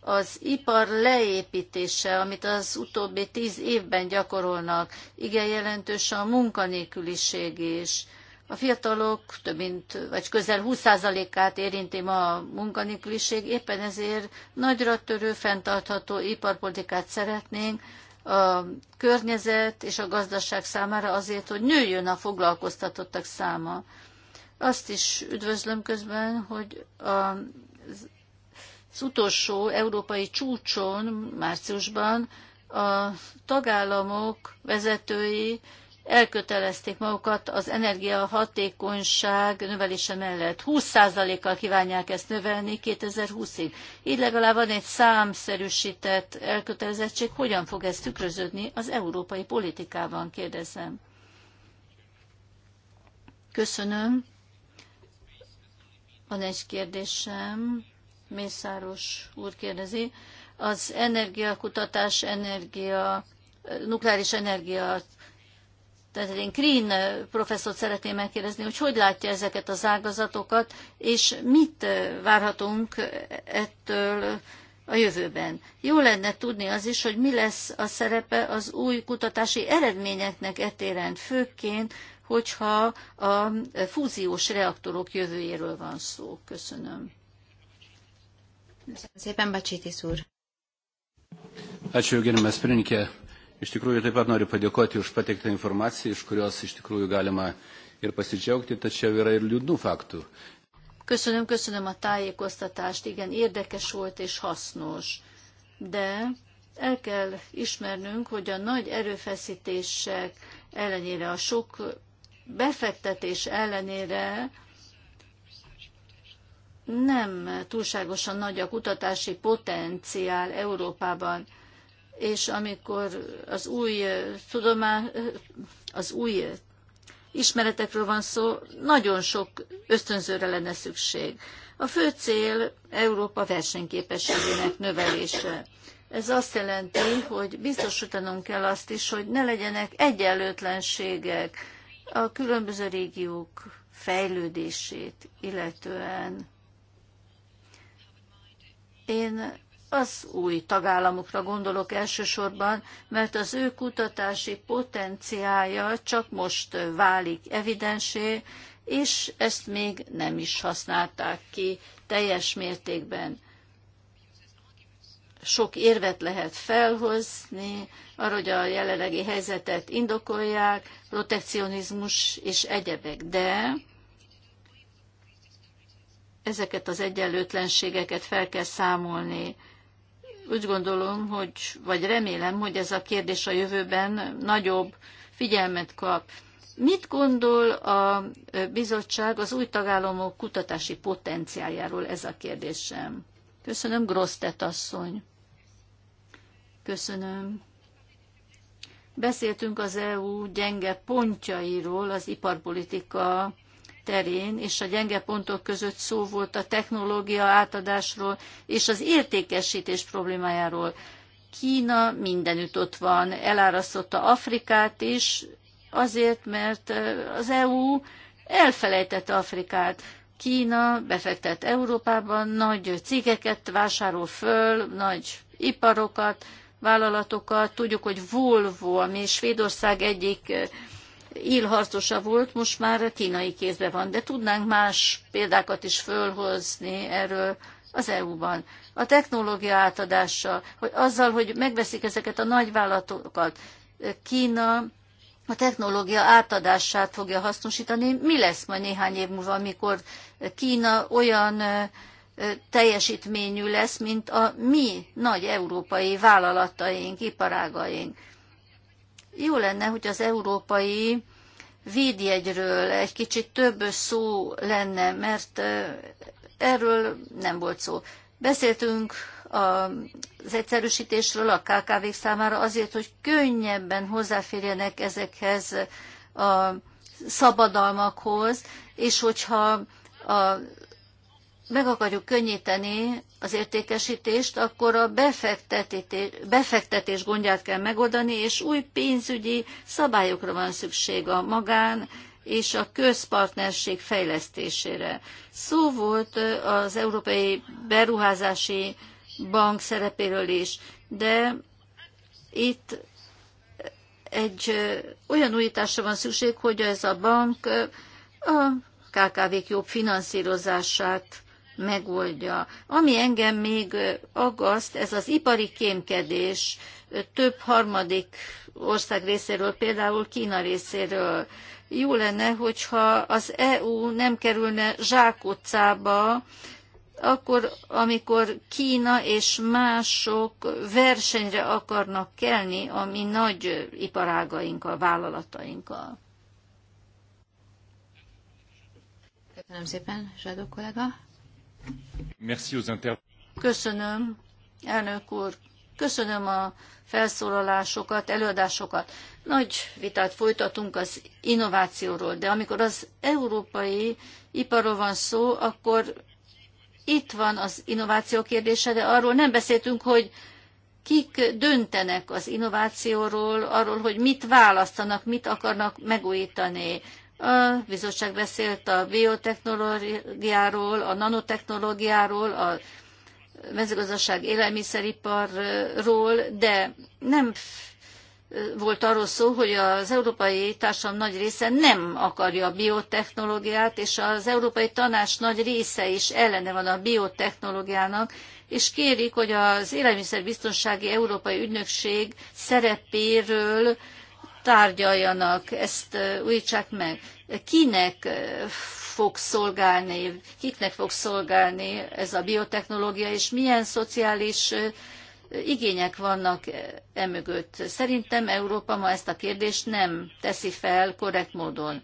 az ipar leépítése, amit az utóbbi tíz évben gyakorolnak. Igen jelentős a munkanélküliség is a fiatalok több mint, vagy közel 20%-át érinti ma a munkanélküliség, éppen ezért nagyra törő, fenntartható iparpolitikát szeretnénk a környezet és a gazdaság számára azért, hogy nőjön a foglalkoztatottak száma. Azt is üdvözlöm közben, hogy a az utolsó európai csúcson márciusban a tagállamok vezetői elkötelezték magukat az energiahatékonyság növelése mellett. 20%-kal kívánják ezt növelni 2020-ig. Így legalább van egy számszerűsített elkötelezettség. Hogyan fog ez tükröződni az európai politikában, kérdezem. Köszönöm. Van egy kérdésem. Mészáros úr kérdezi. Az energiakutatás, energia, nukleáris energia tehát én Green professzort szeretném megkérdezni, hogy hogy látja ezeket az ágazatokat, és mit várhatunk ettől a jövőben. Jó lenne tudni az is, hogy mi lesz a szerepe az új kutatási eredményeknek etéren, főként, hogyha a fúziós reaktorok jövőjéről van szó. Köszönöm. Köszönöm szépen, Bacsitis úr. Hát, Iš tikrųjų, taip pat noriu padėkoti už pateiktą informaciją, iš kurios iš tikrųjų galima ir pasidžiaugti, tačiau yra ir liūdnų faktų. Köszönöm, köszönöm a tájékoztatást, igen, érdekes volt és hasznos, de el kell ismernünk, hogy a nagy erőfeszítések ellenére, a sok befektetés ellenére nem túlságosan nagy a kutatási potenciál Európában és amikor az új tudomány, az új ismeretekről van szó, nagyon sok ösztönzőre lenne szükség. A fő cél Európa versenyképességének növelése. Ez azt jelenti, hogy biztosítanunk kell azt is, hogy ne legyenek egyenlőtlenségek a különböző régiók fejlődését illetően. Én az új tagállamokra gondolok elsősorban, mert az ő kutatási potenciája csak most válik evidensé, és ezt még nem is használták ki teljes mértékben. Sok érvet lehet felhozni, arra, hogy a jelenlegi helyzetet indokolják, protekcionizmus és egyebek, de ezeket az egyenlőtlenségeket fel kell számolni úgy gondolom, hogy, vagy remélem, hogy ez a kérdés a jövőben nagyobb figyelmet kap. Mit gondol a bizottság az új tagállamok kutatási potenciáljáról ez a kérdésem? Köszönöm, Grosztet asszony. Köszönöm. Beszéltünk az EU gyenge pontjairól az iparpolitika terén és a gyenge pontok között szó volt a technológia átadásról és az értékesítés problémájáról. Kína mindenütt ott van, elárasztotta Afrikát is, azért, mert eh, az EU elfelejtette Afrikát. Kína befektet Európában, nagy cégeket vásárol föl, nagy iparokat, vállalatokat. Tudjuk, hogy Volvo, ami Svédország egyik eh, élharcosa volt, most már a kínai kézbe van, de tudnánk más példákat is fölhozni erről az EU-ban. A technológia átadása, hogy azzal, hogy megveszik ezeket a nagyvállalatokat, Kína a technológia átadását fogja hasznosítani. Mi lesz majd néhány év múlva, amikor Kína olyan teljesítményű lesz, mint a mi nagy európai vállalataink, iparágaink? Jó lenne, hogy az európai védjegyről egy kicsit több szó lenne, mert erről nem volt szó. Beszéltünk az egyszerűsítésről a kkv számára azért, hogy könnyebben hozzáférjenek ezekhez a szabadalmakhoz, és hogyha a meg akarjuk könnyíteni az értékesítést, akkor a befektetés, gondját kell megoldani, és új pénzügyi szabályokra van szükség a magán és a közpartnerség fejlesztésére. Szó volt az Európai Beruházási Bank szerepéről is, de itt egy olyan újításra van szükség, hogy ez a bank a KKV-k jobb finanszírozását megoldja. Ami engem még aggaszt, ez az ipari kémkedés több harmadik ország részéről, például Kína részéről. Jó lenne, hogyha az EU nem kerülne zsákutcába, akkor, amikor Kína és mások versenyre akarnak kelni a mi nagy iparágainkkal, vállalatainkkal. Köszönöm szépen, Zsadó kollega. Köszönöm, elnök úr. Köszönöm a felszólalásokat, előadásokat. Nagy vitát folytatunk az innovációról, de amikor az európai iparról van szó, akkor itt van az innováció kérdése, de arról nem beszéltünk, hogy kik döntenek az innovációról, arról, hogy mit választanak, mit akarnak megújítani. A bizottság beszélt a biotechnológiáról, a nanotechnológiáról, a mezőgazdaság élelmiszeriparról, de nem volt arról szó, hogy az európai társadalom nagy része nem akarja a biotechnológiát, és az európai tanács nagy része is ellene van a biotechnológiának, és kérik, hogy az élelmiszerbiztonsági európai ügynökség szerepéről tárgyaljanak, ezt újítsák meg. Kinek fog szolgálni, kiknek fog szolgálni ez a biotechnológia, és milyen szociális igények vannak emögött. E Szerintem Európa ma ezt a kérdést nem teszi fel korrekt módon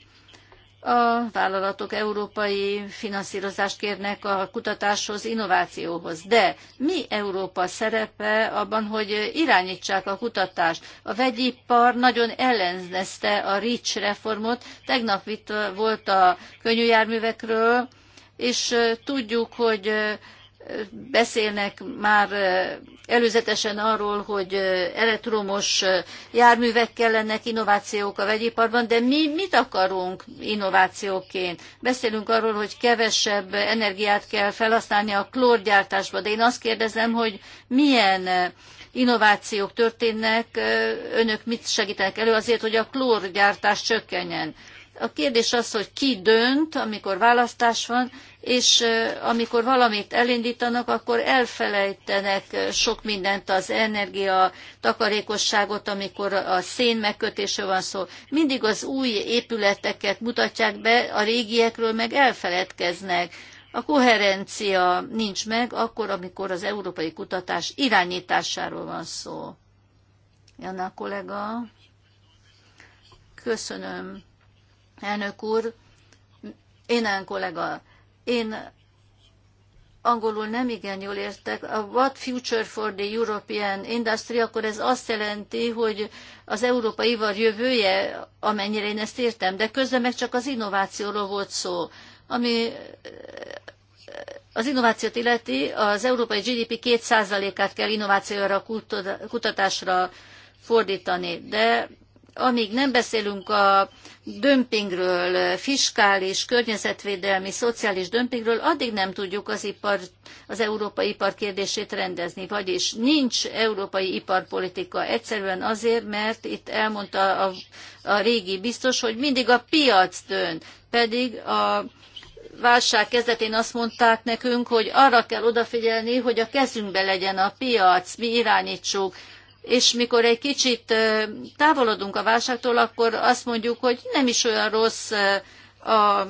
a vállalatok európai finanszírozást kérnek a kutatáshoz, innovációhoz. De mi Európa szerepe abban, hogy irányítsák a kutatást? A vegyipar nagyon ellenzte a RICS reformot. Tegnap itt volt a könnyű járművekről, és tudjuk, hogy beszélnek már előzetesen arról, hogy elektromos járművek kellenek innovációk a vegyiparban, de mi mit akarunk innovációként? Beszélünk arról, hogy kevesebb energiát kell felhasználni a klórgyártásba, de én azt kérdezem, hogy milyen innovációk történnek, önök mit segítenek elő azért, hogy a klórgyártás csökkenjen? A kérdés az, hogy ki dönt, amikor választás van, és amikor valamit elindítanak, akkor elfelejtenek sok mindent, az energia, takarékosságot, amikor a szén megkötése van szó. Mindig az új épületeket mutatják be, a régiekről meg elfeledkeznek. A koherencia nincs meg akkor, amikor az európai kutatás irányításáról van szó. Janna kollega, köszönöm, elnök úr. én kollega, én angolul nem igen jól értek. A What Future for the European Industry, akkor ez azt jelenti, hogy az európai ivar jövője, amennyire én ezt értem, de közben meg csak az innovációról volt szó, ami eh, az innovációt illeti, az európai GDP 2%-át kell innovációra, kutatásra fordítani, de amíg nem beszélünk a dömpingről, fiskális, környezetvédelmi, szociális dömpingről, addig nem tudjuk az, ipar, az európai ipar kérdését rendezni. Vagyis nincs európai iparpolitika egyszerűen azért, mert itt elmondta a, a régi biztos, hogy mindig a piac dönt, pedig a válság kezdetén azt mondták nekünk, hogy arra kell odafigyelni, hogy a kezünkbe legyen a piac, mi irányítsuk, és mikor egy kicsit távolodunk a válságtól, akkor azt mondjuk, hogy nem is olyan rossz a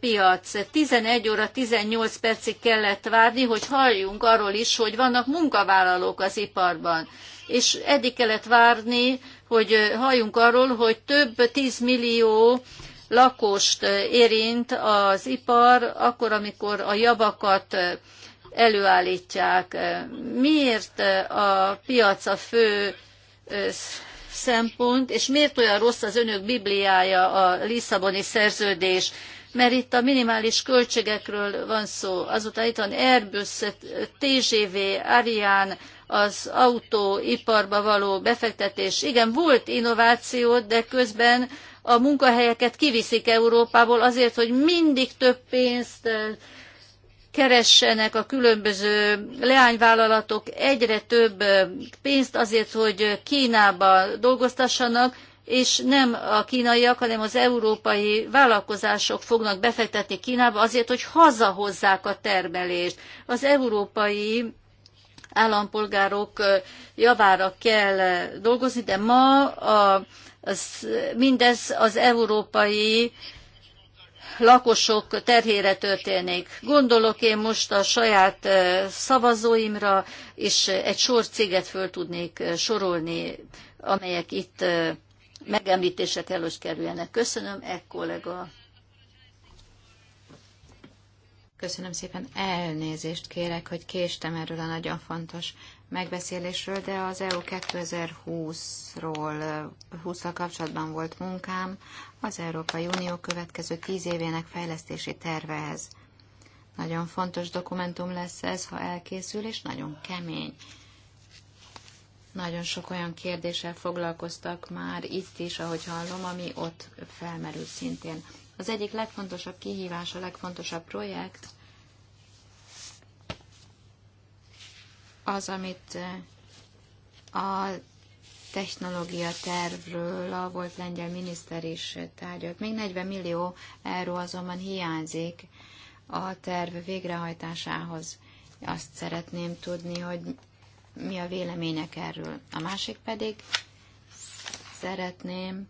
piac. 11 óra 18 percig kellett várni, hogy halljunk arról is, hogy vannak munkavállalók az iparban. És eddig kellett várni, hogy halljunk arról, hogy több 10 millió lakost érint az ipar, akkor, amikor a javakat előállítják. Miért a piac a fő szempont, és miért olyan rossz az önök bibliája, a Lisszaboni szerződés? Mert itt a minimális költségekről van szó. Azután itt van Airbus, TGV, Ariane, az autóiparba való befektetés. Igen, volt innováció, de közben a munkahelyeket kiviszik Európából azért, hogy mindig több pénzt keressenek a különböző leányvállalatok egyre több pénzt azért, hogy Kínába dolgoztassanak, és nem a kínaiak, hanem az európai vállalkozások fognak befektetni Kínába azért, hogy hazahozzák a termelést. Az európai állampolgárok javára kell dolgozni, de ma a, az, mindez az európai lakosok terhére történik. Gondolok én most a saját szavazóimra, és egy sor céget föl tudnék sorolni, amelyek itt megemlítése kell, hogy kerüljenek. Köszönöm, e kollega. Köszönöm szépen, elnézést kérek, hogy késtem erről a nagyon fontos megbeszélésről, de az EU 2020-ról 20 kapcsolatban volt munkám, az Európai Unió következő tíz évének fejlesztési ez. Nagyon fontos dokumentum lesz ez, ha elkészül, és nagyon kemény. Nagyon sok olyan kérdéssel foglalkoztak már itt is, ahogy hallom, ami ott felmerül szintén. Az egyik legfontosabb kihívás, a legfontosabb projekt az, amit a technológia tervről a volt lengyel miniszter is tárgyalt. Még 40 millió euró azonban hiányzik a terv végrehajtásához. Azt szeretném tudni, hogy mi a vélemények erről. A másik pedig szeretném,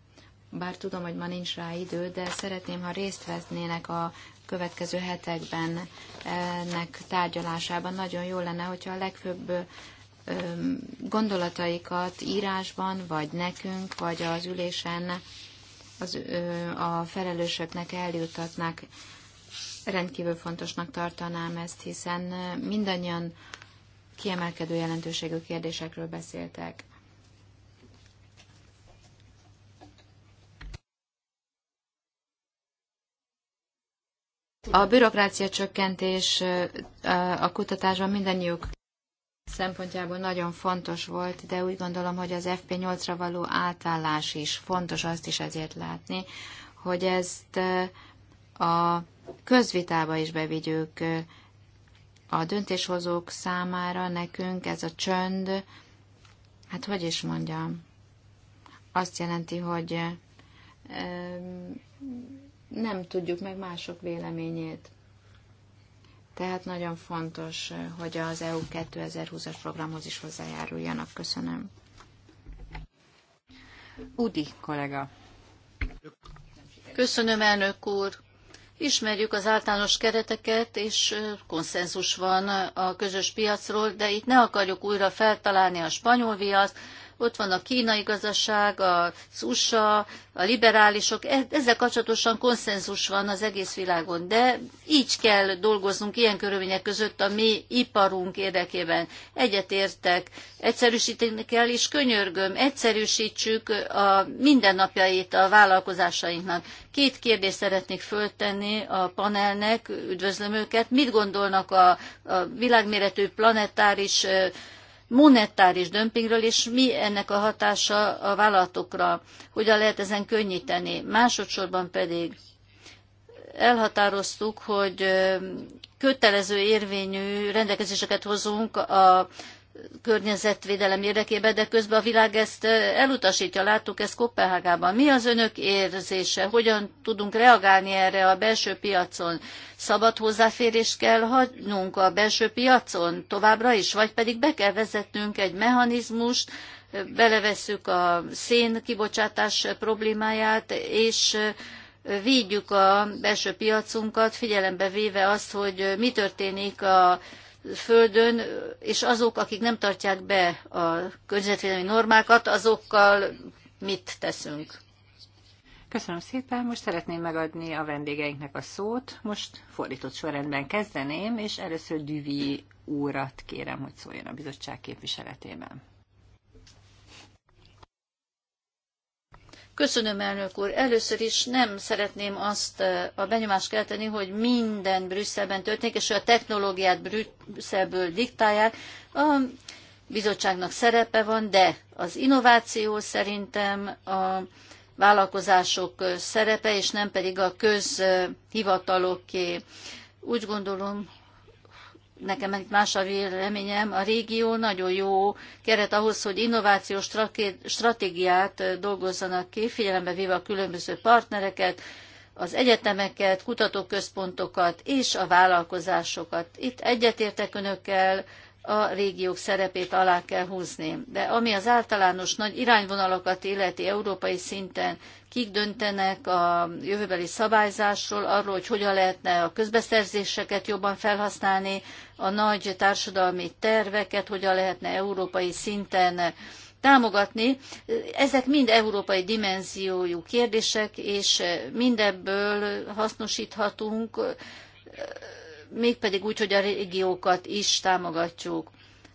bár tudom, hogy ma nincs rá idő, de szeretném, ha részt vesznének a következő hetekben ennek tárgyalásában. Nagyon jó lenne, hogyha a legfőbb gondolataikat írásban, vagy nekünk, vagy az ülésen az, a felelősöknek eljutatnák, rendkívül fontosnak tartanám ezt, hiszen mindannyian kiemelkedő jelentőségű kérdésekről beszéltek. A bürokrácia csökkentés a kutatásban mindannyiuk szempontjából nagyon fontos volt, de úgy gondolom, hogy az FP8-ra való átállás is fontos azt is ezért látni, hogy ezt eh, a közvitába is bevigyük eh, a döntéshozók számára, nekünk ez a csönd, hát hogy is mondjam, azt jelenti, hogy eh, nem tudjuk meg mások véleményét. Tehát nagyon fontos, eh, hogy az EU 2020-as programhoz is hozzájáruljanak. Köszönöm. Udi kollega. Köszönöm, elnök úr. Ismerjük az általános kereteket, és eh, konszenzus van a közös piacról, de itt ne akarjuk újra feltalálni a spanyol viaszt, ott van a kínai gazdaság, az USA, a liberálisok, e- ezzel kapcsolatosan konszenzus van az egész világon, de így kell dolgoznunk ilyen körülmények között a mi iparunk érdekében. Egyetértek, egyszerűsíteni kell, és könyörgöm, egyszerűsítsük a mindennapjait a vállalkozásainknak. Két kérdést szeretnék föltenni a panelnek, üdvözlöm őket. Mit gondolnak a, a világméretű planetáris monetáris dömpingről, és mi ennek a hatása a vállalatokra, hogyan lehet ezen könnyíteni. Másodszorban pedig elhatároztuk, hogy kötelező érvényű rendelkezéseket hozunk a környezetvédelem érdekében, de közben a világ ezt elutasítja. Láttuk ezt Kopenhágában. Mi az önök érzése? Hogyan tudunk reagálni erre a belső piacon? Szabad hozzáférést kell hagynunk a belső piacon továbbra is, vagy pedig be kell vezetnünk egy mechanizmust, belevesszük a szén kibocsátás problémáját, és védjük a belső piacunkat, figyelembe véve azt, hogy mi történik a Földön, és azok, akik nem tartják be a környezetvédelmi normákat, azokkal mit teszünk? Köszönöm szépen, most szeretném megadni a vendégeinknek a szót. Most fordított sorrendben kezdeném, és először Düvi úrat kérem, hogy szóljon a bizottság képviseletében. Köszönöm, elnök úr. Először is nem szeretném azt a benyomást kelteni, hogy minden Brüsszelben történik, és a technológiát Brüsszelből diktálják. A bizottságnak szerepe van, de az innováció szerintem a vállalkozások szerepe, és nem pedig a közhivataloké. Úgy gondolom, nekem egy más a véleményem, a régió nagyon jó keret ahhoz, hogy innovációs stratégiát dolgozzanak ki, figyelembe véve a különböző partnereket, az egyetemeket, kutatóközpontokat és a vállalkozásokat. Itt egyetértek önökkel, a régiók szerepét alá kell húzni. De ami az általános nagy irányvonalakat illeti európai szinten, kik döntenek a jövőbeli szabályzásról, arról, hogy hogyan lehetne a közbeszerzéseket jobban felhasználni, a nagy társadalmi terveket, hogyan lehetne európai szinten támogatni. Ezek mind európai dimenziójú kérdések, és mindebből hasznosíthatunk mégpedig úgy, hogy a régiókat is támogatjuk.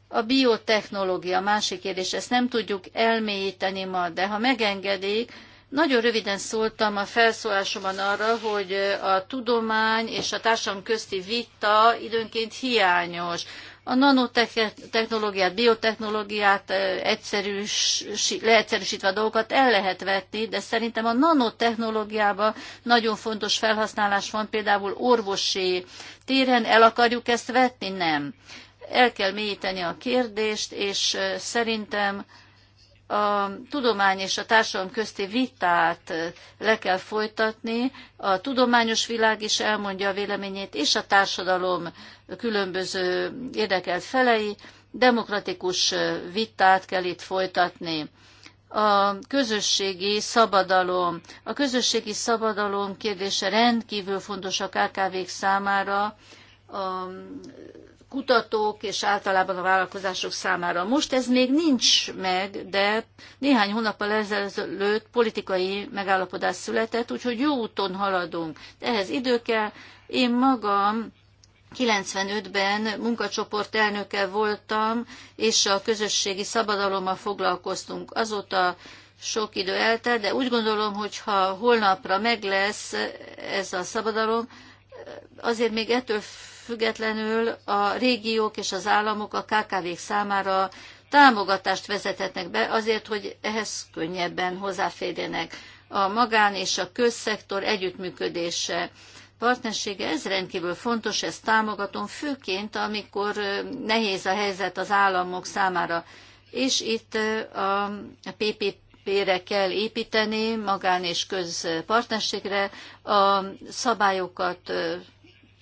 A biotechnológia, másik kérdés, ezt nem tudjuk elmélyíteni ma, de ha megengedik, nagyon röviden szóltam a felszólásomban arra, hogy a tudomány és a társadalom közti vita időnként hiányos. A nanotechnológiát, biotechnológiát egyszerűs, leegyszerűsítve a dolgokat el lehet vetni, de szerintem a nanotechnológiában nagyon fontos felhasználás van, például orvosi téren el akarjuk ezt vetni? Nem. El kell mélyíteni a kérdést, és szerintem a tudomány és a társadalom közti vitát eh, le kell folytatni, a tudományos világ is elmondja a véleményét, és a társadalom különböző érdekelt felei, demokratikus eh, vitát kell itt folytatni. A közösségi szabadalom. A közösségi szabadalom kérdése rendkívül fontos a KKV-k számára. A kutatók és általában a vállalkozások számára. Most ez még nincs meg, de néhány hónappal ezelőtt politikai megállapodás született, úgyhogy jó úton haladunk. De ehhez idő kell. Én magam 95-ben munkacsoport elnöke voltam, és a közösségi szabadalommal foglalkoztunk. Azóta sok idő eltelt, de úgy gondolom, hogy ha holnapra meg lesz ez a szabadalom, azért még ettől függetlenül a régiók és az államok a KKV-k számára támogatást vezethetnek be azért, hogy ehhez könnyebben hozzáférjenek. A magán és a közszektor együttműködése partnersége, ez rendkívül fontos, ezt támogatom, főként amikor nehéz a helyzet az államok számára. És itt a PPP-re kell építeni, magán és közpartnerségre, a szabályokat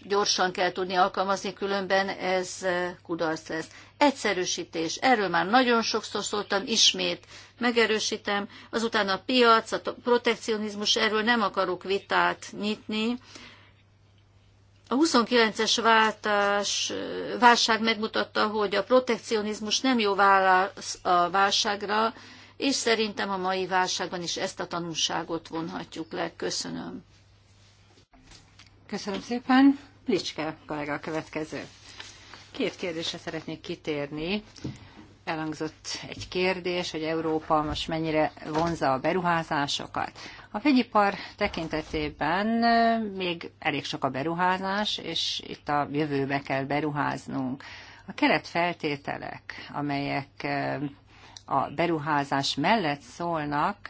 gyorsan kell tudni alkalmazni, különben ez eh, kudarc lesz. Egyszerűsítés. Erről már nagyon sokszor szóltam, ismét megerősítem. Azután a piac, a protekcionizmus, erről nem akarok vitát nyitni. A 29-es váltás, eh, válság megmutatta, hogy a protekcionizmus nem jó válasz a válságra, és szerintem a mai válságban is ezt a tanulságot vonhatjuk le. Köszönöm. Köszönöm szépen. Licske kollega a következő. Két kérdésre szeretnék kitérni. Elhangzott egy kérdés, hogy Európa most mennyire vonza a beruházásokat. A vegyipar tekintetében még elég sok a beruházás, és itt a jövőbe kell beruháznunk. A keretfeltételek, amelyek a beruházás mellett szólnak,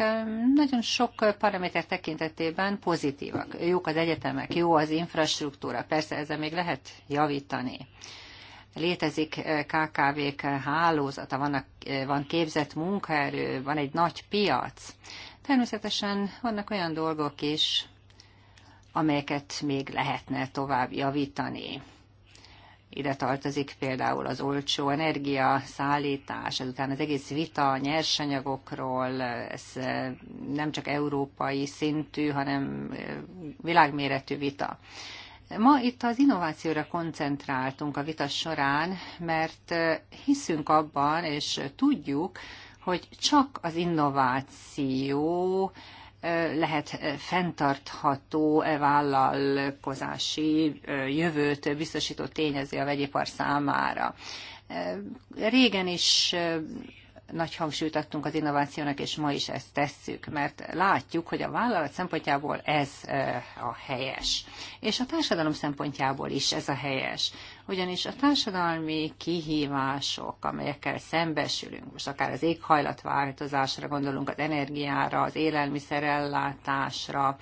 nagyon sok paraméter tekintetében pozitívak. Jók az egyetemek, jó az infrastruktúra, persze ezzel még lehet javítani. Létezik eh, KKV-k hálózata, vannak, eh, van képzett munkaerő, van egy nagy piac. Természetesen vannak olyan dolgok is, amelyeket még lehetne tovább javítani. Ide tartozik például az olcsó energia, szállítás, ezután az egész vita a nyersanyagokról, ez eh, nem csak európai szintű, hanem eh, világméretű vita. Ma itt az innovációra koncentráltunk a vita során, mert eh, hiszünk abban, és tudjuk, hogy csak az innováció lehet fenntartható vállalkozási jövőt biztosító tényező a vegyipar számára. Régen is nagy hangsúlyt adtunk az innovációnak, és ma is ezt tesszük, mert látjuk, hogy a vállalat szempontjából ez a helyes. És a társadalom szempontjából is ez a helyes. Ugyanis a társadalmi kihívások, amelyekkel szembesülünk, most akár az éghajlatváltozásra gondolunk, az energiára, az élelmiszerellátásra,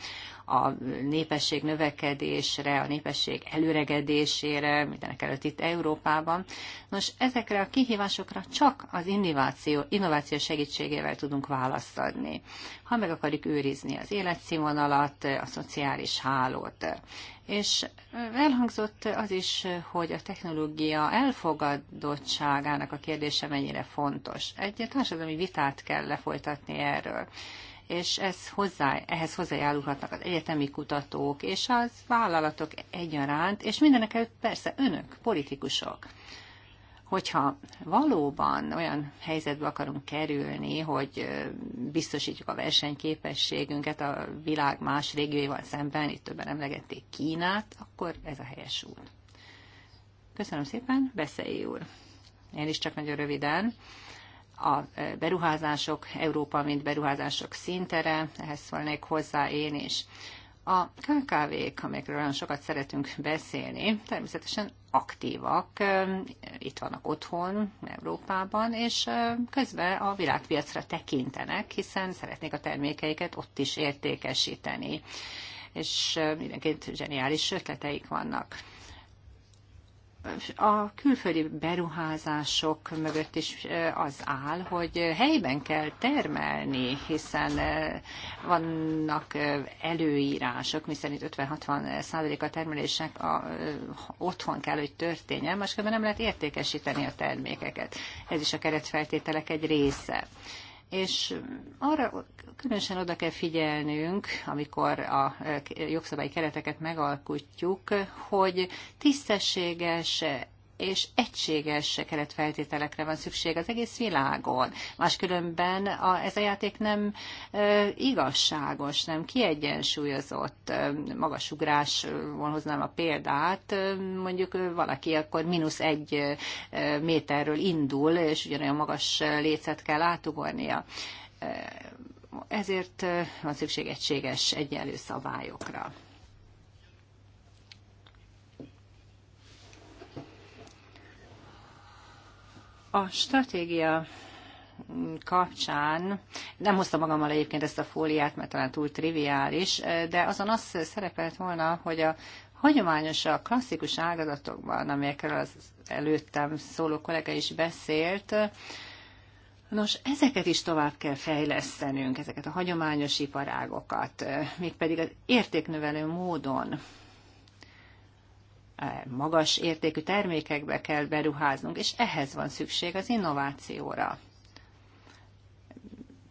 a népesség növekedésre, a népesség előregedésére, mindenek előtt itt Európában. Nos, ezekre a kihívásokra csak az innováció, innováció segítségével tudunk választ adni. Ha meg akarjuk őrizni az életszínvonalat, a szociális hálót, és elhangzott az is, hogy a technológia elfogadottságának a kérdése mennyire fontos. Egy társadalmi vitát kell lefolytatni erről és ez hozzá, ehhez hozzájárulhatnak az egyetemi kutatók és az vállalatok egyaránt, és mindenek előtt persze önök, politikusok. Hogyha valóban olyan helyzetbe akarunk kerülni, hogy biztosítjuk a versenyképességünket a világ más régióival szemben, itt többen emlegették Kínát, akkor ez a helyes út. Köszönöm szépen, Beszélj úr! Én is csak nagyon röviden a beruházások, Európa, mint beruházások szintere, ehhez szólnék hozzá én is. A KKV-k, amikről olyan sokat szeretünk beszélni, természetesen aktívak, eh, itt vannak otthon, Európában, és eh, közben a világpiacra tekintenek, hiszen szeretnék a termékeiket ott is értékesíteni és eh, mindenként zseniális ötleteik vannak a külföldi beruházások mögött is az áll, hogy helyben kell termelni, hiszen vannak előírások, miszerint 50-60 százaléka termelésnek a, otthon kell, hogy történjen, máskülönben nem lehet értékesíteni a termékeket. Ez is a keretfeltételek egy része és arra különösen oda kell figyelnünk, amikor a jogszabályi kereteket megalkotjuk, hogy tisztességes, és egységes keretfeltételekre van szükség az egész világon. Máskülönben a, ez a játék nem e, igazságos, nem kiegyensúlyozott. E, magasugrás hoznám a példát, e, mondjuk valaki akkor mínusz egy e, méterről indul, és ugyanolyan magas lécet kell átugornia. E, ezért van szükség egységes egyenlő szabályokra. A stratégia kapcsán, nem hoztam magammal egyébként ezt a fóliát, mert talán túl triviális, de azon az szerepelt volna, hogy a hagyományos, a klasszikus ágazatokban, amelyekről az előttem szóló kollega is beszélt, Nos, ezeket is tovább kell fejlesztenünk, ezeket a hagyományos iparágokat, mégpedig az értéknövelő módon. E, magas értékű termékekbe kell beruháznunk, és ehhez van szükség az innovációra.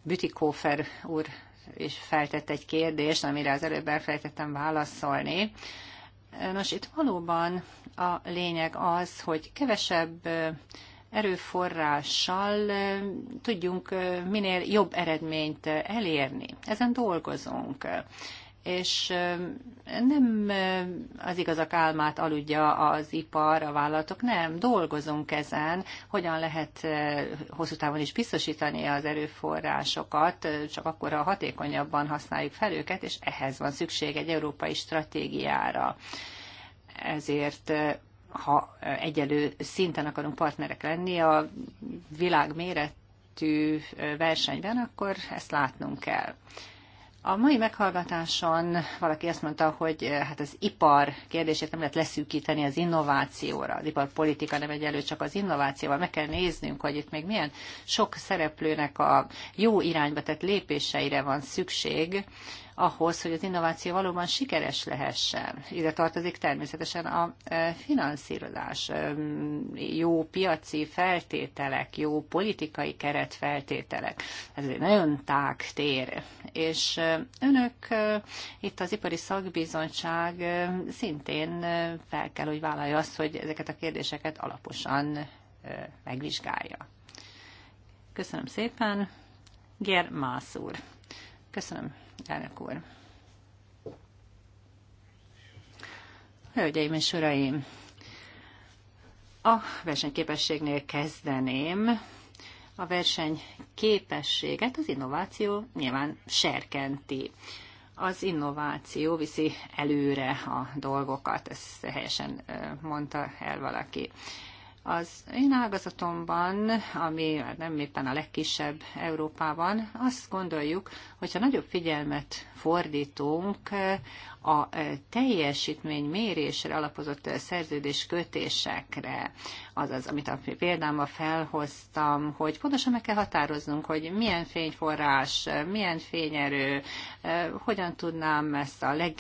Bütikófer úr és feltett egy kérdést, amire az előbb elfelejtettem válaszolni. Nos, itt valóban a lényeg az, hogy kevesebb e, erőforrással e, tudjunk minél jobb eredményt elérni. Ezen dolgozunk és nem az igazak álmát aludja az ipar, a vállalatok, nem, dolgozunk ezen, hogyan lehet hosszú távon is biztosítani az erőforrásokat, csak akkor a hatékonyabban használjuk fel őket, és ehhez van szükség egy európai stratégiára. Ezért ha egyelő szinten akarunk partnerek lenni a világ méretű versenyben, akkor ezt látnunk kell. A mai meghallgatáson valaki azt mondta, hogy eh, hát az ipar kérdését nem lehet leszűkíteni az innovációra. Az iparpolitika nem egy csak az innovációval. Meg kell néznünk, hogy itt még milyen sok szereplőnek a jó irányba tett lépéseire van szükség, ahhoz, hogy az innováció valóban sikeres lehessen. Ide tartozik természetesen a e, finanszírozás, e, jó piaci feltételek, jó politikai keretfeltételek. Ez egy nagyon tág tér. És e, önök itt az Ipari Szakbizottság szintén fel kell, hogy vállalja azt, hogy ezeket a kérdéseket alaposan megvizsgálja. Köszönöm szépen. Ger Mász úr. Köszönöm elnök úr. Hölgyeim és uraim, a versenyképességnél kezdeném. A versenyképességet az innováció nyilván serkenti. Az innováció viszi előre a dolgokat, ezt helyesen mondta el valaki. Az én ágazatomban, ami nem éppen a legkisebb Európában, azt gondoljuk, hogyha nagyobb figyelmet fordítunk a teljesítmény mérésre alapozott szerződés kötésekre, azaz, amit a példámmal felhoztam, hogy pontosan meg kell határoznunk, hogy milyen fényforrás, milyen fényerő, hogyan tudnám ezt a leg,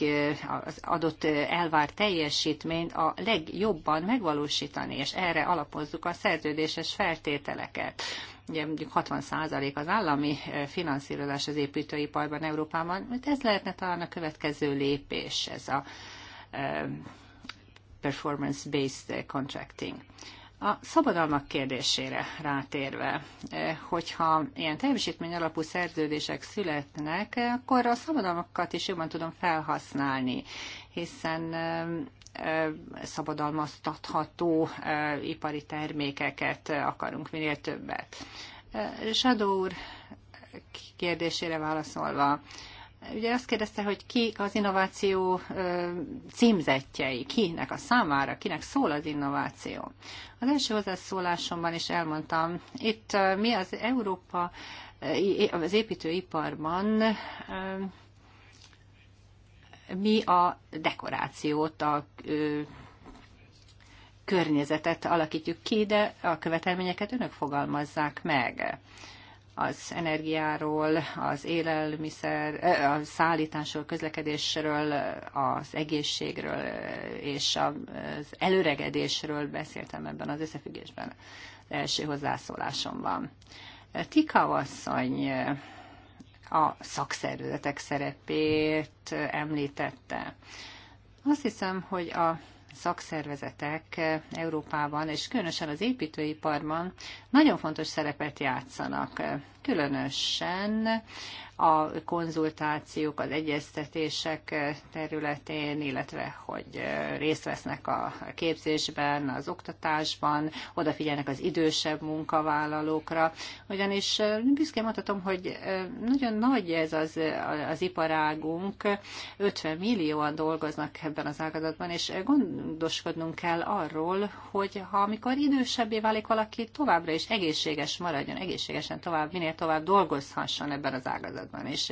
az adott elvárt teljesítményt a legjobban megvalósítani, és erre alapozzuk a szerződéses feltételeket ugye mondjuk 60% az állami finanszírozás az építőiparban Európában, mert ez lehetne talán a következő lépés, ez a performance-based contracting. A szabadalmak kérdésére rátérve, hogyha ilyen teljesítmény alapú szerződések születnek, akkor a szabadalmakat is jobban tudom felhasználni, hiszen szabadalmaztatható ipari termékeket akarunk, minél többet. Sadó úr kérdésére válaszolva, Ugye azt kérdezte, hogy ki az innováció címzetjei, kinek a számára, kinek szól az innováció. Az első hozzászólásomban is elmondtam, itt mi az Európa, az építőiparban mi a dekorációt, a ö, környezetet alakítjuk ki, de a követelményeket önök fogalmazzák meg. Az energiáról, az élelmiszer, a szállításról, közlekedésről, az egészségről és az előregedésről beszéltem ebben az összefüggésben az első hozzászólásomban. Tika asszony, a szakszervezetek szerepét említette. Azt hiszem, hogy a szakszervezetek Európában, és különösen az építőiparban nagyon fontos szerepet játszanak, különösen a konzultációk, az egyeztetések területén, illetve hogy részt vesznek a képzésben, az oktatásban, odafigyelnek az idősebb munkavállalókra. Ugyanis büszkén mondhatom, hogy nagyon nagy ez az, az iparágunk, 50 millióan dolgoznak ebben az ágazatban, és gondoskodnunk kell arról, hogy ha amikor idősebbé válik valaki, továbbra is egészséges maradjon, egészségesen tovább, minél tovább dolgozhasson ebben az ágazatban kapcsolatban. És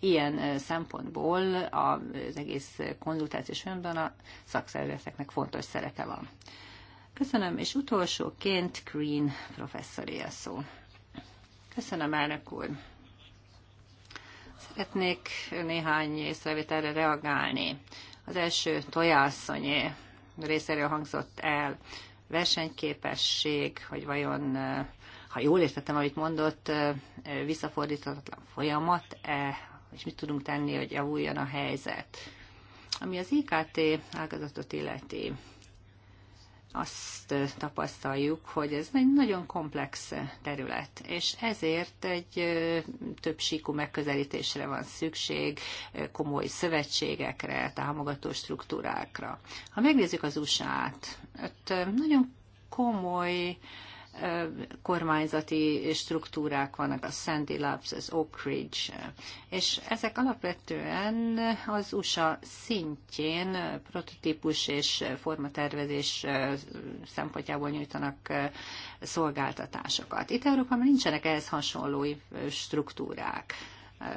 ilyen szempontból az egész konzultációs folyamatban a szakszervezeteknek fontos szerepe van. Köszönöm, és utolsóként Green professzoré a szó. Köszönöm, elnök úr. Szeretnék néhány észrevételre reagálni. Az első tojászonyé részéről hangzott el versenyképesség, hogy vajon ha jól értettem, amit mondott, visszafordíthatatlan folyamat-e, és mit tudunk tenni, hogy javuljon a helyzet. Ami az IKT ágazatot illeti, azt tapasztaljuk, hogy ez egy nagyon komplex terület, és ezért egy több síkú megközelítésre van szükség, komoly szövetségekre, támogató struktúrákra. Ha megnézzük az USA-t, ott nagyon komoly kormányzati struktúrák vannak, a Sandy Labs, az Oak Ridge, és ezek alapvetően az USA szintjén prototípus és formatervezés szempontjából nyújtanak szolgáltatásokat. Itt Európában nincsenek ehhez hasonló struktúrák.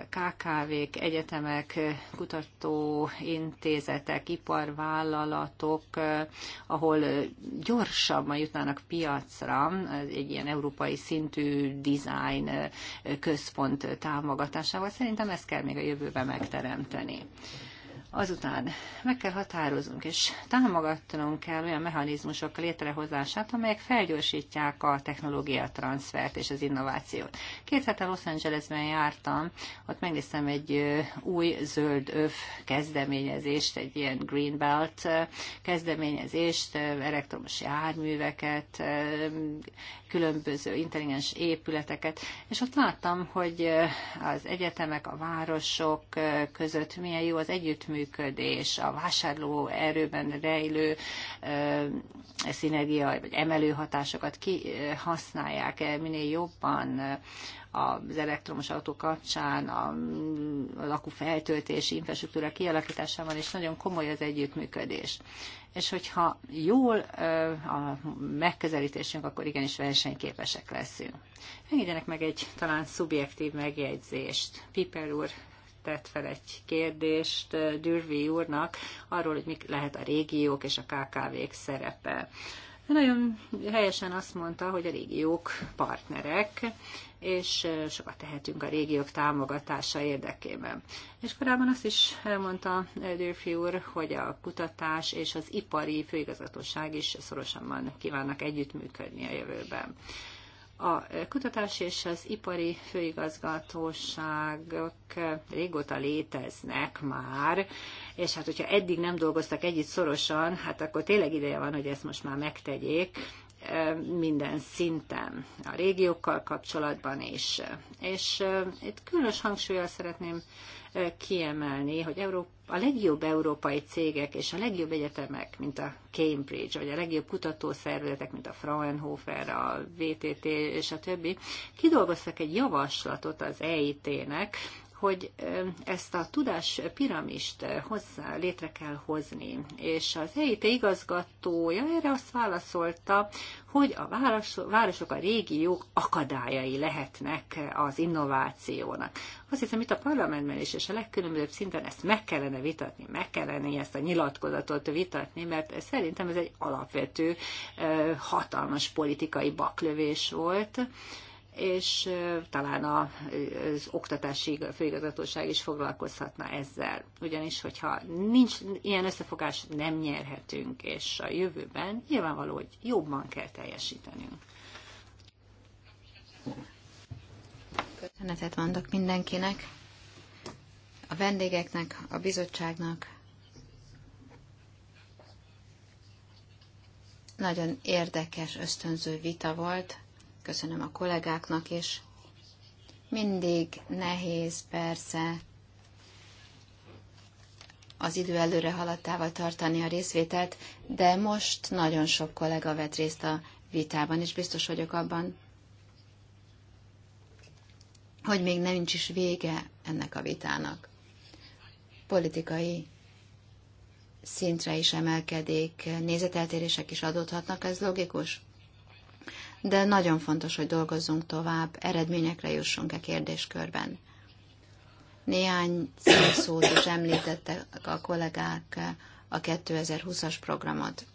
KKV-k, egyetemek, kutatóintézetek, iparvállalatok, ahol gyorsabban jutnának piacra egy ilyen európai szintű design központ támogatásával. Szerintem ezt kell még a jövőben megteremteni. Azután meg kell határoznunk, és támogatnunk kell olyan mechanizmusok létrehozását, amelyek felgyorsítják a technológia transfert és az innovációt. Két hete Los Angelesben jártam, ott megnéztem egy új zöld öv kezdeményezést, egy ilyen Green Belt kezdeményezést, elektromos járműveket, különböző intelligens épületeket, és ott láttam, hogy az egyetemek, a városok között milyen jó az együttműködés, együttműködés, a vásárló erőben rejlő szinergia vagy emelő hatásokat kihasználják eh, minél jobban eh, az elektromos autó kapcsán, a, a lakufeltöltési infrastruktúra kialakításában is nagyon komoly az együttműködés. És hogyha jól eh, a megközelítésünk, akkor igenis versenyképesek leszünk. Engedjenek meg egy talán szubjektív megjegyzést. Piper úr tett fel egy kérdést eh, Dürvi úrnak arról, hogy mik lehet a régiók és a KKV-k szerepe. Nagyon helyesen azt mondta, hogy a régiók partnerek, és eh, sokat tehetünk a régiók támogatása érdekében. És korábban azt is elmondta eh, Dürfi úr, hogy a kutatás és az ipari főigazgatóság is szorosan kívánnak együttműködni a jövőben. A kutatás és az ipari főigazgatóságok régóta léteznek már, és hát hogyha eddig nem dolgoztak együtt szorosan, hát akkor tényleg ideje van, hogy ezt most már megtegyék minden szinten, a régiókkal kapcsolatban is. És itt különös hangsúlyjal szeretném kiemelni, hogy Európa, a legjobb európai cégek és a legjobb egyetemek, mint a Cambridge, vagy a legjobb kutatószervezetek, mint a Fraunhofer, a VTT és a többi, kidolgoztak egy javaslatot az EIT-nek hogy ezt a tudás piramist hozzá létre kell hozni. És az EIT igazgatója erre azt válaszolta, hogy a városok, a régiók akadályai lehetnek az innovációnak. Azt hiszem, itt a parlamentben is, és a legkülönbözőbb szinten ezt meg kellene vitatni, meg kellene ezt a nyilatkozatot vitatni, mert szerintem ez egy alapvető, hatalmas politikai baklövés volt, és talán az oktatási főigazgatóság is foglalkozhatna ezzel. Ugyanis, hogyha nincs ilyen összefogás, nem nyerhetünk, és a jövőben nyilvánvaló, hogy jobban kell teljesítenünk. Köszönetet mondok mindenkinek, a vendégeknek, a bizottságnak. Nagyon érdekes, ösztönző vita volt köszönöm a kollégáknak is. Mindig nehéz persze az idő előre haladtával tartani a részvételt, de most nagyon sok kollega vett részt a vitában, és biztos vagyok abban, hogy még nem nincs is vége ennek a vitának. Politikai szintre is emelkedik, nézeteltérések is adódhatnak, ez logikus de nagyon fontos, hogy dolgozzunk tovább, eredményekre jussunk e kérdéskörben. Néhány szót is említettek a kollégák a 2020-as programot.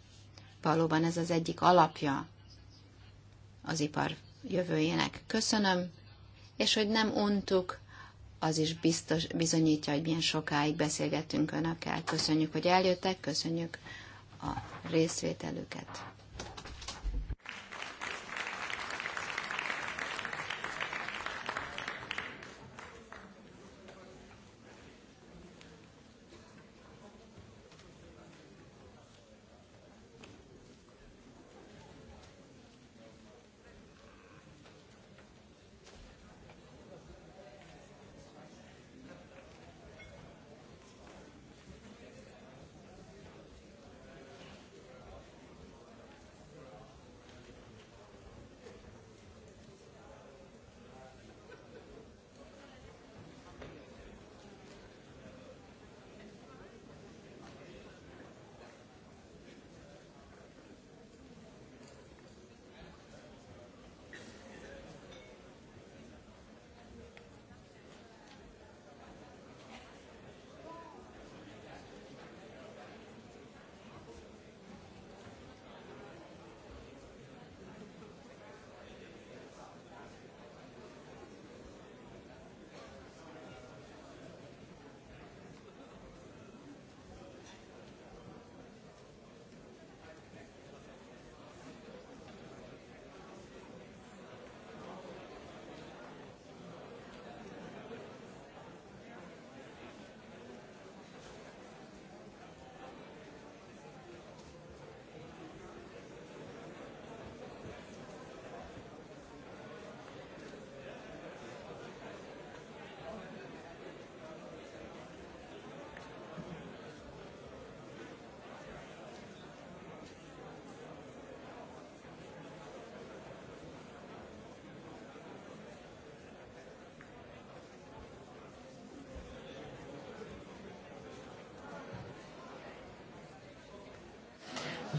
Valóban ez az egyik alapja az ipar jövőjének. Köszönöm, és hogy nem untuk, az is biztos, bizonyítja, hogy milyen sokáig beszélgettünk Önökkel. Köszönjük, hogy eljöttek, köszönjük a részvételüket.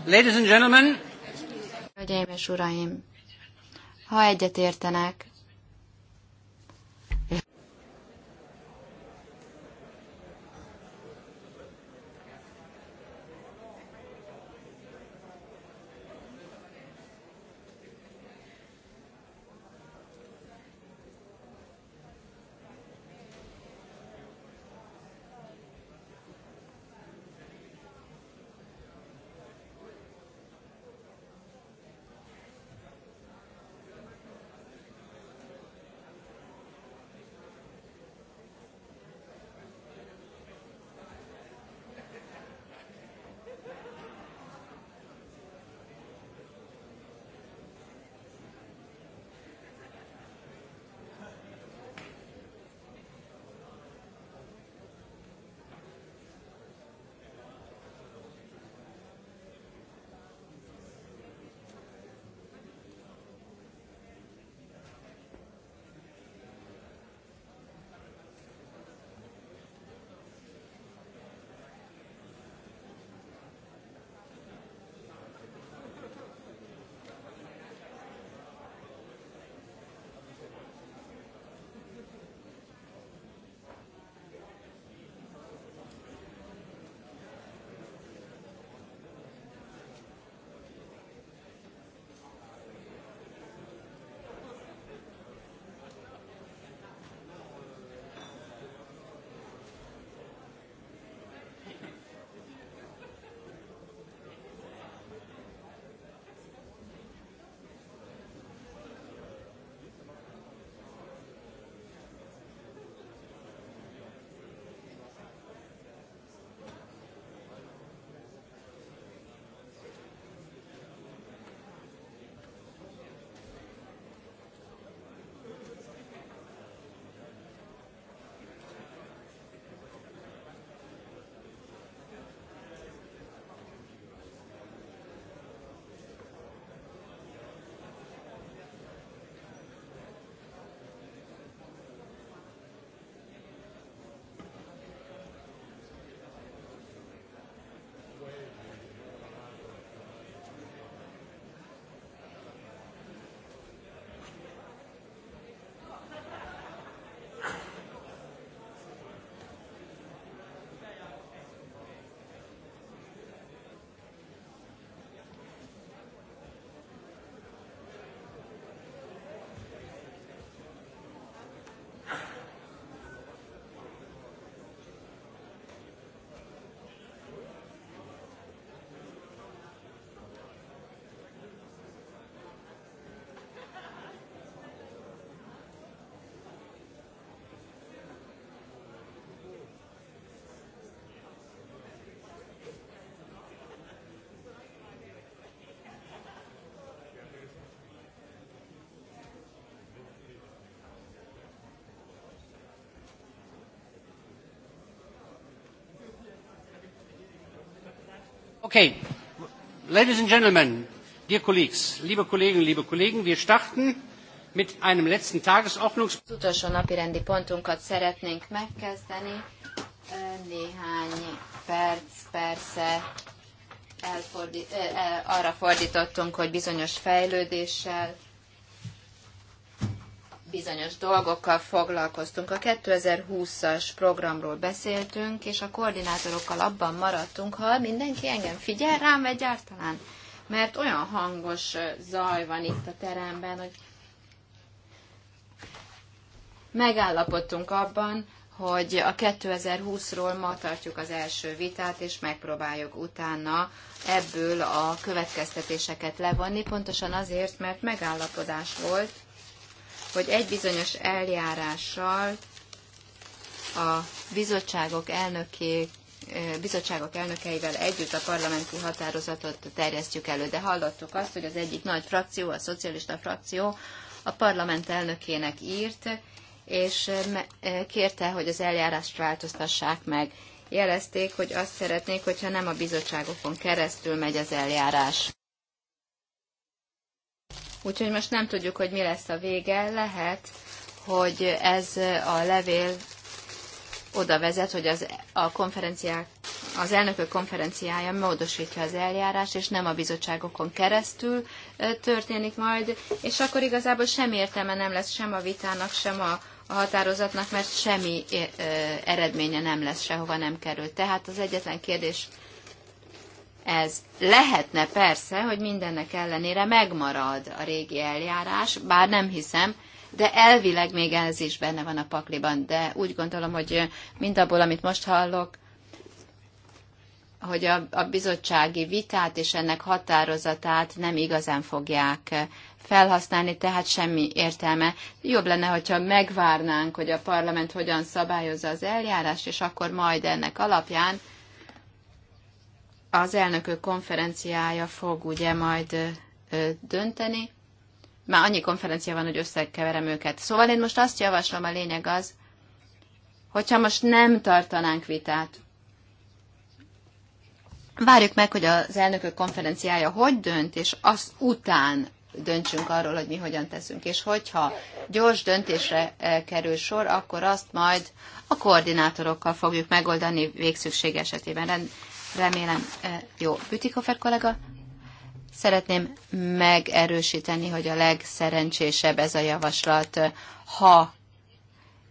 Ladies and gentlemen. Hölgyeim és uraim, ha egyet értenek, Okay, ladies and gentlemen, dear colleagues, liebe Kollegen, liebe Kollegen, wir starten mit einem letzten Tagesordnungs... Az utolsó napi rendi pontunkat szeretnénk megkezdeni. Néhány perc, persze elfordít, arra fordítottunk, hogy bizonyos fejlődéssel bizonyos dolgokkal foglalkoztunk. A 2020-as programról beszéltünk, és a koordinátorokkal abban maradtunk, ha mindenki engem figyel rám egyáltalán, mert olyan hangos zaj van itt a teremben, hogy megállapodtunk abban, hogy a 2020-ról ma tartjuk az első vitát, és megpróbáljuk utána ebből a következtetéseket levonni, pontosan azért, mert megállapodás volt hogy egy bizonyos eljárással a bizottságok elnöké eh, bizottságok elnökeivel együtt a parlamenti határozatot terjesztjük elő, de hallottuk azt, hogy az egyik nagy frakció, a szocialista frakció a parlament elnökének írt, és eh, eh, kérte, hogy az eljárást változtassák meg. Jelezték, hogy azt szeretnék, hogyha nem a bizottságokon keresztül megy az eljárás. Úgyhogy most nem tudjuk, hogy mi lesz a vége. Lehet, hogy ez a levél oda vezet, hogy az, a konferenciák, az elnökök konferenciája módosítja az eljárás és nem a bizottságokon keresztül történik majd, és akkor igazából sem értelme nem lesz sem a vitának, sem a, a határozatnak, mert semmi eredménye nem lesz, sehova nem kerül. Tehát az egyetlen kérdés ez. Lehetne persze, hogy mindennek ellenére megmarad a régi eljárás, bár nem hiszem, de elvileg még ez is benne van a pakliban, de úgy gondolom, hogy mindabból, amit most hallok, hogy a, a bizottsági vitát és ennek határozatát nem igazán fogják felhasználni, tehát semmi értelme. Jobb lenne, hogyha megvárnánk, hogy a parlament hogyan szabályozza az eljárást, és akkor majd ennek alapján az elnökök konferenciája fog ugye majd dönteni. Már annyi konferencia van, hogy összekeverem őket. Szóval én most azt javaslom, a lényeg az, hogyha most nem tartanánk vitát, várjuk meg, hogy az elnökök konferenciája hogy dönt, és azt után döntsünk arról, hogy mi hogyan teszünk. És hogyha gyors döntésre kerül sor, akkor azt majd a koordinátorokkal fogjuk megoldani végszükség esetében remélem jó. Bütikofer kollega, szeretném megerősíteni, hogy a legszerencsésebb ez a javaslat. Ha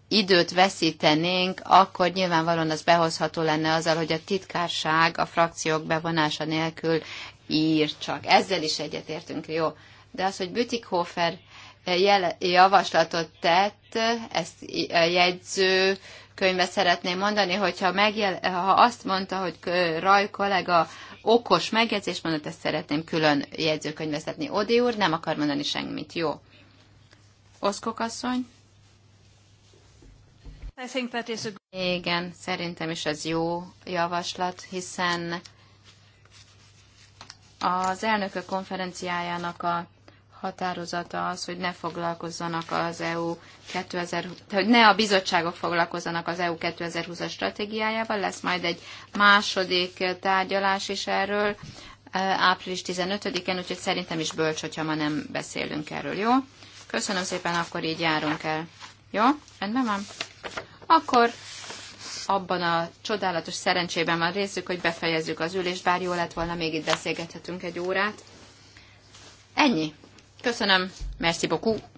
időt veszítenénk, akkor nyilvánvalóan az behozható lenne azzal, hogy a titkárság a frakciók bevonása nélkül ír csak. Ezzel is egyetértünk, jó. De az, hogy Bütikhofer javaslatot tett, ezt a jegyző könyvet szeretném mondani, hogyha megjel, ha azt mondta, hogy Raj kollega okos megjegyzést mondott, ezt szeretném külön jegyzőkönyvbe szeretni. Odi úr nem akar mondani semmit. Jó. Oszkok asszony? I think that is a... Igen, szerintem is ez jó javaslat, hiszen az elnökök konferenciájának a határozata az, hogy ne foglalkozzanak az EU 2000, hogy ne a bizottságok foglalkozzanak az EU 2020-as stratégiájával, lesz majd egy második tárgyalás is erről e, április 15-én, úgyhogy szerintem is bölcs, hogyha ma nem beszélünk erről, jó? Köszönöm szépen, akkor így járunk el. Jó? Rendben van? Akkor abban a csodálatos szerencsében van részük, hogy befejezzük az ülést, bár jó lett volna, még itt beszélgethetünk egy órát. Ennyi. Köszönöm, merci beaucoup.